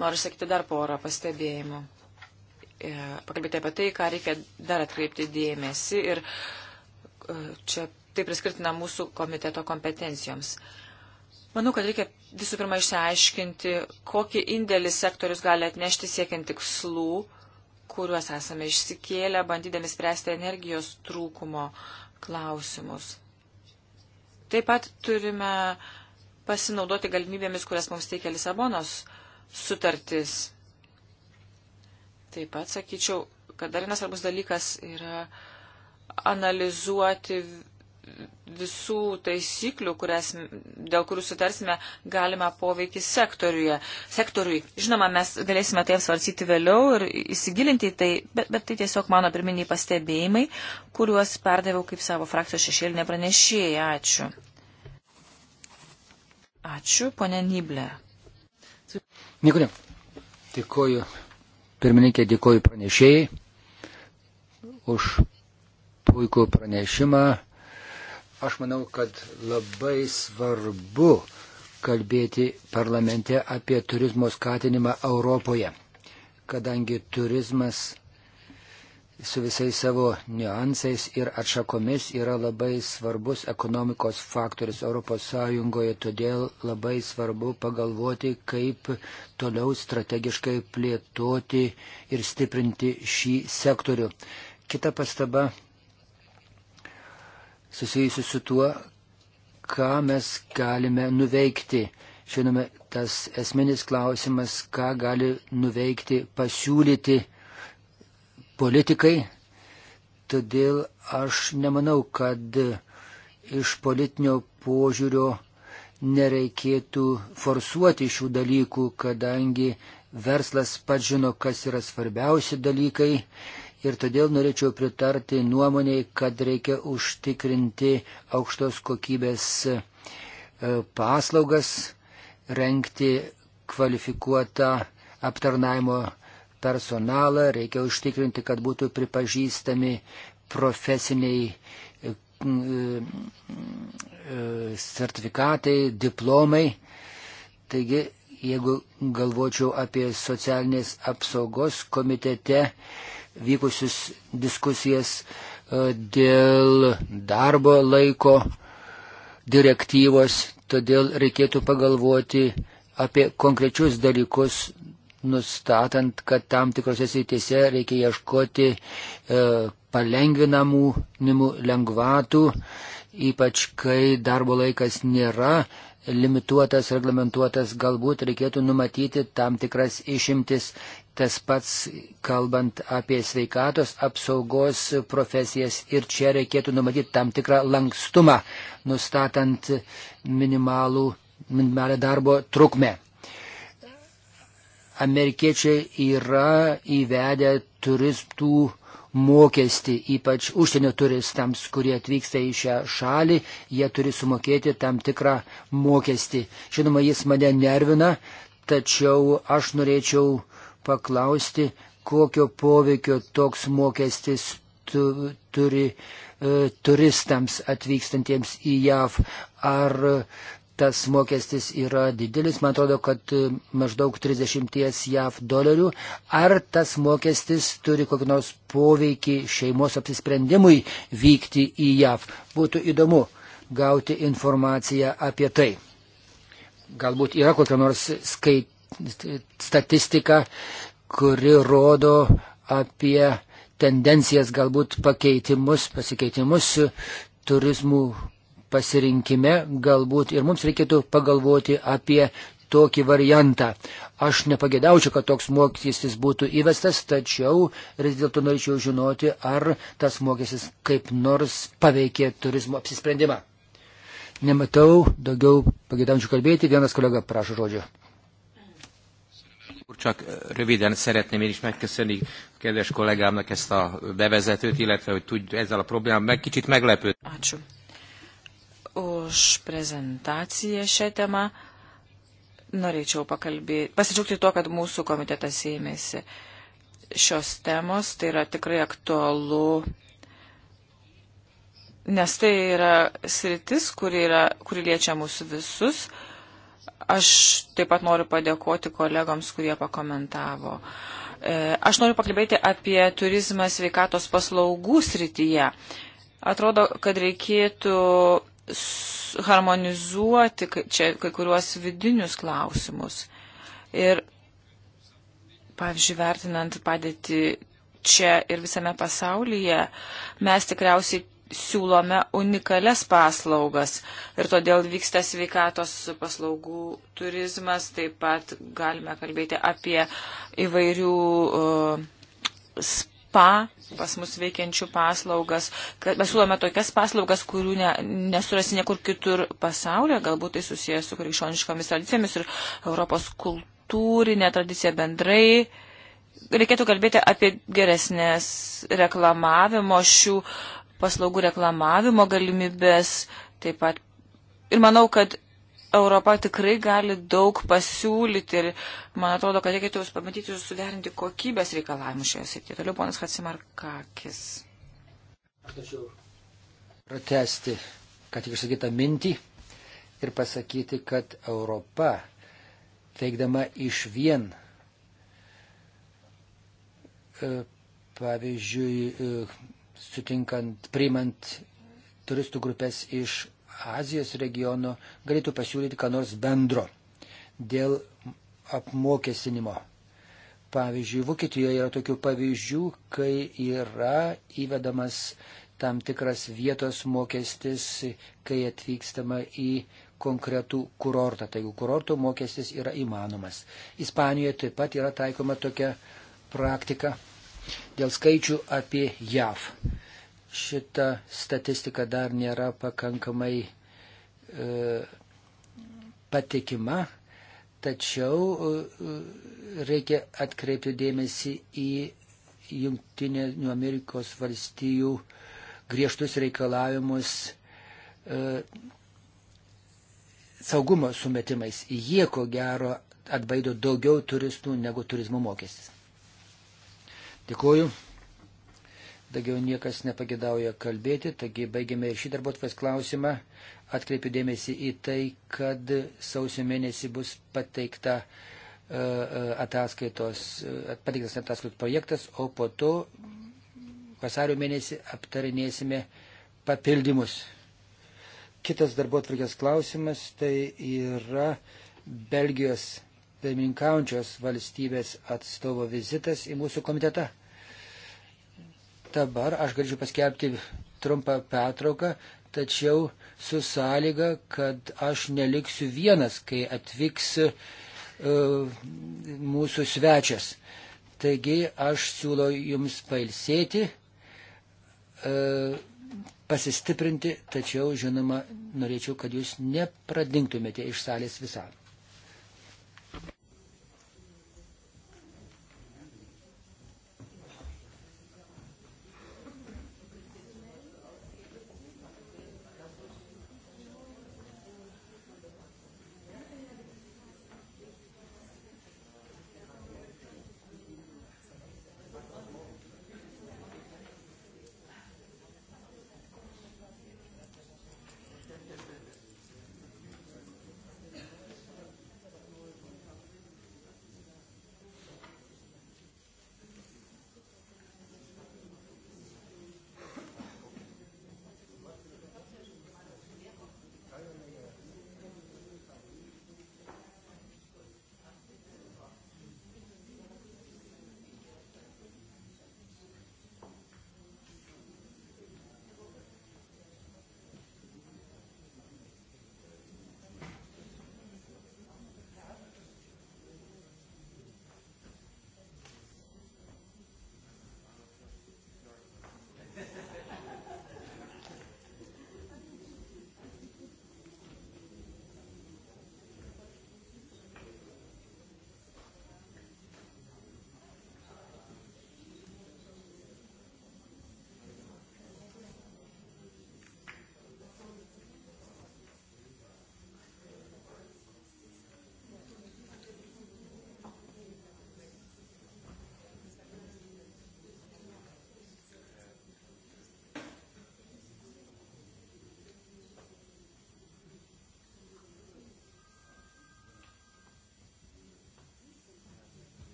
Noriu sakyti dar porą pastebėjimų. E, pakalbėti apie tai, ką reikia dar atkreipti dėmesį ir e, čia tai priskirtina mūsų komiteto kompetencijoms. Manau, kad reikia visų pirma išsiaiškinti, kokį indėlį sektorius gali atnešti siekiant tikslų kuriuos esame išsikėlę, bandydami spręsti energijos trūkumo klausimus. Taip pat turime pasinaudoti galimybėmis, kurias mums teikia Lisabonos sutartis. Taip pat sakyčiau, kad dar vienas svarbus dalykas yra analizuoti visų taisyklių, kurias, dėl kurių sutarsime, galima poveikį sektoriui. Žinoma, mes galėsime tai apsvarsyti vėliau ir įsigilinti į tai, bet, bet tai tiesiog mano pirminiai pastebėjimai, kuriuos perdaviau kaip savo frakcijos šešėlinė pranešėja. Ačiū. Ačiū, ponė Nyblė. Nieko ne. Dėkoju. Pirmininkė, dėkoju pranešėjai už puikų pranešimą Aš manau, kad labai svarbu kalbėti parlamente apie turizmo skatinimą Europoje, kadangi turizmas su visais savo niuansais ir atšakomis yra labai svarbus ekonomikos faktorius ES, todėl labai svarbu pagalvoti, kaip toliau strategiškai plėtoti ir stiprinti šį sektorių. Kita pastaba susijusių su tuo, ką mes galime nuveikti. Žinome, tas esminis klausimas, ką gali nuveikti, pasiūlyti politikai. Todėl aš nemanau, kad iš politinio požiūrio nereikėtų forsuoti šių dalykų, kadangi verslas pats žino, kas yra svarbiausi dalykai ir todėl norėčiau pritarti nuomoniai, kad reikia užtikrinti aukštos kokybės e, paslaugas, renkti kvalifikuotą aptarnaimo personalą, reikia užtikrinti, kad būtų pripažįstami profesiniai e, e, sertifikatai, diplomai. Taigi, jeigu galvočiau apie socialinės apsaugos komitete, vykusius diskusijas e, dėl darbo laiko direktyvos, todėl reikėtų pagalvoti apie konkrečius dalykus, nustatant, kad tam tikrose srityse reikia ieškoti e, palengvinamų lengvatų, ypač kai darbo laikas nėra limituotas, reglamentuotas, galbūt reikėtų numatyti tam tikras išimtis Tas pats, kalbant apie sveikatos apsaugos profesijas, ir čia reikėtų numatyti tam tikrą lankstumą, nustatant minimalų, minimalę darbo trukmę. Amerikiečiai yra įvedę turistų mokestį, ypač užsienio turistams, kurie atvyksta į šią šalį, jie turi sumokėti tam tikrą mokestį. Žinoma, jis mane nervina, tačiau aš norėčiau paklausti, kokio poveikio toks mokestis tu, turi e, turistams atvykstantiems į JAV. Ar tas mokestis yra didelis, man atrodo, kad e, maždaug 30 JAV dolerių. Ar tas mokestis turi kokį nors poveikį šeimos apsisprendimui vykti į JAV? Būtų įdomu gauti informaciją apie tai. Galbūt yra kokia nors skait statistiką, kuri rodo apie tendencijas, galbūt pakeitimus, pasikeitimus turizmų pasirinkime, galbūt ir mums reikėtų pagalvoti apie tokį variantą. Aš nepagėdaučiau, kad toks mokestis būtų įvestas, tačiau vis dėlto norėčiau žinoti, ar tas mokestis kaip nors paveikė turizmo apsisprendimą. Nematau, daugiau pagėdaučiau kalbėti, vienas kolega prašo žodžio. Csak röviden szeretném én is megköszönni a kedves kollégámnak ezt a bevezetőt, illetve hogy tud ezzel a problémával meg kicsit meglepő. Ačiū už prezentaciją šią temą. Norėčiau pakalbėti, pasidžiaugti tuo, kad mūsų komitetas ėmėsi šios temos. Tai yra tikrai aktualu, nes tai yra sritis, kuri, yra, kuri liečia mūsų visus. Aš taip pat noriu padėkoti kolegoms, kurie pakomentavo. E, aš noriu pakalbėti apie turizmą sveikatos paslaugų srityje. Atrodo, kad reikėtų harmonizuoti čia kai kuriuos vidinius klausimus. Ir, pavyzdžiui, vertinant padėti čia ir visame pasaulyje, mes tikriausiai siūlome unikalias paslaugas ir todėl vyksta sveikatos paslaugų turizmas, taip pat galime kalbėti apie įvairių uh, spa pas mus veikiančių paslaugas. Kad mes siūlome tokias paslaugas, kurių ne, nesurasi niekur kitur pasaulyje, galbūt tai susijęs su krikščioniškomis tradicijomis ir Europos kultūrinė tradicija bendrai. Reikėtų kalbėti apie geresnės reklamavimo šių uh, paslaugų reklamavimo galimybės, taip pat. Ir manau, kad Europa tikrai gali daug pasiūlyti ir man atrodo, kad reikėtų jūs pamatyti ir suderinti kokybės reikalavimus šioje srityje. Toliau ponas Hatsimarkakis. Aš tačiau pratesti, ką tik išsakytą mintį ir pasakyti, kad Europa, teikdama iš vien, e, pavyzdžiui, e, sutinkant, priimant turistų grupės iš Azijos regiono, galėtų pasiūlyti ką nors bendro dėl apmokestinimo. Pavyzdžiui, Vokietijoje yra tokių pavyzdžių, kai yra įvedamas tam tikras vietos mokestis, kai atvykstama į konkretų kurortą. Taigi kurorto mokestis yra įmanomas. Ispanijoje taip pat yra taikoma tokia praktika. Dėl skaičių apie JAV. Šita statistika dar nėra pakankamai e, patikima, tačiau e, reikia atkreipti dėmesį į Junktinių Amerikos valstijų griežtus reikalavimus e, saugumo sumetimais. Jie ko gero atbaido daugiau turistų negu turizmo mokestis. Dėkuoju. Daugiau niekas nepagėdauja kalbėti, taigi baigėme ir šį darbo atvės klausimą. Atkreipiu dėmesį į tai, kad sausio mėnesį bus pateikta uh, ataskaitos, e, pateiktas ataskaitos projektas, o po to vasario mėnesį aptarinėsime papildymus. Kitas darbo atvarkės klausimas tai yra Belgijos pirmininkaujančios valstybės atstovo vizitas į mūsų komitetą. Dabar aš galėčiau paskelbti trumpą pertrauką, tačiau su sąlyga, kad aš neliksiu vienas, kai atvyks uh, mūsų svečias. Taigi aš siūlau jums pailsėti, uh, pasistiprinti, tačiau, žinoma, norėčiau, kad jūs nepradingtumėte iš salės visam.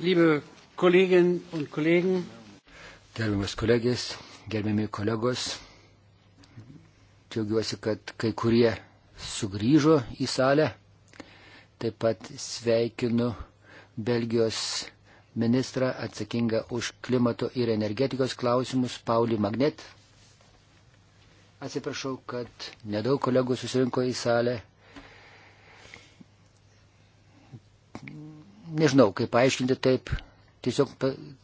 liebe Kolleginnen und Kollegen. Gerbiamas kolegės, gerbiami kolegos, džiaugiuosi, kad kai kurie sugrįžo į salę. Taip pat sveikinu Belgijos ministrą atsakingą už klimato ir energetikos klausimus Paulį Magnet. Atsiprašau, kad nedaug kolegų susirinko į salę, nežinau, kaip paaiškinti taip. Tiesiog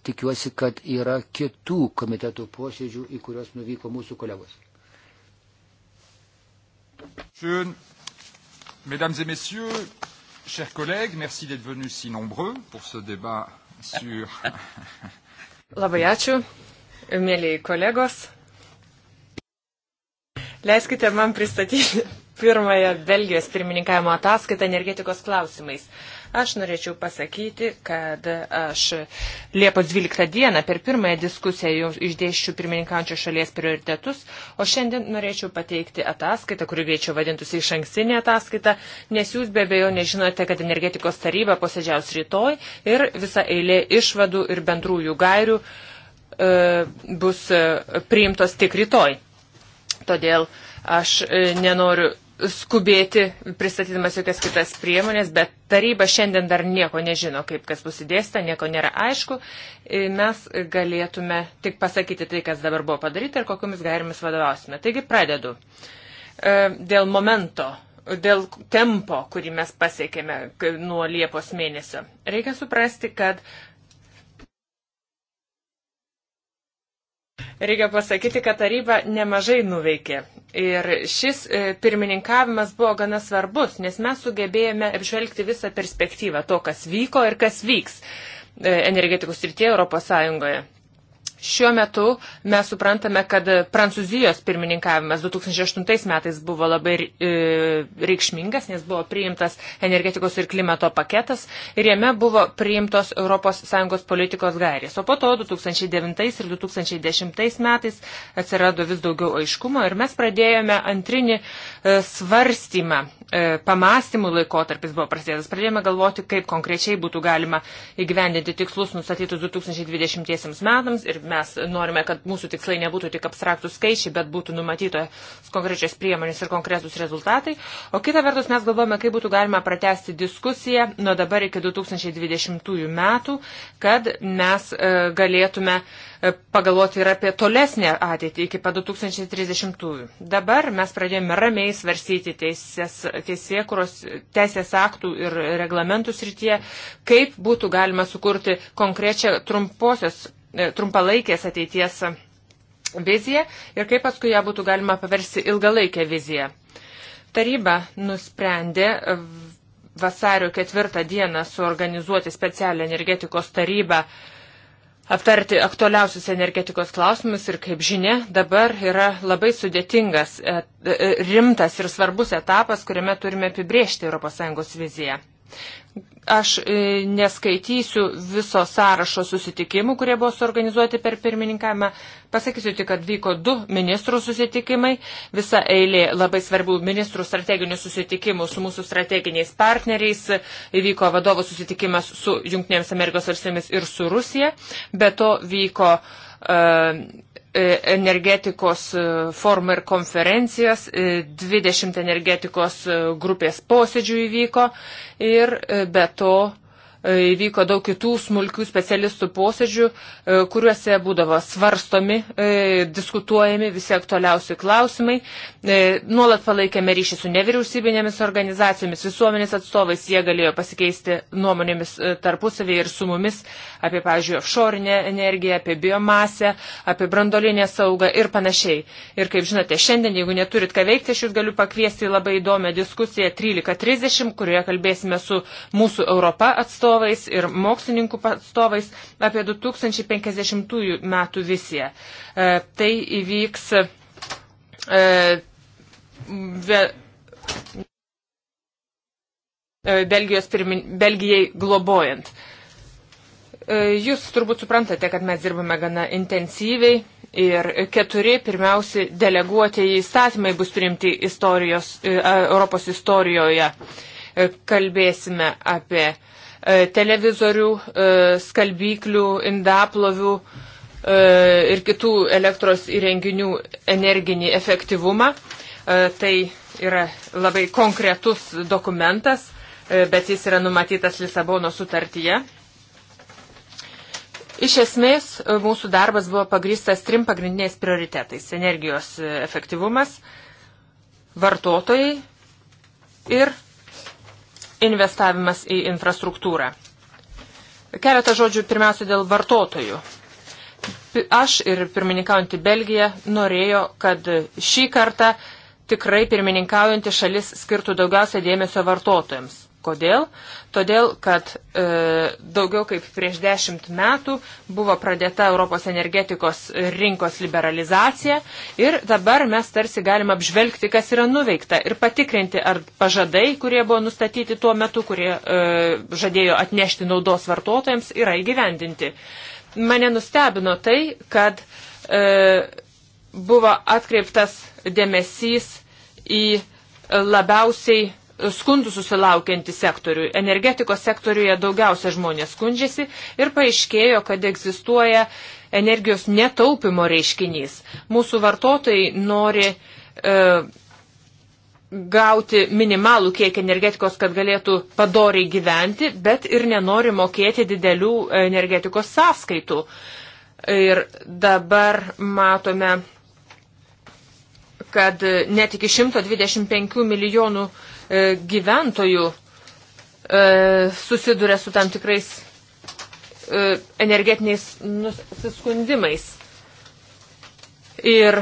tikiuosi, kad yra kitų komitetų posėdžių, į kuriuos nuvyko mūsų kolegos. Schön. Mesdames et messieurs, chers collègues, merci d'être venus si nombreux pour ce débat sur. <laughs> Labai ačiū, mėlyi kolegos. Leiskite man pristatyti <laughs> pirmąją Belgijos pirmininkavimo ataskaitą energetikos klausimais. Aš norėčiau pasakyti, kad aš Liepos 12 dieną per pirmąją diskusiją išdėščiu pirmininkančio šalies prioritetus, o šiandien norėčiau pateikti ataskaitą, kuri greičiau vadintųsi iš ankstinė ataskaita, nes jūs be abejo nežinote, kad energetikos taryba posėdžiaus rytoj ir visa eilė išvadų ir bendrųjų gairių e, bus e, priimtos tik rytoj. Todėl aš e, nenoriu skubėti, pristatydamas jokias kitas priemonės, bet taryba šiandien dar nieko nežino, kaip kas bus įdėsta, nieko nėra aišku. E, mes galėtume tik pasakyti tai, kas dabar buvo padaryta ir kokiamis gairimis vadovausime. Taigi pradedu. E, dėl momento, dėl tempo, kurį mes pasiekėme nuo Liepos mėnesio. Reikia suprasti, kad Reikia pasakyti, kad taryba nemažai nuveikė. Ir šis e, pirmininkavimas buvo gana svarbus, nes mes sugebėjome apžvelgti visą perspektyvą to, kas vyko ir kas vyks e, energetikos rytėje Europos Sąjungoje. Šiuo metu mes suprantame, kad Prancūzijos pirmininkavimas 2008 metais buvo labai e, reikšmingas, nes buvo priimtas energetikos ir klimato paketas ir jame buvo priimtos ES politikos gairės. O po to 2009 ir 2010 metais atsirado vis daugiau aiškumo ir mes pradėjome antrinį e, svarstymą. E, pamastymų laikotarpis buvo prasidėtas. Pradėjome galvoti, kaip konkrečiai būtų galima įgyvendinti tikslus nustatytus 2020 metams ir metams mes norime, kad mūsų tikslai nebūtų tik abstraktų skaičiai, bet būtų numatytos konkrečios priemonės ir konkretus rezultatai. O kita vertus, mes galvojame, kaip būtų galima pratesti diskusiją nuo dabar iki 2020 metų, kad mes e, galėtume e, pagalvoti ir apie tolesnę ateitį iki pat 2030. -ųjų. Dabar mes pradėjome ramiai svarstyti teisės, teisėkuros, teisės aktų ir reglamentų srityje, kaip būtų galima sukurti konkrečią trumposios E, trumpalaikės ateities viziją ir kaip paskui ją būtų galima paversti ilgalaikę viziją. Taryba nusprendė vasario ketvirtą dieną suorganizuoti specialią energetikos tarybą, aptarti aktualiausius energetikos klausimus ir, kaip žinia, dabar yra labai sudėtingas, e, e, rimtas ir svarbus etapas, kuriame turime apibriežti ES viziją. Aš e, neskaitysiu viso sąrašo susitikimų, kurie buvo suorganizuoti per pirmininkavimą. Pasakysiu tik, kad vyko du ministrų susitikimai, visa eilė labai svarbių ministrų strateginių susitikimų su mūsų strateginiais partneriais, įvyko vadovo susitikimas su Junktinėms Amerikos valstybėmis ir su Rusija, be to vyko uh, E, energetikos e, forumą ir konferencijas, 20 e, energetikos grupės posėdžių įvyko ir be to E, įvyko daug kitų smulkių specialistų posėdžių, e, kuriuose būdavo svarstomi, e, diskutuojami visi aktualiausi klausimai. Nuolat palaikėme ryšį su nevyriausybinėmis organizacijomis, visuomenės atstovais, jie galėjo pasikeisti nuomonėmis tarpusavį ir su mumis apie, pavyzdžiui, offshorinę energiją, apie biomasę, apie brandolinę saugą ir panašiai. Ir kaip žinote, šiandien, jeigu neturit ką veikti, aš jūs galiu pakviesti į labai įdomią diskusiją 13.30, kurioje kalbėsime su mūsų Europa atstovu atstovais ir mokslininkų atstovais apie 2050 metų visiją. E, tai įvyks e, e, Belgijos pirmin, Belgijai globojant. Jūs turbūt suprantate, kad mes dirbame gana intensyviai ir keturi pirmiausi deleguotieji įstatymai bus priimti istorijos, Europos istorijoje. Kalbėsime apie E, televizorių, e, skalbyklių, indaplovių e, ir kitų elektros įrenginių energinį efektyvumą. Tai yra labai konkretus dokumentas, bet jis yra numatytas Lisabono sutartyje. Iš esmės, mūsų darbas buvo pagrįstas trim pagrindiniais prioritetais - energijos efektyvumas, vartotojai ir investavimas į infrastruktūrą. Keletą žodžių pirmiausia dėl vartotojų. Aš ir pirmininkaujantį Belgiją norėjo, kad šį kartą tikrai pirmininkaujantį šalis skirtų daugiausia dėmesio vartotojams. Kodėl? Todėl, kad e, daugiau kaip prieš dešimt metų buvo pradėta Europos energetikos rinkos liberalizacija ir dabar mes tarsi galim apžvelgti, kas yra nuveikta ir patikrinti, ar pažadai, kurie buvo nustatyti tuo metu, kurie e, žadėjo atnešti naudos vartotojams, yra įgyvendinti. Mane nustebino tai, kad e, buvo atkreiptas dėmesys į labiausiai skundų susilaukianti sektorių. Energetikos sektoriuje daugiausia žmonės skundžiasi ir paaiškėjo, kad egzistuoja energijos netaupimo reiškinys. Mūsų vartotojai nori e, gauti minimalų kiekį energetikos, kad galėtų padoriai gyventi, bet ir nenori mokėti didelių energetikos sąskaitų. Ir dabar matome, kad net iki 125 milijonų e, E, gyventojų e, susiduria su tam tikrais e, energetiniais nusiskundimais. Ir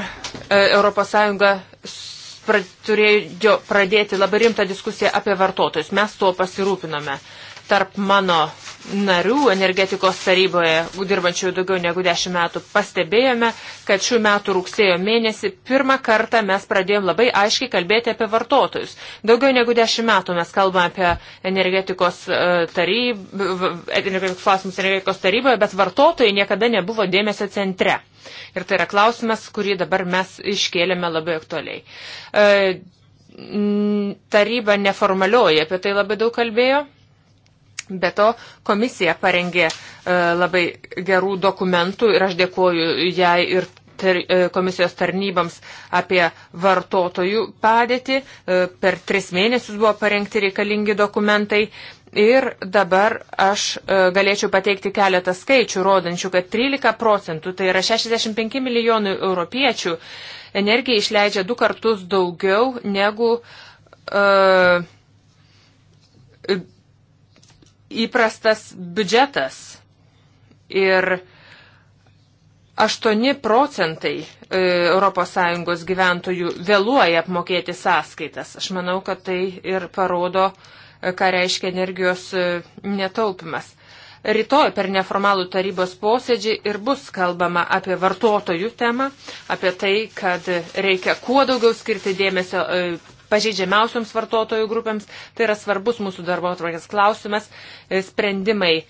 ES turėjo pradėti labai rimtą diskusiją apie vartotojus. Mes tuo pasirūpinome tarp mano narių energetikos taryboje, dirbančių daugiau negu 10 metų, pastebėjome, kad šių metų rugsėjo mėnesį pirmą kartą mes pradėjom labai aiškiai kalbėti apie vartotojus. Daugiau negu 10 metų mes kalbame apie energetikos, e, taryb, energetikos klausimus energetikos taryboje, bet vartotojai niekada nebuvo dėmesio centre. Ir tai yra klausimas, kurį dabar mes iškėlėme labai aktualiai. E, taryba neformalioji apie tai labai daug kalbėjo Be to, komisija parengė e, labai gerų dokumentų ir aš dėkuoju jai ir e, komisijos tarnybams apie vartotojų padėtį. E, per tris mėnesius buvo parengti reikalingi dokumentai. Ir dabar aš galėčiau pateikti keletą skaičių, rodančių, kad 13 procentų, tai yra 65 milijonų europiečių, energiją išleidžia du kartus daugiau negu uh, įprastas biudžetas. Ir 8 procentai ES gyventojų vėluoja apmokėti sąskaitas. Aš manau, kad tai ir parodo, e, ką reiškia energijos e, netaupimas. Rytoj per neformalų tarybos posėdžį ir bus kalbama apie vartotojų temą, apie tai, kad reikia kuo daugiau skirti dėmesio e, pažeidžiamiausioms vartotojų grupėms. Tai yra svarbus mūsų darbo atvarkės klausimas. E, sprendimai e,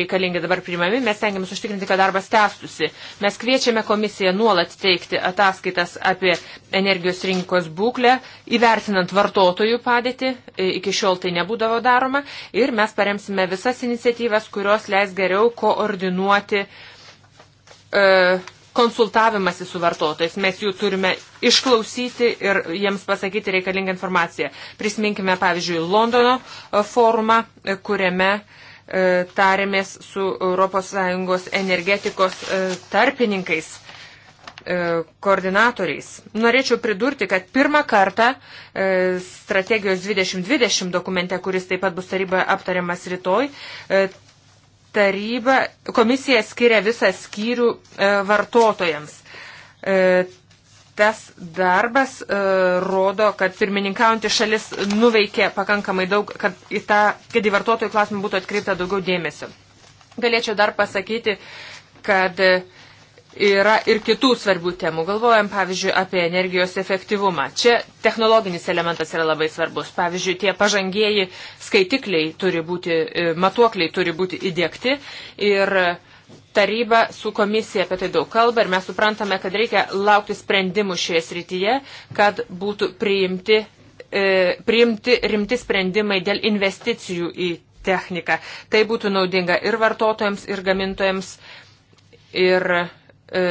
reikalingi dabar priimami. Mes tengiamės užtikrinti, kad darbas tęstusi. Mes kviečiame komisiją nuolat teikti ataskaitas apie energijos rinkos būklę, įvertinant vartotojų padėtį. E, iki šiol tai nebūdavo daroma. Ir mes paremsime visas iniciatyvas, kurios leis geriau koordinuoti uh, konsultavimasi su vartotojais. Mes jų turime išklausyti ir jiems pasakyti reikalingą informaciją. Prisiminkime, pavyzdžiui, Londono e, forumą, e, kuriame e, tarėmės su ES energetikos tarpininkais, koordinatoriais. Norėčiau pridurti, kad pirmą kartą strategijos 2020 dokumente, kuris taip pat bus taryboje aptariamas rytoj, taryba, komisija skiria visą skyrių e, vartotojams. E, tas darbas e, rodo, kad pirmininkaujantį šalis nuveikė pakankamai daug, kad į, tą, kad į vartotojų klausimą būtų atkreipta daugiau dėmesio. Galėčiau dar pasakyti, kad e, yra ir kitų svarbių temų. Galvojam, pavyzdžiui, apie energijos efektyvumą. Čia technologinis elementas yra labai svarbus. Pavyzdžiui, tie pažangieji skaitikliai turi būti, e, matuokliai turi būti įdėkti ir taryba su komisija apie tai daug kalba ir mes suprantame, kad reikia laukti sprendimų šioje srityje, kad būtų priimti, e, priimti rimti sprendimai dėl investicijų į techniką. Tai būtų naudinga ir vartotojams, ir gamintojams, ir E,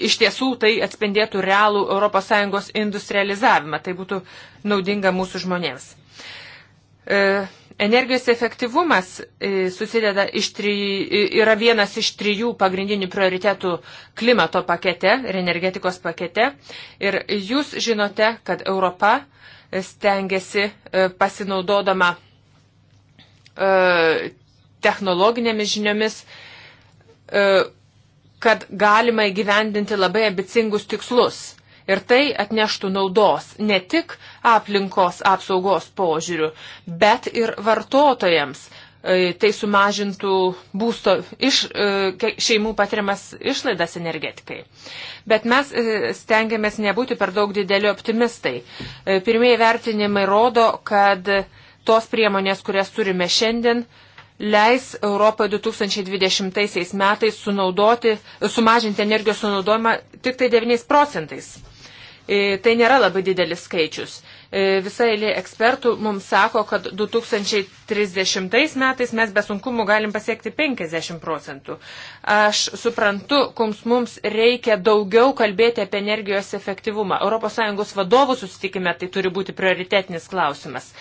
iš tiesų tai atspindėtų realų ES industrializavimą. Tai būtų naudinga mūsų žmonėms. E, energijos efektyvumas e, susideda iš tri, yra vienas iš trijų pagrindinių prioritetų klimato pakete ir energetikos pakete. Ir jūs žinote, kad Europa stengiasi pasinaudodama technologinėmis žiniomis kad galima įgyvendinti labai ambicingus tikslus. Ir tai atneštų naudos ne tik aplinkos apsaugos požiūrių, bet ir vartotojams. E, tai sumažintų būsto iš, e, šeimų patiriamas išlaidas energetikai. Bet mes e, stengiamės nebūti per daug dideli optimistai. Pirmieji vertinimai rodo, kad tos priemonės, kurias turime šiandien, leis Europoje 2020 metais sunaudoti, sumažinti energijos sunaudojimą tik tai 9 procentais. E, tai nėra labai didelis skaičius. E, visa eilė ekspertų mums sako, kad 2030 metais mes be sunkumų galim pasiekti 50 procentų. Aš suprantu, kums mums reikia daugiau kalbėti apie energijos efektyvumą. ES vadovų susitikime tai turi būti prioritetinis klausimas.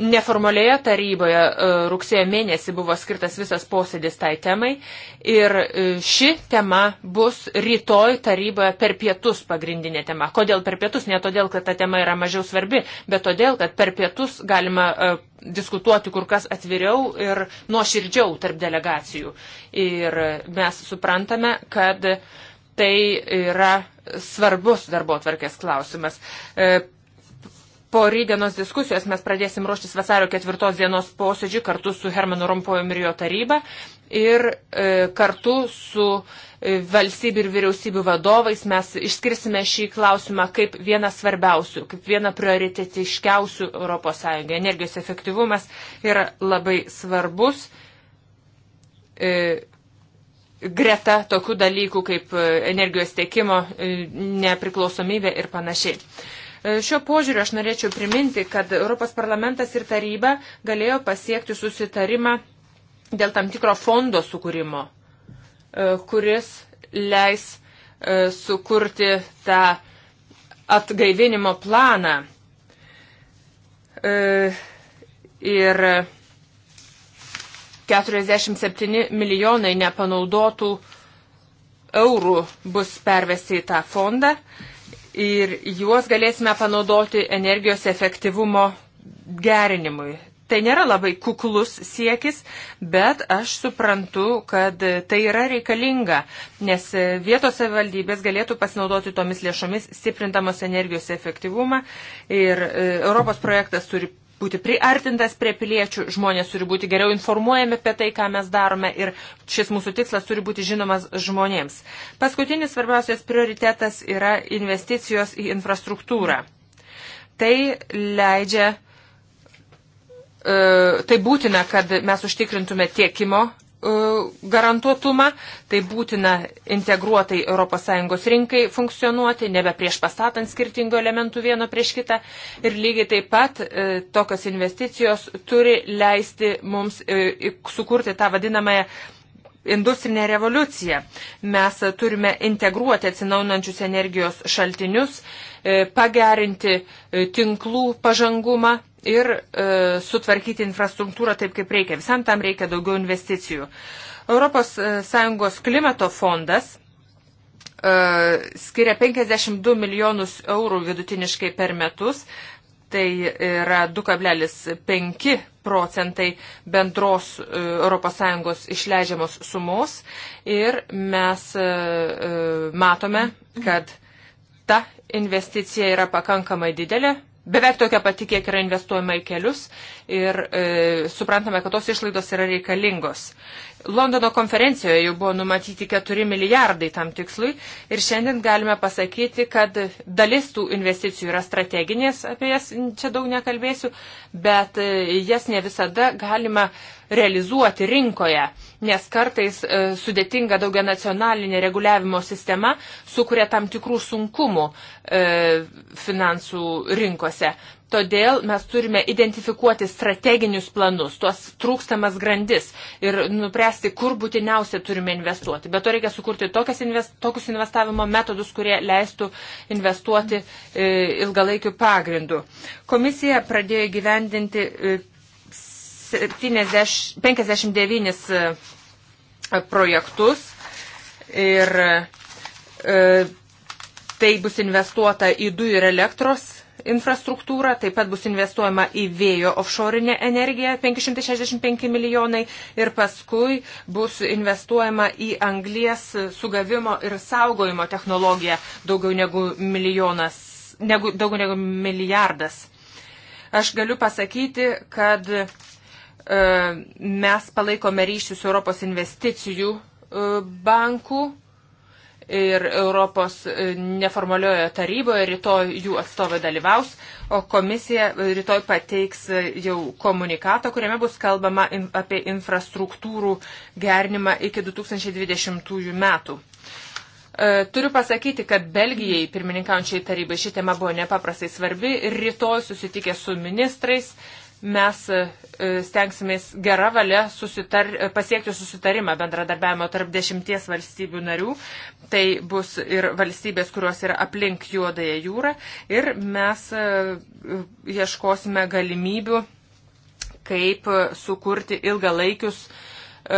Neformalioje taryboje e, rugsėjo mėnesį buvo skirtas visas posėdis tai temai ir e, ši tema bus rytoj taryboje per pietus pagrindinė tema. Kodėl per pietus? Ne todėl, kad ta tema yra mažiau svarbi, bet todėl, kad per pietus galima e, diskutuoti kur kas atviriau ir nuoširdžiau tarp delegacijų. Ir mes suprantame, kad tai yra svarbus darbo atvarkės klausimas po rydienos diskusijos mes pradėsim ruoštis vasario ketvirtos dienos posėdžiui kartu su Hermanu Rompojum ir jo taryba ir e, kartu su e, valstybių ir vyriausybių vadovais mes išskirsime šį klausimą kaip vieną svarbiausių, kaip vieną prioritetiškiausių ES. Energijos efektyvumas yra labai svarbus. E, greta tokių dalykų kaip e, energijos tiekimo e, nepriklausomybė ir panašiai. E, E, šio požiūriu aš norėčiau priminti, kad Europos parlamentas ir taryba galėjo pasiekti susitarimą dėl tam tikro fondo sukūrimo, e, kuris leis e, sukurti tą atgaivinimo planą. Ir 47 milijonai nepanaudotų eurų bus pervesti į tą fondą ir juos galėsime panaudoti energijos efektyvumo gerinimui. Tai nėra labai kuklus siekis, bet aš suprantu, kad tai yra reikalinga, nes vietos savivaldybės galėtų pasinaudoti tomis lėšomis, stiprintamos energijos efektyvumą ir e, Europos projektas turi būti priartintas prie piliečių, žmonės turi būti geriau informuojami apie tai, ką mes darome ir šis mūsų tikslas turi būti žinomas žmonėms. Paskutinis svarbiausias prioritetas yra investicijos į infrastruktūrą. Tai leidžia, e, tai būtina, kad mes užtikrintume tiekimo E, garantuotumą, tai būtina integruotai ES rinkai funkcionuoti, nebe prieš pastatant skirtingų elementų vieno prieš kitą. Ir lygiai taip pat e, tokios investicijos turi leisti mums e, sukurti tą vadinamąją industrinė revoliucija. Mes turime integruoti atsinaunančius energijos šaltinius, pagerinti tinklų pažangumą, ir e, sutvarkyti infrastruktūrą taip, kaip reikia. Visam tam reikia daugiau investicijų. ES e, klimato fondas e, skiria 52 milijonus eurų vidutiniškai per metus. Tai yra 2,5 procentai bendros ES išleidžiamos sumos ir mes e, e, matome, kad ta investicija yra pakankamai didelė, beveik tokia pati, kiek yra investuojama į kelius ir e, suprantame, kad tos išlaidos yra reikalingos. Londono konferencijoje jau buvo numatyti 4 milijardai tam tikslui ir šiandien galime pasakyti, kad dalis tų investicijų yra strateginės, apie jas čia daug nekalbėsiu, bet e, jas ne visada galima realizuoti rinkoje nes kartais e, sudėtinga daugia nacionalinė reguliavimo sistema sukuria tam tikrų sunkumų e, finansų rinkose. Todėl mes turime identifikuoti strateginius planus, tuos trūkstamas grandis ir nupręsti, kur būtiniausia turime investuoti. Bet to reikia sukurti invest, tokius investavimo metodus, kurie leistų investuoti e, ilgalaikių pagrindų. Komisija pradėjo gyvendinti e, 70, 59 e, projektus ir e, tai bus investuota į dujų ir elektros infrastruktūrą, taip pat bus investuojama į vėjo offshorinę energiją 565 milijonai ir paskui bus investuojama į anglies sugavimo ir saugojimo technologiją daugiau negu, milijonas, negu, daugiau negu milijardas. Aš galiu pasakyti, kad E, mes palaikome ryšius Europos investicijų e, bankų ir Europos e, neformaliojo taryboje rytoj jų atstovai dalyvaus, o komisija rytoj pateiks jau komunikatą, kuriame bus kalbama apie infrastruktūrų gernimą iki 2020 metų. Turiu pasakyti, kad Belgijai pirmininkaujančiai tarybai ši tema buvo nepaprastai svarbi ir rytoj susitikė su ministrais mes e, stengsimės gerą valią susitar, pasiekti susitarimą bendradarbiavimo tarp dešimties valstybių narių. Tai bus ir valstybės, kurios yra aplink juodąją jūrą. Ir mes e, ieškosime galimybių, kaip sukurti ilgalaikius e,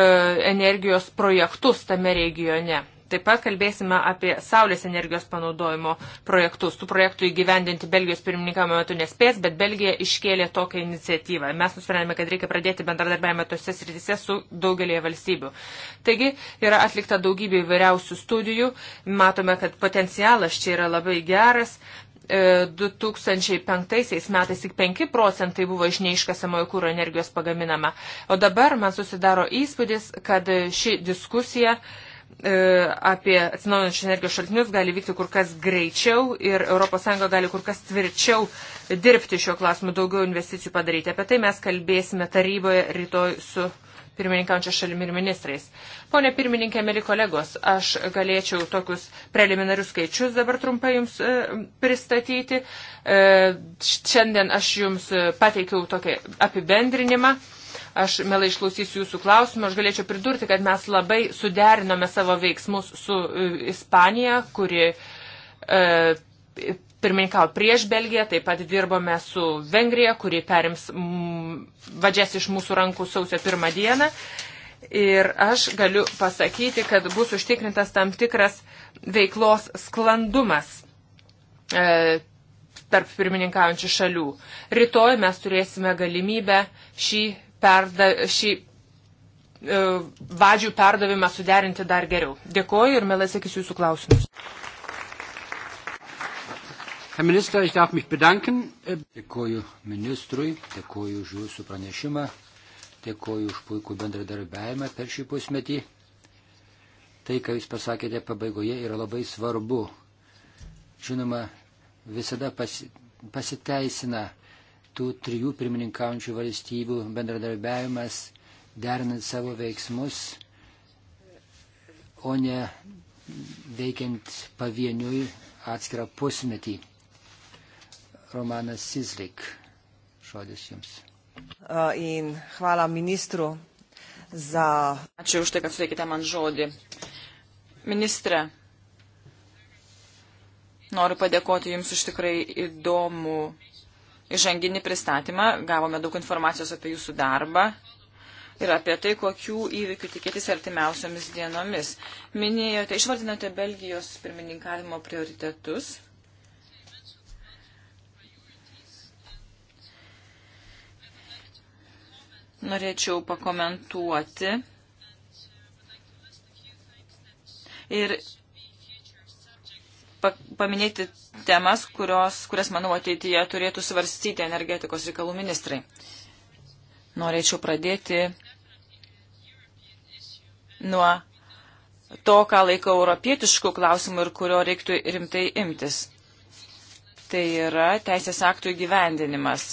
energijos projektus tame regione. Taip pat kalbėsime apie saulės energijos panaudojimo projektus. Tų projektų įgyvendinti Belgijos pirmininkavimo metu nespės, bet Belgija iškėlė tokią iniciatyvą. Mes nusprendėme, kad reikia pradėti bendradarbiavimą tose srityse su daugelėje valstybių. Taigi yra atlikta daugybė įvairiausių studijų. Matome, kad potencialas čia yra labai geras. 2005 e, metais tik 5 procentai buvo iš neiškasamojo kūro energijos pagaminama. O dabar man susidaro įspūdis, kad ši diskusija uh, E, apie atsinaujančius energijos šaltinius gali vykti kur kas greičiau ir ES gali kur kas tvirčiau dirbti šiuo klausimu, daugiau investicijų padaryti. Apie tai mes kalbėsime taryboje rytoj su pirmininkaujančia šalimi ir ministrais. Pone pirmininkė, mėly kolegos, aš galėčiau tokius preliminarius skaičius dabar trumpai jums e, pristatyti. E, šiandien aš jums pateikiau tokį apibendrinimą. E, Aš melai išklausysiu jūsų klausimą. Aš galėčiau pridurti, kad mes labai suderinome savo veiksmus su uh, Ispanija, kuri e, pirmininkavo prieš Belgiją, taip pat dirbome su Vengrija, kuri perims m, mm, vadžias iš mūsų rankų sausio pirmą dieną. Ir aš galiu pasakyti, kad bus užtikrintas tam tikras veiklos sklandumas e, tarp pirmininkaujančių šalių. Rytoj mes turėsime galimybę šį perda, šį e, vadžių perdavimą suderinti dar geriau. Dėkoju ir mielai sakysiu jūsų klausimus. Herr Minister, ich darf mich bedanken. Dėkoju ministrui, dėkoju už jūsų pranešimą, dėkoju už puikų bendradarbiavimą per šį pusmetį. Tai, ką jūs pasakėte pabaigoje, yra labai svarbu. Žinoma, visada pasi, pasiteisina tų trijų pirmininkaujančių valstybių bendradarbiavimas, derinant savo veiksmus, o ne veikiant pavieniui atskirą pusmetį. Romanas Sizlik, žodis jums. In hvala ministru za. Ačiū už tai, kad suteikite man žodį. Ministre, noriu padėkoti Jums už tikrai įdomų įžanginį pristatymą, gavome daug informacijos apie jūsų darbą ir apie tai, kokių įvykių tikėtis artimiausiomis dienomis. Minėjote, išvardinote Belgijos pirmininkavimo prioritetus. Norėčiau pakomentuoti ir paminėti temas, kurios, kurias, manau, ateityje turėtų svarstyti energetikos reikalų ministrai. Norėčiau pradėti nuo to, ką laikau europietiškų klausimų ir kurio reiktų rimtai imtis. Tai yra teisės aktų įgyvendinimas.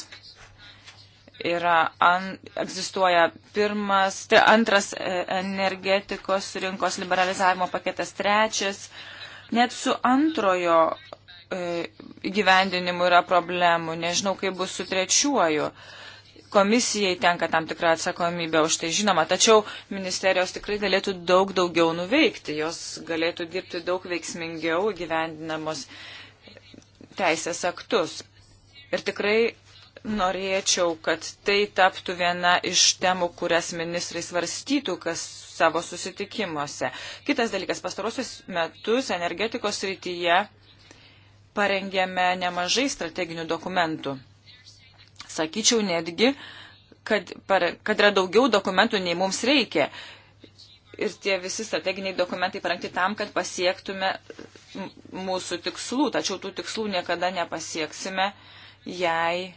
Yra an, egzistuoja pirmas, tai antras e, energetikos rinkos liberalizavimo paketas, trečias Net su antrojo e, įgyvendinimu yra problemų, nežinau, kaip bus su trečiuoju. Komisijai tenka tam tikrą atsakomybę už tai žinoma, tačiau ministerijos tikrai galėtų daug daugiau nuveikti, jos galėtų dirbti daug veiksmingiau gyvendinamos teisės aktus. Ir tikrai norėčiau, kad tai taptų viena iš temų, kurias ministrai svarstytų kas savo susitikimuose. Kitas dalykas, pastarosius metus energetikos rytyje parengėme nemažai strateginių dokumentų. Sakyčiau netgi, kad, kad yra daugiau dokumentų, nei mums reikia. Ir tie visi strateginiai dokumentai parengti tam, kad pasiektume mūsų tikslų, tačiau tų tikslų niekada nepasieksime, jei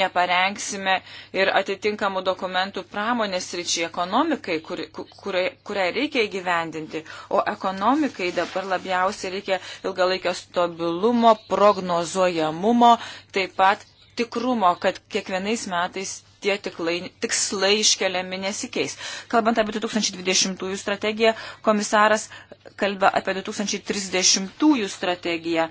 neparengsime ir atitinkamų dokumentų pramonės ryčiai ekonomikai, kur, kur, kurią reikia įgyvendinti. O ekonomikai dabar labiausiai reikia ilgalaikio stabilumo, prognozuojamumo, taip pat tikrumo, kad kiekvienais metais tie tiklai, tikslai iškeliami nesikeis. Kalbant apie 2020 strategiją, komisaras kalba apie 2030 strategiją.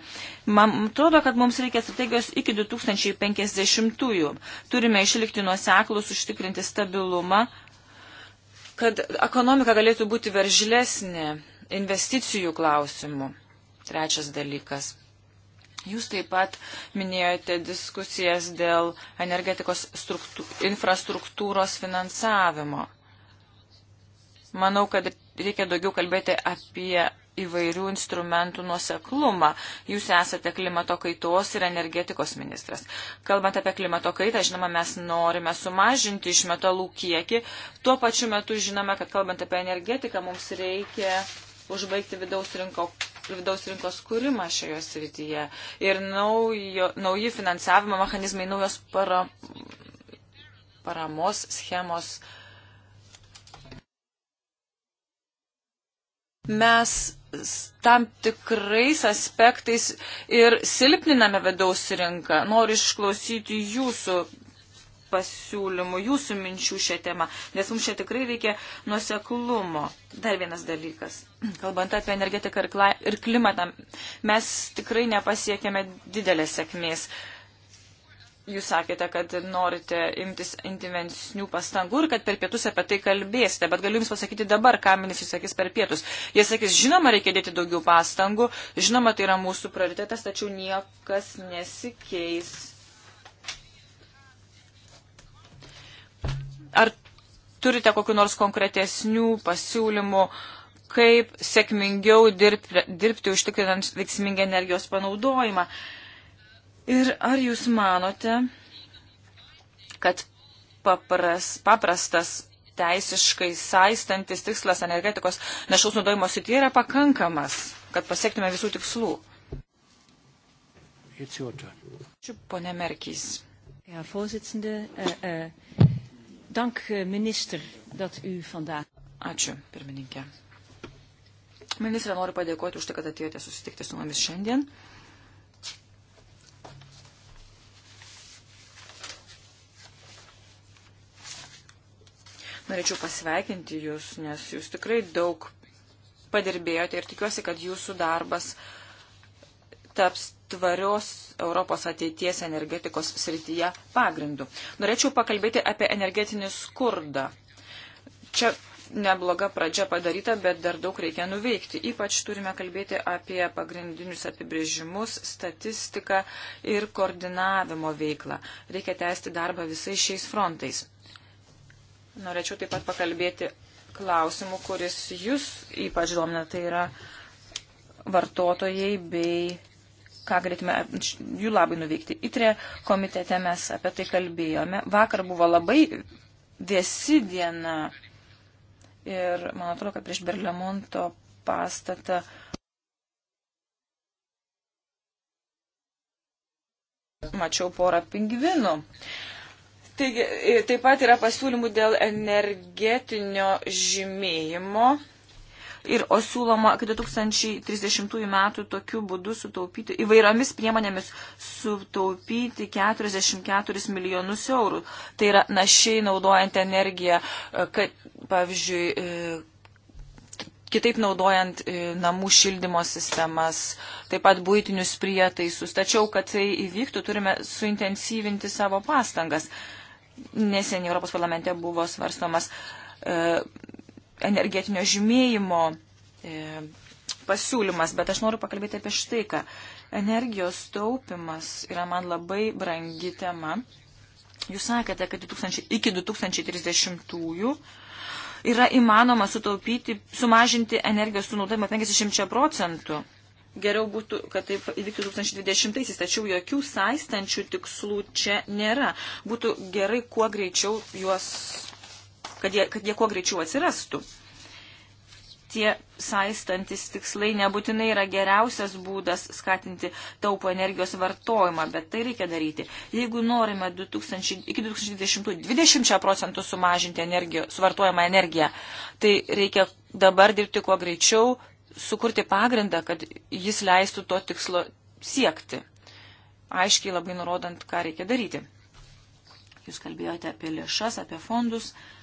Man atrodo, kad mums reikia strategijos iki 2050. -ųjų. Turime išlikti nuoseklus, užtikrinti stabilumą, kad ekonomika galėtų būti veržlesnė investicijų klausimų. Trečias dalykas Jūs taip pat minėjote diskusijas dėl energetikos infrastruktūros finansavimo. Manau, kad reikia daugiau kalbėti apie įvairių instrumentų nuoseklumą. Jūs esate klimato kaitos ir energetikos ministras. Kalbant apie klimato kaitą, žinoma, mes norime sumažinti iš metalų kiekį. Tuo pačiu metu žinome, kad kalbant apie energetiką, mums reikia užbaigti vidaus rinko, ir vidaus rinkos kūrimą šioje srityje. Ir naujo, nauji finansavimo mechanizmai, naujos para, paramos schemos. Mes tam tikrais aspektais ir silpniname vidaus rinką. Noriu išklausyti jūsų pasiūlymų, jūsų minčių šią temą, nes mums čia tikrai reikia nuseklumo. Dar vienas dalykas. Kalbant apie energetiką ir klimatą, mes tikrai nepasiekėme didelės sėkmės. Jūs sakėte, kad norite imtis intensyvesnių pastangų ir kad per pietus apie tai kalbėsite, bet galiu Jums pasakyti dabar, ką ministras sakys per pietus. Jie sakys, žinoma, reikia dėti daugiau pastangų, žinoma, tai yra mūsų prioritetas, tačiau niekas nesikeis. ar turite kokiu nors konkretesnių pasiūlymų, kaip sėkmingiau dirbti, dirbti užtikrinant veiksmingą energijos panaudojimą? Ir ar jūs manote, kad papras, paprastas teisiškai saistantis tikslas energetikos našaus naudojimo srityje yra pakankamas, kad pasiektume visų tikslų? Ačiū, ponė Merkys. Ja, Dank, eh, minister, dat u vandaag. Ačiū, pirmininkė. Ministrė, noriu padėkoti už tai, kad atėjote susitikti su mumis šiandien. Norėčiau pasveikinti jūs, nes jūs tikrai daug padirbėjote ir tikiuosi, kad jūsų darbas taps tvarios Europos ateities energetikos srityje pagrindų. Norėčiau pakalbėti apie energetinį skurdą. Čia nebloga pradžia padaryta, bet dar daug reikia nuveikti. Ypač turime kalbėti apie pagrindinius apibrėžimus, statistiką ir koordinavimo veiklą. Reikia tęsti darbą visais šiais frontais. Norėčiau taip pat pakalbėti klausimų, kuris jūs ypač domina, tai yra vartotojai bei ką galėtume jų labai nuveikti. ITRE komitete mes apie tai kalbėjome. Vakar buvo labai vėsi diena ir man atrodo, kad prieš Berlemonto pastatą. Mačiau porą pingvinų. Taigi, taip pat yra pasiūlymų dėl energetinio žymėjimo ir o siūloma, kad 2030 metų tokiu būdu sutaupyti, įvairiomis priemonėmis sutaupyti 44 milijonus eurų. Tai yra našiai naudojant energiją, e, kad, pavyzdžiui, e, kitaip naudojant e, namų šildymo sistemas, taip pat būtinius prietaisus. Tačiau, kad tai įvyktų, turime suintensyvinti savo pastangas. Neseniai Europos parlamente buvo svarstomas e, energetinio žymėjimo e, pasiūlymas, bet aš noriu pakalbėti apie štai ką. Energijos taupimas yra man labai brangi tema. Jūs sakėte, kad 2000, iki 2030-ųjų yra įmanoma sutaupyti, sumažinti energijos sunaudojimą 50 procentų. Geriau būtų, kad taip įvyktų 2020-aisiais, tačiau jokių saistančių tikslų čia nėra. Būtų gerai kuo greičiau juos kad jie, kad jie kuo greičiau atsirastų. Tie saistantis tikslai nebūtinai yra geriausias būdas skatinti taupų energijos vartojimą, bet tai reikia daryti. Jeigu norime 2000, iki 2020 20 procentų sumažinti energijo, suvartojamą energiją, tai reikia dabar dirbti kuo greičiau, sukurti pagrindą, kad jis leistų to tikslo siekti. Aiškiai labai nurodant, ką reikia daryti. Jūs kalbėjote apie lėšas, apie fondus. Uh,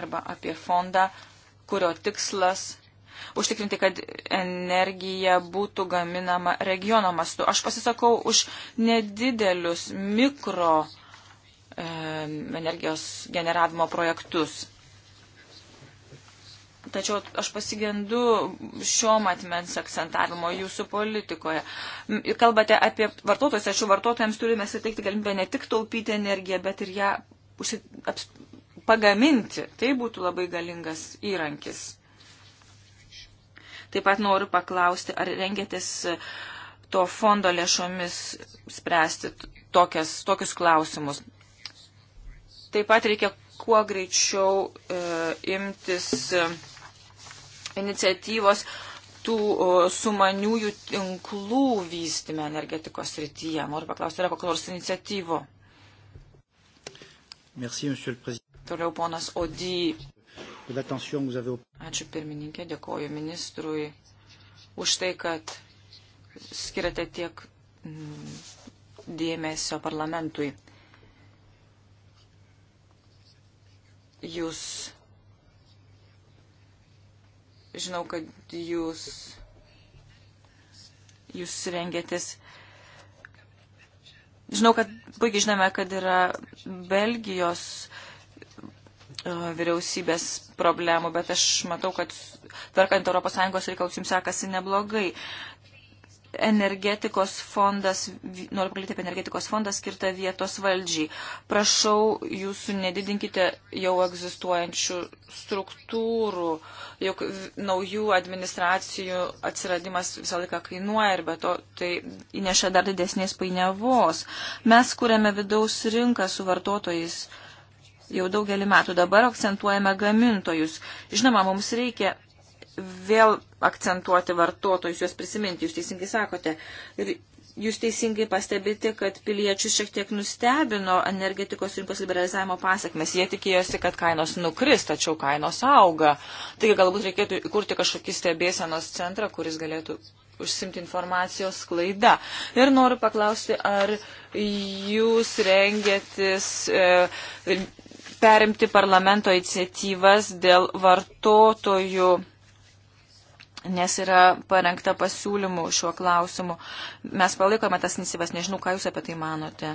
arba apie fondą, kurio tikslas užtikrinti, kad energija būtų gaminama regiono mastu. Aš pasisakau už nedidelius mikro e, energijos generavimo projektus. Tačiau aš pasigendu šio matmens akcentavimo jūsų politikoje. Kalbate apie vartotojus, tačiau vartotojams turime suteikti galimybę ne tik taupyti energiją, bet ir ją pagaminti. Tai būtų labai galingas įrankis. Taip pat noriu paklausti, ar rengėtės e, to fondo lėšomis spręsti tokias, tokius klausimus. Taip pat reikia kuo greičiau e, imtis e, iniciatyvos tų e, sumaniųjų tinklų vystymę energetikos srityje. Noriu paklausti, yra kokios iniciatyvų? Merci, Toliau ponas Odį. Ačiū pirmininkė, dėkoju ministrui už tai, kad skiriate tiek mm, dėmesio parlamentui. Jūs, žinau, kad jūs, jūs rengėtis. Žinau, kad puikiai žinome, kad yra Belgijos uh, E, vyriausybės problemų, bet aš matau, kad tvarkant ES reikalus jums sekasi neblogai. Energetikos fondas, noriu pakalbėti apie energetikos fondą skirtą vietos valdžiai. Prašau, jūsų nedidinkite jau egzistuojančių struktūrų, juk naujų administracijų atsiradimas visą laiką kainuoja ir be to tai įneša dar didesnės painiavos. Mes kūrėme vidaus rinką su vartotojais jau daugelį metų. Dabar akcentuojame gamintojus. Žinoma, mums reikia vėl akcentuoti vartotojus, juos prisiminti, jūs teisingai sakote. Ir jūs teisingai pastebite, kad piliečius šiek tiek nustebino energetikos rinkos liberalizavimo pasiekmes. Jie tikėjosi, kad kainos nukris, tačiau kainos auga. Taigi galbūt reikėtų įkurti kažkokį stebėsenos centrą, kuris galėtų užsimti informacijos klaida. Ir noriu paklausti, ar jūs rengėtis e, perimti parlamento iniciatyvas dėl vartotojų, nes yra parengta pasiūlymų šiuo klausimu. Mes palaikome tas iniciatyvas, nežinau, ką Jūs apie tai manote.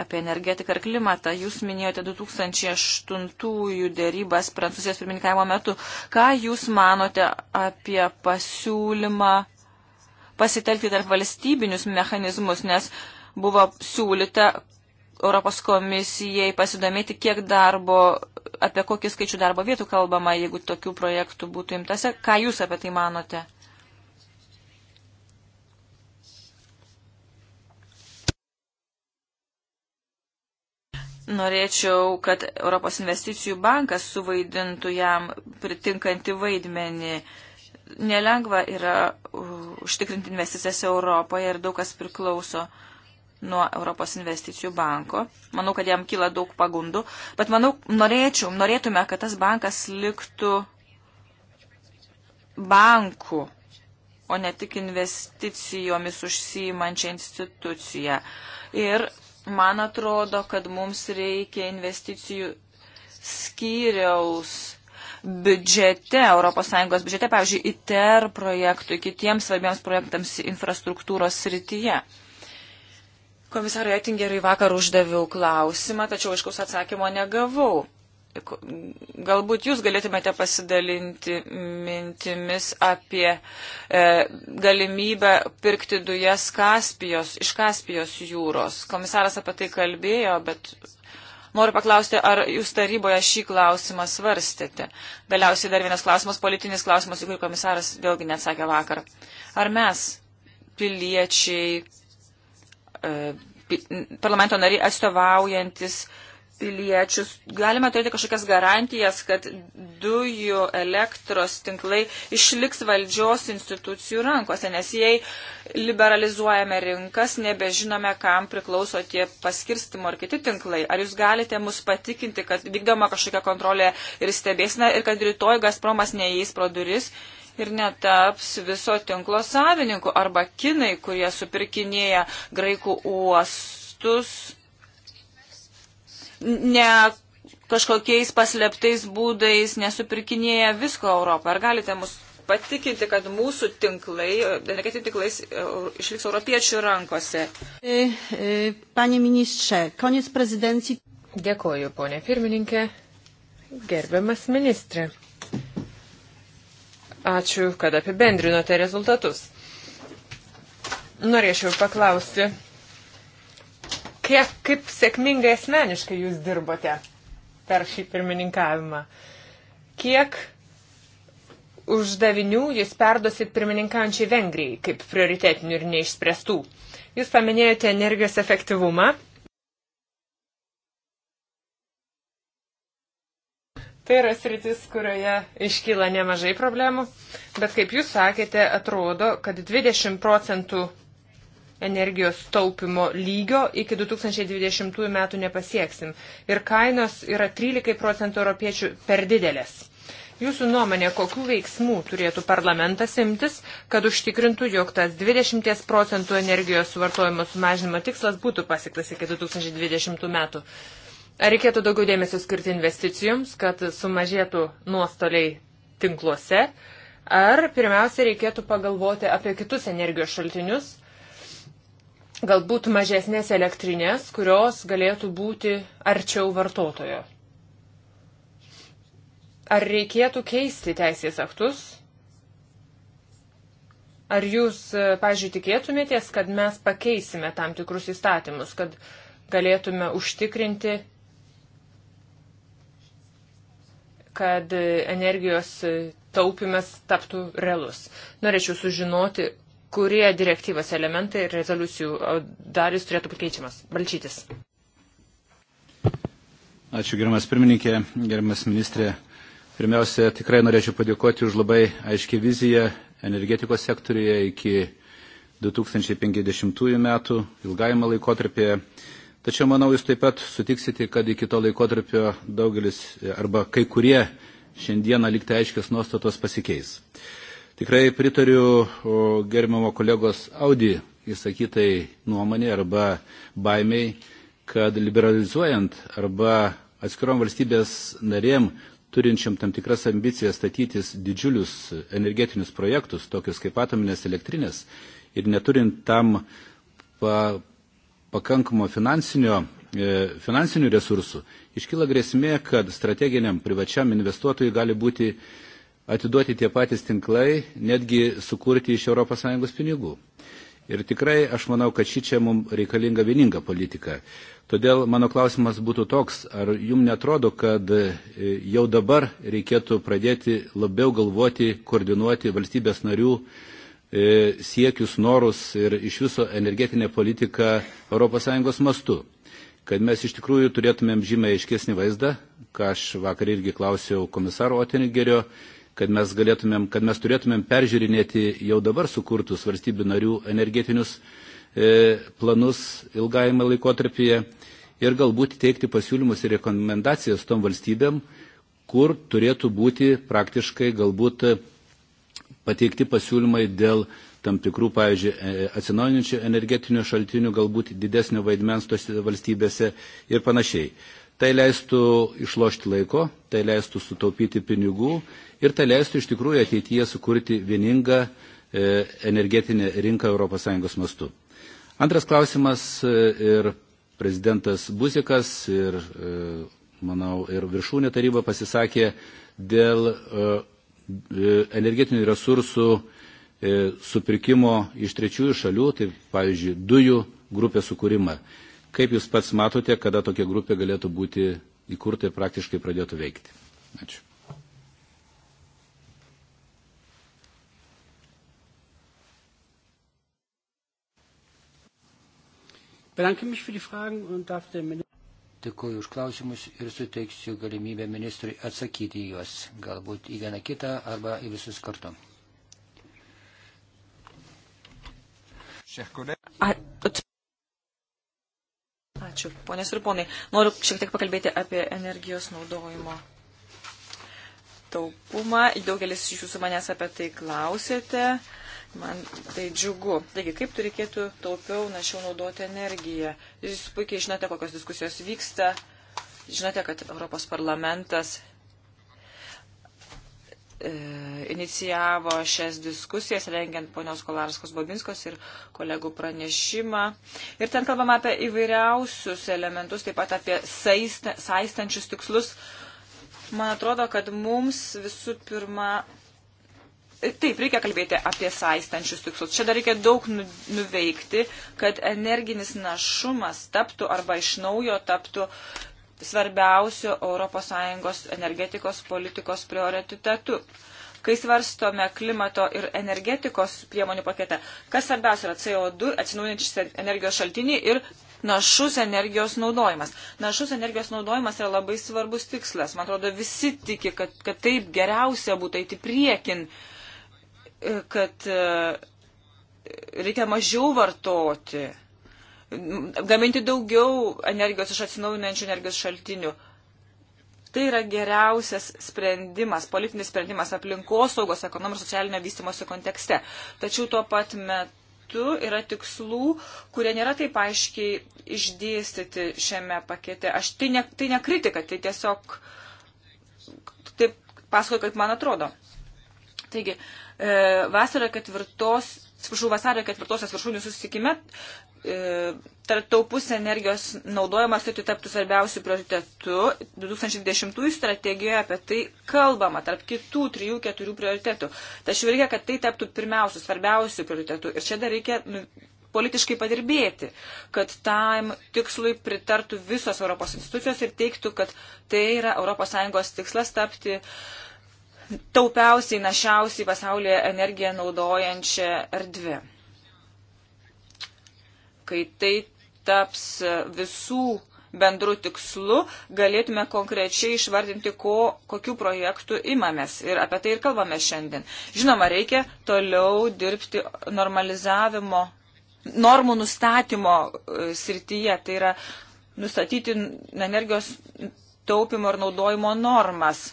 Apie energetiką ir klimatą. Jūs minėjote 2008 dėrybas Prancūzijos pirmininkavimo metu. Ką Jūs manote apie pasiūlymą pasitelkti tarp valstybinius mechanizmus, nes buvo siūlyta Europos komisijai pasidomėti, kiek darbo, apie kokį skaičių darbo vietų kalbama, jeigu tokių projektų būtų imtasi. Ką Jūs apie tai manote? Norėčiau, kad Europos investicijų bankas suvaidintų jam pritinkantį vaidmenį. Nelengva yra užtikrinti investicijas Europoje ir daug kas priklauso uh, nuo Europos investicijų banko. Manau, kad jam kyla daug pagundų, bet manau, norėčiau, norėtume, kad tas bankas liktų banku, o ne tik investicijomis užsiimančią instituciją. Ir man atrodo, kad mums reikia investicijų skyriaus biudžete, ES biudžete, pavyzdžiui, ITER projektui, kitiems svarbiems projektams infrastruktūros srityje. Komisarai Atingeriai vakar uždaviau klausimą, tačiau aiškus atsakymo negavau. Galbūt jūs galėtumėte pasidalinti mintimis apie e, galimybę pirkti dujas Kaspijos, iš Kaspijos jūros. Komisaras apie tai kalbėjo, bet Noriu paklausti, ar jūs taryboje šį klausimą svarstėte? Galiausiai dar vienas klausimas, politinis klausimas, į kurį komisaras vėlgi neatsakė vakar. Ar mes, piliečiai, E, parlamento nariai atstovaujantis piliečius. Galime turėti kažkokias garantijas, kad dujų elektros tinklai išliks valdžios institucijų rankose, nes jei liberalizuojame rinkas, nebežinome, kam priklauso tie paskirstimo ar kiti tinklai. Ar jūs galite mus patikinti, kad vykdoma kažkokia kontrolė ir stebėsina ir kad rytoj Gazpromas neįeis pro duris ir netaps viso tinklo savininku. Arba kinai, kurie supirkinėja graikų uostus, ne kažkokiais paslėptais būdais nesupirkinėja visko Europą. Ar galite mus patikinti, kad mūsų tinklai, energetiniai tinklai e, išliks europiečių rankose? E, e, panie ministrė, konės prezidencijai. Dėkoju, ponė pirmininkė. Gerbiamas ministrė. Ačiū, kad apibendrinote rezultatus. Norėčiau paklausti, kiek, kaip sėkmingai asmeniškai jūs dirbote per šį pirmininkavimą? Kiek uždavinių jūs perdosit pirmininkaujančiai Vengrijai kaip prioritetinių ir neišspręstų? Jūs paminėjote energijos efektyvumą Tai yra sritis, kurioje iškyla nemažai problemų, bet kaip jūs sakėte, atrodo, kad 20 procentų energijos taupimo lygio iki 2020 metų nepasieksim ir kainos yra 13 procentų europiečių per didelės. Jūsų nuomonė, kokių veiksmų turėtų parlamentas imtis, kad užtikrintų, jog tas 20 procentų energijos suvartojimo sumažinimo tikslas būtų pasiektas iki 2020 metų? Ar reikėtų daugiau dėmesio skirti investicijoms, kad sumažėtų nuostoliai tinkluose, ar pirmiausia reikėtų pagalvoti apie kitus energijos šaltinius, galbūt mažesnės elektrinės, kurios galėtų būti arčiau vartotojo. Ar reikėtų keisti teisės aktus? Ar jūs, pažiūrėjau, tikėtumėtės, kad mes pakeisime tam tikrus įstatymus, kad galėtume užtikrinti kad energijos taupimas taptų realus. Norėčiau sužinoti, kurie direktyvos elementai ir rezoliucijų dalis turėtų būti keičiamas. Balčytis. Ačiū, gerimas pirmininkė, gerimas ministrė. Pirmiausia, tikrai norėčiau padėkoti už labai aiškį viziją energetikos sektoriuje iki 2050 metų ilgajame laikotarpėje. Tačiau manau, jūs taip pat sutiksite, kad iki to laikotarpio daugelis arba kai kurie šiandieną liktai aiškios nuostatos pasikeis. Tikrai pritariu gerbiamo kolegos Audi įsakytai nuomonė arba baimiai, kad liberalizuojant arba atskirom valstybės narėm turinčiam tam tikras ambicijas statytis didžiulius energetinius projektus, tokius kaip atominės elektrinės, ir neturint tam pa, pakankamo finansinio, e, finansinių resursų, iškyla grėsmė, kad strateginiam privačiam investuotojui gali būti atiduoti tie patys tinklai, netgi sukurti iš ES pinigų. Ir tikrai aš manau, kad ši čia mums reikalinga vieninga politika. Todėl mano klausimas būtų toks, ar jums netrodo, kad e, jau dabar reikėtų pradėti labiau galvoti, koordinuoti valstybės narių E, siekius, norus ir iš viso energetinę politiką ES mastu. Kad mes iš tikrųjų turėtumėm žymiai aiškesnį vaizdą, ką aš vakar irgi klausiau komisaro Otenigerio, kad mes, galėtumėm, kad mes turėtumėm peržiūrinėti jau dabar sukurtus valstybių narių energetinius e, planus ilgajame laikotarpyje ir galbūt teikti pasiūlymus ir rekomendacijas tom valstybėm, kur turėtų būti praktiškai galbūt pateikti pasiūlymai dėl tam tikrų, pavyzdžiui, e, atsinaujinančių energetinių šaltinių, galbūt didesnio vaidmens tose valstybėse ir panašiai. Tai leistų išlošti laiko, tai leistų sutaupyti pinigų ir tai leistų iš tikrųjų ateityje sukurti vieningą e, energetinę rinką ES mastu. Antras klausimas e, ir prezidentas Buzikas ir, manau, ir viršūnė taryba pasisakė dėl E, energetinių resursų e, supirkimo iš trečiųjų šalių, tai pavyzdžiui, dujų grupės sukūrimą. Kaip Jūs pats matote, kada tokia grupė galėtų būti įkurta ir praktiškai pradėtų veikti? Ačiū. bedanke mich für die Fragen und darf dem Dėkuoju už klausimus ir suteiksiu galimybę ministrui atsakyti į juos, galbūt į vieną kitą arba į visus kartu. Ačiū, ponės ir ponai. Noriu šiek tiek pakalbėti apie energijos naudojimo taupumą. Daugelis iš jūsų manęs apie tai klausėte. Uh, Man tai džiugu. Taigi, kaip tu reikėtų taupiau, našiau naudoti energiją? Jūs puikiai žinote, kokios diskusijos vyksta. Žinote, kad Europos parlamentas e, inicijavo šias diskusijas, rengiant ponios Kolarskos Bobinskos ir kolegų pranešimą. Ir ten kalbama apie įvairiausius elementus, taip pat apie saist, saistančius tikslus. Man atrodo, kad mums visų pirma Taip, reikia kalbėti apie saistančius tikslus. Čia dar reikia daug nu, nuveikti, kad energinis našumas taptų arba iš naujo taptų svarbiausiu ES energetikos politikos prioritetu. Kai svarstome klimato ir energetikos priemonių paketą, kas svarbiausia yra CO2, atsinaujinančius energijos šaltinį ir našus energijos naudojimas. Našus energijos naudojimas yra labai svarbus tikslas. Man atrodo, visi tiki, kad, kad taip geriausia būtų eiti priekin. Uh, kad e, reikia mažiau vartoti, gaminti daugiau energijos iš atsinaujinančių energijos šaltinių. Tai yra geriausias sprendimas, politinis sprendimas aplinkosaugos, ekonomikos, socialinio vystimosi kontekste. Tačiau tuo pat metu yra tikslų, kurie nėra taip aiškiai išdėstyti šiame pakete. Aš tai ne, tai ne kritika, tai tiesiog taip pasakoju, kaip man atrodo. Taigi, uh, E, Vasaro ketvirtos, atsiprašau, vasario ketvirtosios viršūnių susitikime e, taupus energijos naudojimas turėtų tapti svarbiausių prioritetų. 2010 strategijoje apie tai kalbama tarp kitų trijų, keturių prioritetų. Tačiau reikia, kad tai taptų pirmiausių, svarbiausių prioritetų. Ir čia dar reikia nu, politiškai padirbėti, kad tam tikslui pritartų visos Europos institucijos ir teiktų, kad tai yra ES tikslas tapti uh, taupiausiai, našiausiai pasaulyje energiją naudojančią erdvę. Kai tai taps visų bendru tikslu, galėtume konkrečiai išvardinti, ko, kokiu projektu imamės. Ir apie tai ir kalbame šiandien. Žinoma, reikia toliau dirbti normalizavimo, normų nustatymo e, srityje. Tai yra nustatyti energijos taupimo ir naudojimo normas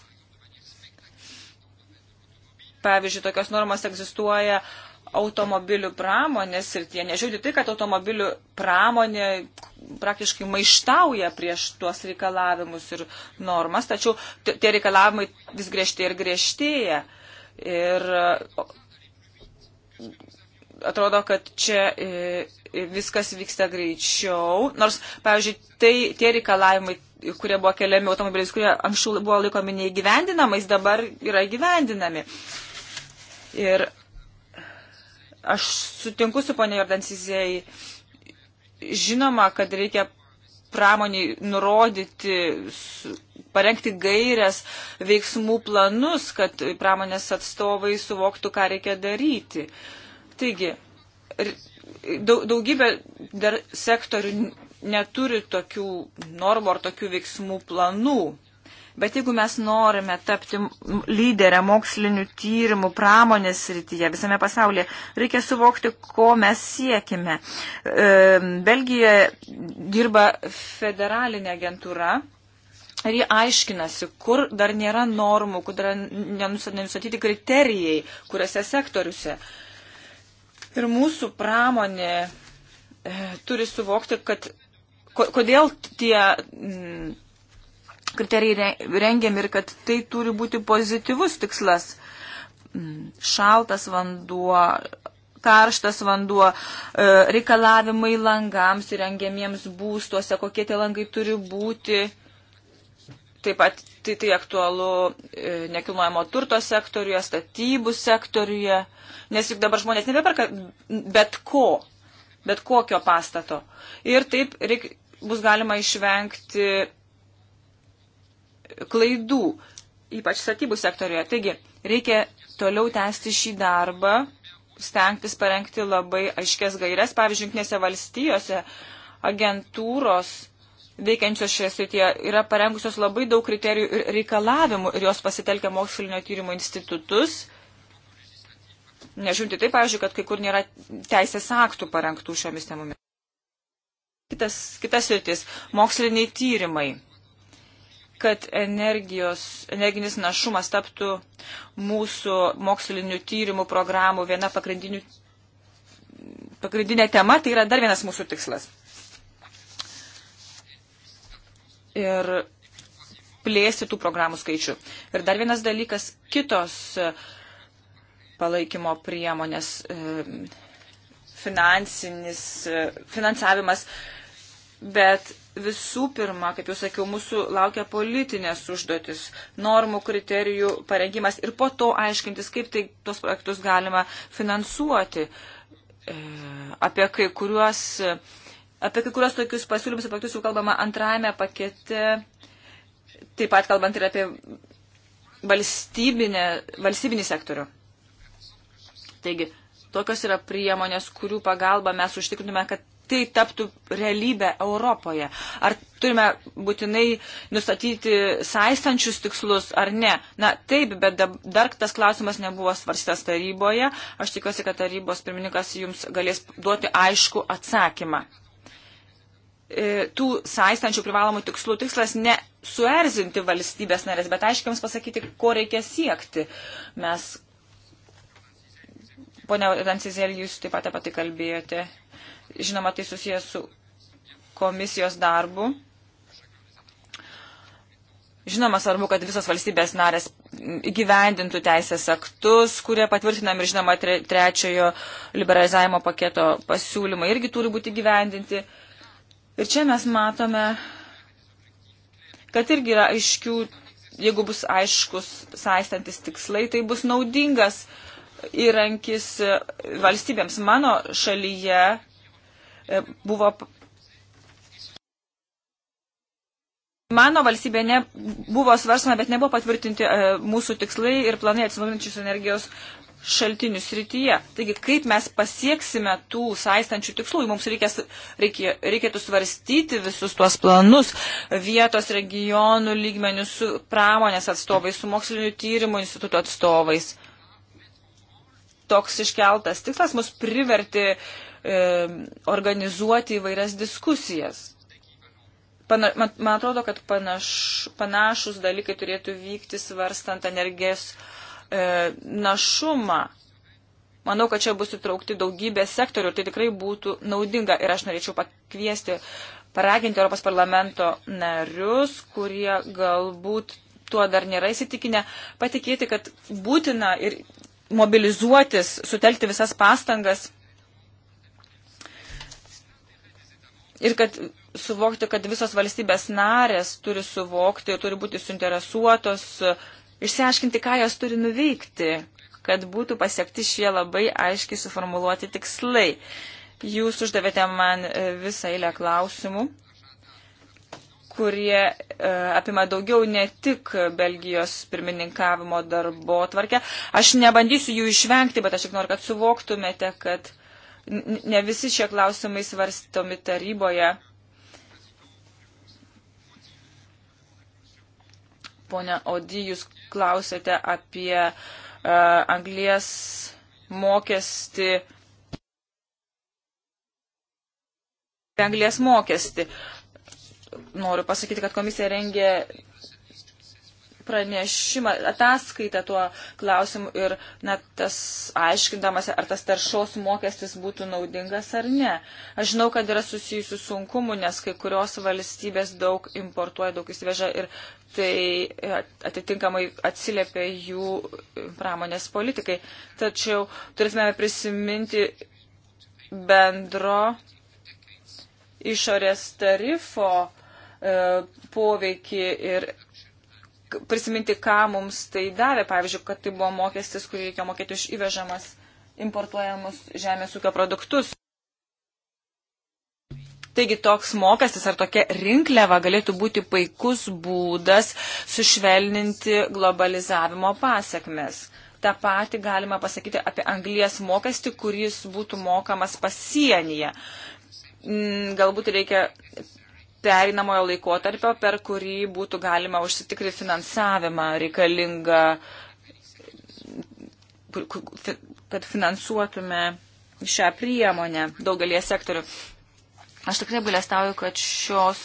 pavyzdžiui, tokios normos egzistuoja automobilių pramonės ir tie, nežiūrėti tai, kad automobilių pramonė praktiškai maištauja prieš tuos reikalavimus ir normas, tačiau tie reikalavimai vis griežtėja ir griežtėja. Ir atrodo, kad čia e, e, viskas vyksta greičiau. Nors, pavyzdžiui, tai, tie reikalavimai, kurie buvo keliami automobiliais, kurie anksčiau buvo laikomi neįgyvendinamais, dabar yra įgyvendinami. Uh, Ir aš sutinku su ponia Jordansizėjai. Žinoma, kad reikia pramoniai nurodyti, parengti gairias, veiksmų planus, kad pramonės atstovai suvoktų, ką reikia daryti. Taigi, daugybė dar sektorių neturi tokių normų ar tokių veiksmų planų. Bet jeigu mes norime tapti lyderę mokslinių tyrimų pramonės srityje visame pasaulyje, reikia suvokti, ko mes siekime. Belgijoje dirba federalinė agentūra. Ir jie aiškinasi, kur dar nėra normų, kur dar nenustatyti kriterijai, kuriuose sektoriuose. Ir mūsų pramonė e, turi suvokti, kad ko, kodėl tie. M, kriterijai rengiami ir kad tai turi būti pozityvus tikslas. Mm, šaltas vanduo, karštas vanduo, e, reikalavimai langams įrengiamiems būstuose, kokie tie langai turi būti. Taip pat tai, tai aktualu e, nekilnojamo turto sektoriuje, statybų sektoriuje, nes juk dabar žmonės nebeperka bet ko, bet kokio pastato. Ir taip reik, bus galima išvengti klaidų, ypač statybų sektorioje. Taigi, reikia toliau tęsti šį darbą, stengtis parengti labai aiškės gairias. Pavyzdžiui, Junktinėse valstijose agentūros veikiančios šioje srityje yra parengusios labai daug kriterijų ir reikalavimų ir jos pasitelkia mokslinio tyrimo institutus. Nežiūrinti taip, pavyzdžiui, kad kai kur nėra teisės aktų parengtų šiomis temomis. Kitas, kitas sritis - moksliniai tyrimai kad energijos, energinis našumas taptų mūsų mokslinių tyrimų programų viena pagrindinių, pagrindinė tema, tai yra dar vienas mūsų tikslas. Ir plėsti tų programų skaičių. Ir dar vienas dalykas, kitos e, palaikymo priemonės, e, finansinis, e, finansavimas, bet visų pirma, kaip jau sakiau, mūsų laukia politinės užduotis, normų, kriterijų parengimas ir po to aiškintis, kaip tai tos projektus galima finansuoti. E, apie kai kuriuos, apie kai kuriuos tokius pasiūlymus ir projektus jau kalbama antrajame pakete, taip pat kalbant ir apie valstybinį sektorių. Taigi, tokios yra priemonės, kurių pagalba mes užtikrintume, kad tai taptų realybę Europoje. Ar turime būtinai nustatyti saistančius tikslus ar ne? Na taip, bet dar tas klausimas nebuvo svarstas taryboje. Aš tikiuosi, kad tarybos pirmininkas jums galės duoti aišku atsakymą. E, tų saistančių privalomų tikslų tikslas ne suerzinti valstybės narės, bet aiškiai jums pasakyti, ko reikia siekti. Mes Pone Rancizėlį, jūs taip pat apie tai kalbėjote. Žinoma, tai susijęs su komisijos darbu. Žinoma, svarbu, kad visos valstybės narės įgyvendintų teisės aktus, kurie patvirtinami ir, žinoma, trečiojo liberalizavimo paketo pasiūlymai irgi turi būti įgyvendinti. Ir čia mes matome, kad irgi yra aiškių, jeigu bus aiškus saistantis tikslai, tai bus naudingas įrankis valstybėms. Mano šalyje E, buvo. Mano valstybė ne, buvo svarstama, bet nebuvo patvirtinti e, mūsų tikslai ir planai atsinaujinančius energijos šaltinių srityje. Taigi, kaip mes pasieksime tų saistančių tikslų, mums reikės, reikia, reikėtų svarstyti visus tuos planus vietos regionų lygmenių su pramonės atstovais, su mokslinio tyrimo instituto atstovais. Toks iškeltas tikslas mus priverti uh, E, organizuoti įvairias diskusijas. Pana, man, man atrodo, kad panaš, panašus dalykai turėtų vykti svarstant energijos e, našumą. Manau, kad čia bus įtraukti daugybė sektorių ir tai tikrai būtų naudinga. Ir aš norėčiau pakviesti, paraginti Europos parlamento narius, kurie galbūt tuo dar nėra įsitikinę, patikėti, kad būtina ir mobilizuotis, sutelkti visas pastangas Ir kad suvokti, kad visos valstybės narės turi suvokti, turi būti suinteresuotos, e, išsiaiškinti, ką jos turi nuveikti, kad būtų pasiekti šie labai aiškiai suformuluoti tikslai. Jūs uždavėte man e, visą eilę klausimų, kurie e, apima daugiau ne tik Belgijos pirmininkavimo darbo tvarkę. Aš nebandysiu jų išvengti, bet aš tik noriu, kad suvoktumėte, kad ne visi šie klausimai svarstomi taryboje. Pone Odi, jūs klausėte apie uh, e, anglės mokestį. Anglės mokestį. Noriu pasakyti, kad komisija rengė pranešimą, ataskaitą tuo klausimu ir na, tas aiškindamas, ar tas taršos mokestis būtų naudingas ar ne. Aš žinau, kad yra susijusių sunkumų, nes kai kurios valstybės daug importuoja, daug įsiveža ir tai atitinkamai atsiliepia jų pramonės politikai. Tačiau turėtume prisiminti bendro išorės tarifo e, poveikį ir prisiminti, ką mums tai davė. Pavyzdžiui, kad tai buvo mokestis, kurį reikia mokėti už įvežamas importuojamus žemės ūkio produktus. Taigi toks mokestis ar tokia rinkliava galėtų būti puikus būdas sušvelninti globalizavimo pasiekmes. Ta pati galima pasakyti apie anglijas mokestį, kuris būtų mokamas pasienyje. Mm, galbūt reikia pereinamojo laikotarpio, per kurį būtų galima užsitikri finansavimą reikalingą, kad finansuotume šią priemonę daugelie sektorių. Aš tikrai galėstauju, kad šios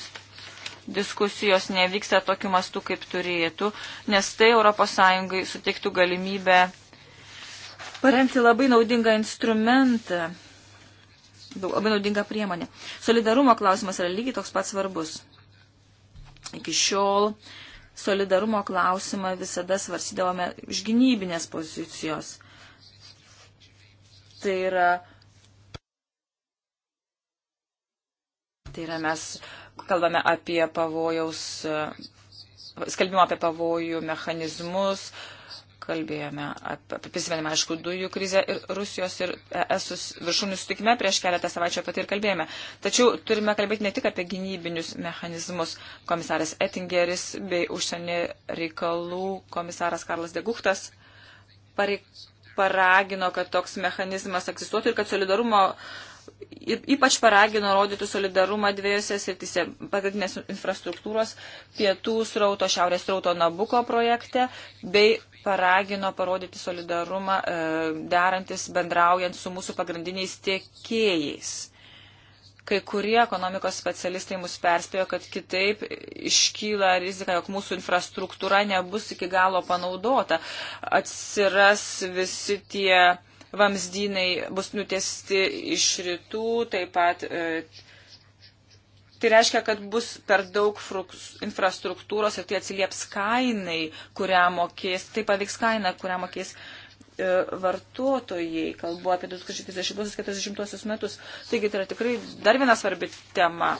diskusijos nevyksta tokiu mastu, kaip turėtų, nes tai ES suteiktų galimybę paremti labai naudingą instrumentą labai naudinga priemonė. Solidarumo klausimas yra lygiai toks pats svarbus. Iki šiol solidarumo klausimą visada svarsydavome iš gynybinės pozicijos. Tai yra, tai yra mes kalbame apie pavojaus, skalbimo apie pavojų mechanizmus, kalbėjome apie, prisimename, aišku, dujų krizę ir Rusijos ir ES viršūnių sutikime prieš keletą savaičių apie tai ir kalbėjome. Tačiau turime kalbėti ne tik apie gynybinius mechanizmus. Komisaras Ettingeris bei užsienio reikalų komisaras Karlas Deguchtas pareik, paragino, kad toks mechanizmas egzistuotų ir kad solidarumo ir ypač paragino rodyti solidarumą dviejose srityse - pagrindinės infrastruktūros, pietų srauto, šiaurės srauto Nabuko projekte bei paragino parodyti solidarumą e, derantis bendraujant su mūsų pagrindiniais tiekėjais. Kai kurie ekonomikos specialistai mus perspėjo, kad kitaip iškyla rizika, jog mūsų infrastruktūra nebus iki galo panaudota. Atsiras visi tie vamzdynai, bus nutesti iš rytų, taip pat. E, Tai reiškia, kad bus per daug infrastruktūros ir tai atsilieps kainai, kurią mokės, tai paveiks kainą, kurią mokės e, vartotojai, kalbu apie 2030-2040 metus. Taigi tai yra tikrai dar viena svarbi tema,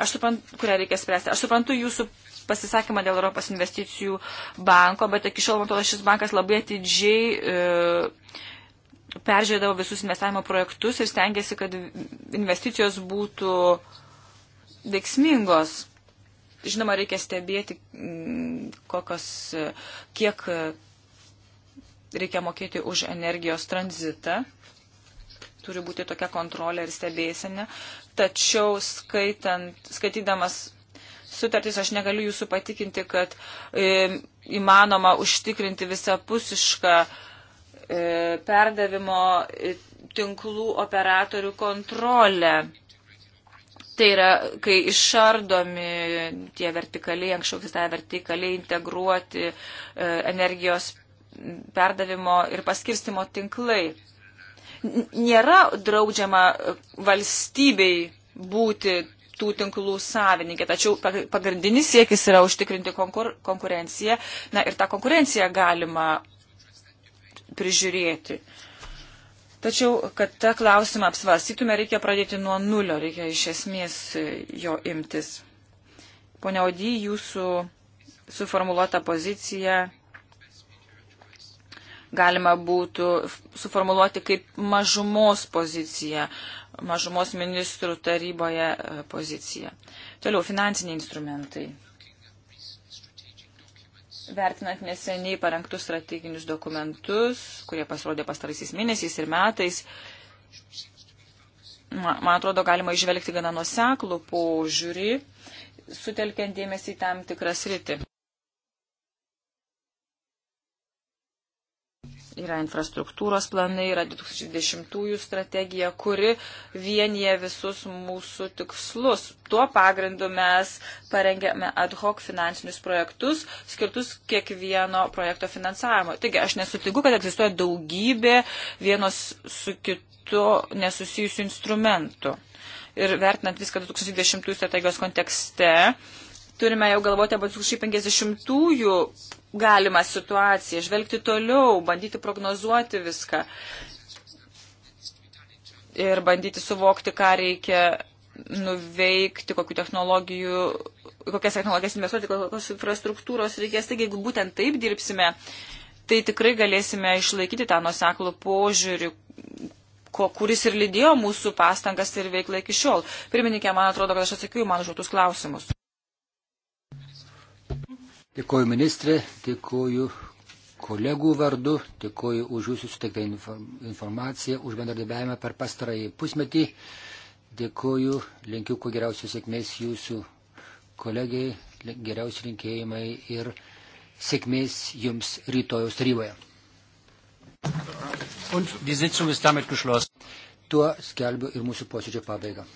Aš suprantu, kurią reikia spręsti. Aš suprantu jūsų pasisakymą dėl Europos investicijų banko, bet iki šiol, man atrodo, šis bankas labai atidžiai e, peržiūrėdavo visus investavimo projektus ir stengiasi, kad investicijos būtų e, veiksmingos. Žinoma, reikia stebėti, mm, kokios, kiek e, reikia mokėti už energijos tranzitą. Turi būti tokia kontrolė ir stebėsena. Tačiau skaitant, skaitydamas sutartys aš negaliu jūsų patikinti, kad e, įmanoma užtikrinti visapusišką e, perdavimo e, tinklų operatorių kontrolę. Tai yra, kai išardomi tie vertikaliai, anksčiau egzistavę vertikaliai integruoti e, energijos perdavimo ir paskirstimo tinklai. Nėra draudžiama e, valstybei būti tų tinklų savininkė. Tačiau pagrindinis siekis yra užtikrinti konkur konkurenciją. Na ir tą konkurenciją galima prižiūrėti. Uh, Tačiau, kad tą klausimą apsvarstytume, reikia pradėti nuo nulio, reikia iš esmės e, jo imtis. Pone Odį, jūsų suformuoluota pozicija galima būtų suformuoluoti kaip mažumos poziciją, mažumos ministrų taryboje e, poziciją. Toliau, finansiniai instrumentai vertinant neseniai parengtus strateginius dokumentus, kurie pasirodė pastaraisiais mėnesiais ir metais, man atrodo, galima išvelgti gana nuseklų požiūrį, sutelkiant dėmesį į tam tikras rytį. yra infrastruktūros planai, yra 2010 strategija, kuri vienyje visus mūsų tikslus. Tuo pagrindu mes parengėme ad hoc finansinius projektus, skirtus kiekvieno projekto finansavimo. Taigi aš nesutiku, kad egzistuoja daugybė vienos su kitu nesusijusių instrumentų. Ir vertinant viską 2010 strategijos kontekste, turime jau galvoti apie 2050-ųjų galimą situaciją, žvelgti toliau, bandyti prognozuoti viską ir bandyti suvokti, ką reikia nuveikti, kokių technologijų, kokias technologijas investuoti, kokios infrastruktūros reikės. Taigi, jeigu būtent taip dirbsime, tai tikrai galėsime išlaikyti tą nuseklų požiūrį, ko, kuris ir lydėjo mūsų pastangas ir veiklą iki šiol. Pirmininkė, man atrodo, kad aš atsakiau man užduotus klausimus. Dėkoju ministrė, dėkoju kolegų vardu, dėkoju už jūsų suteiktą informaciją, už bendradarbiavimą per pastarąjį pusmetį. Dėkoju, linkiu kuo geriausios sėkmės jūsų kolegiai, geriausi rinkėjimai ir sėkmės jums rytojus taryboje. Tuo skelbiu ir mūsų posėdžio pabaigą.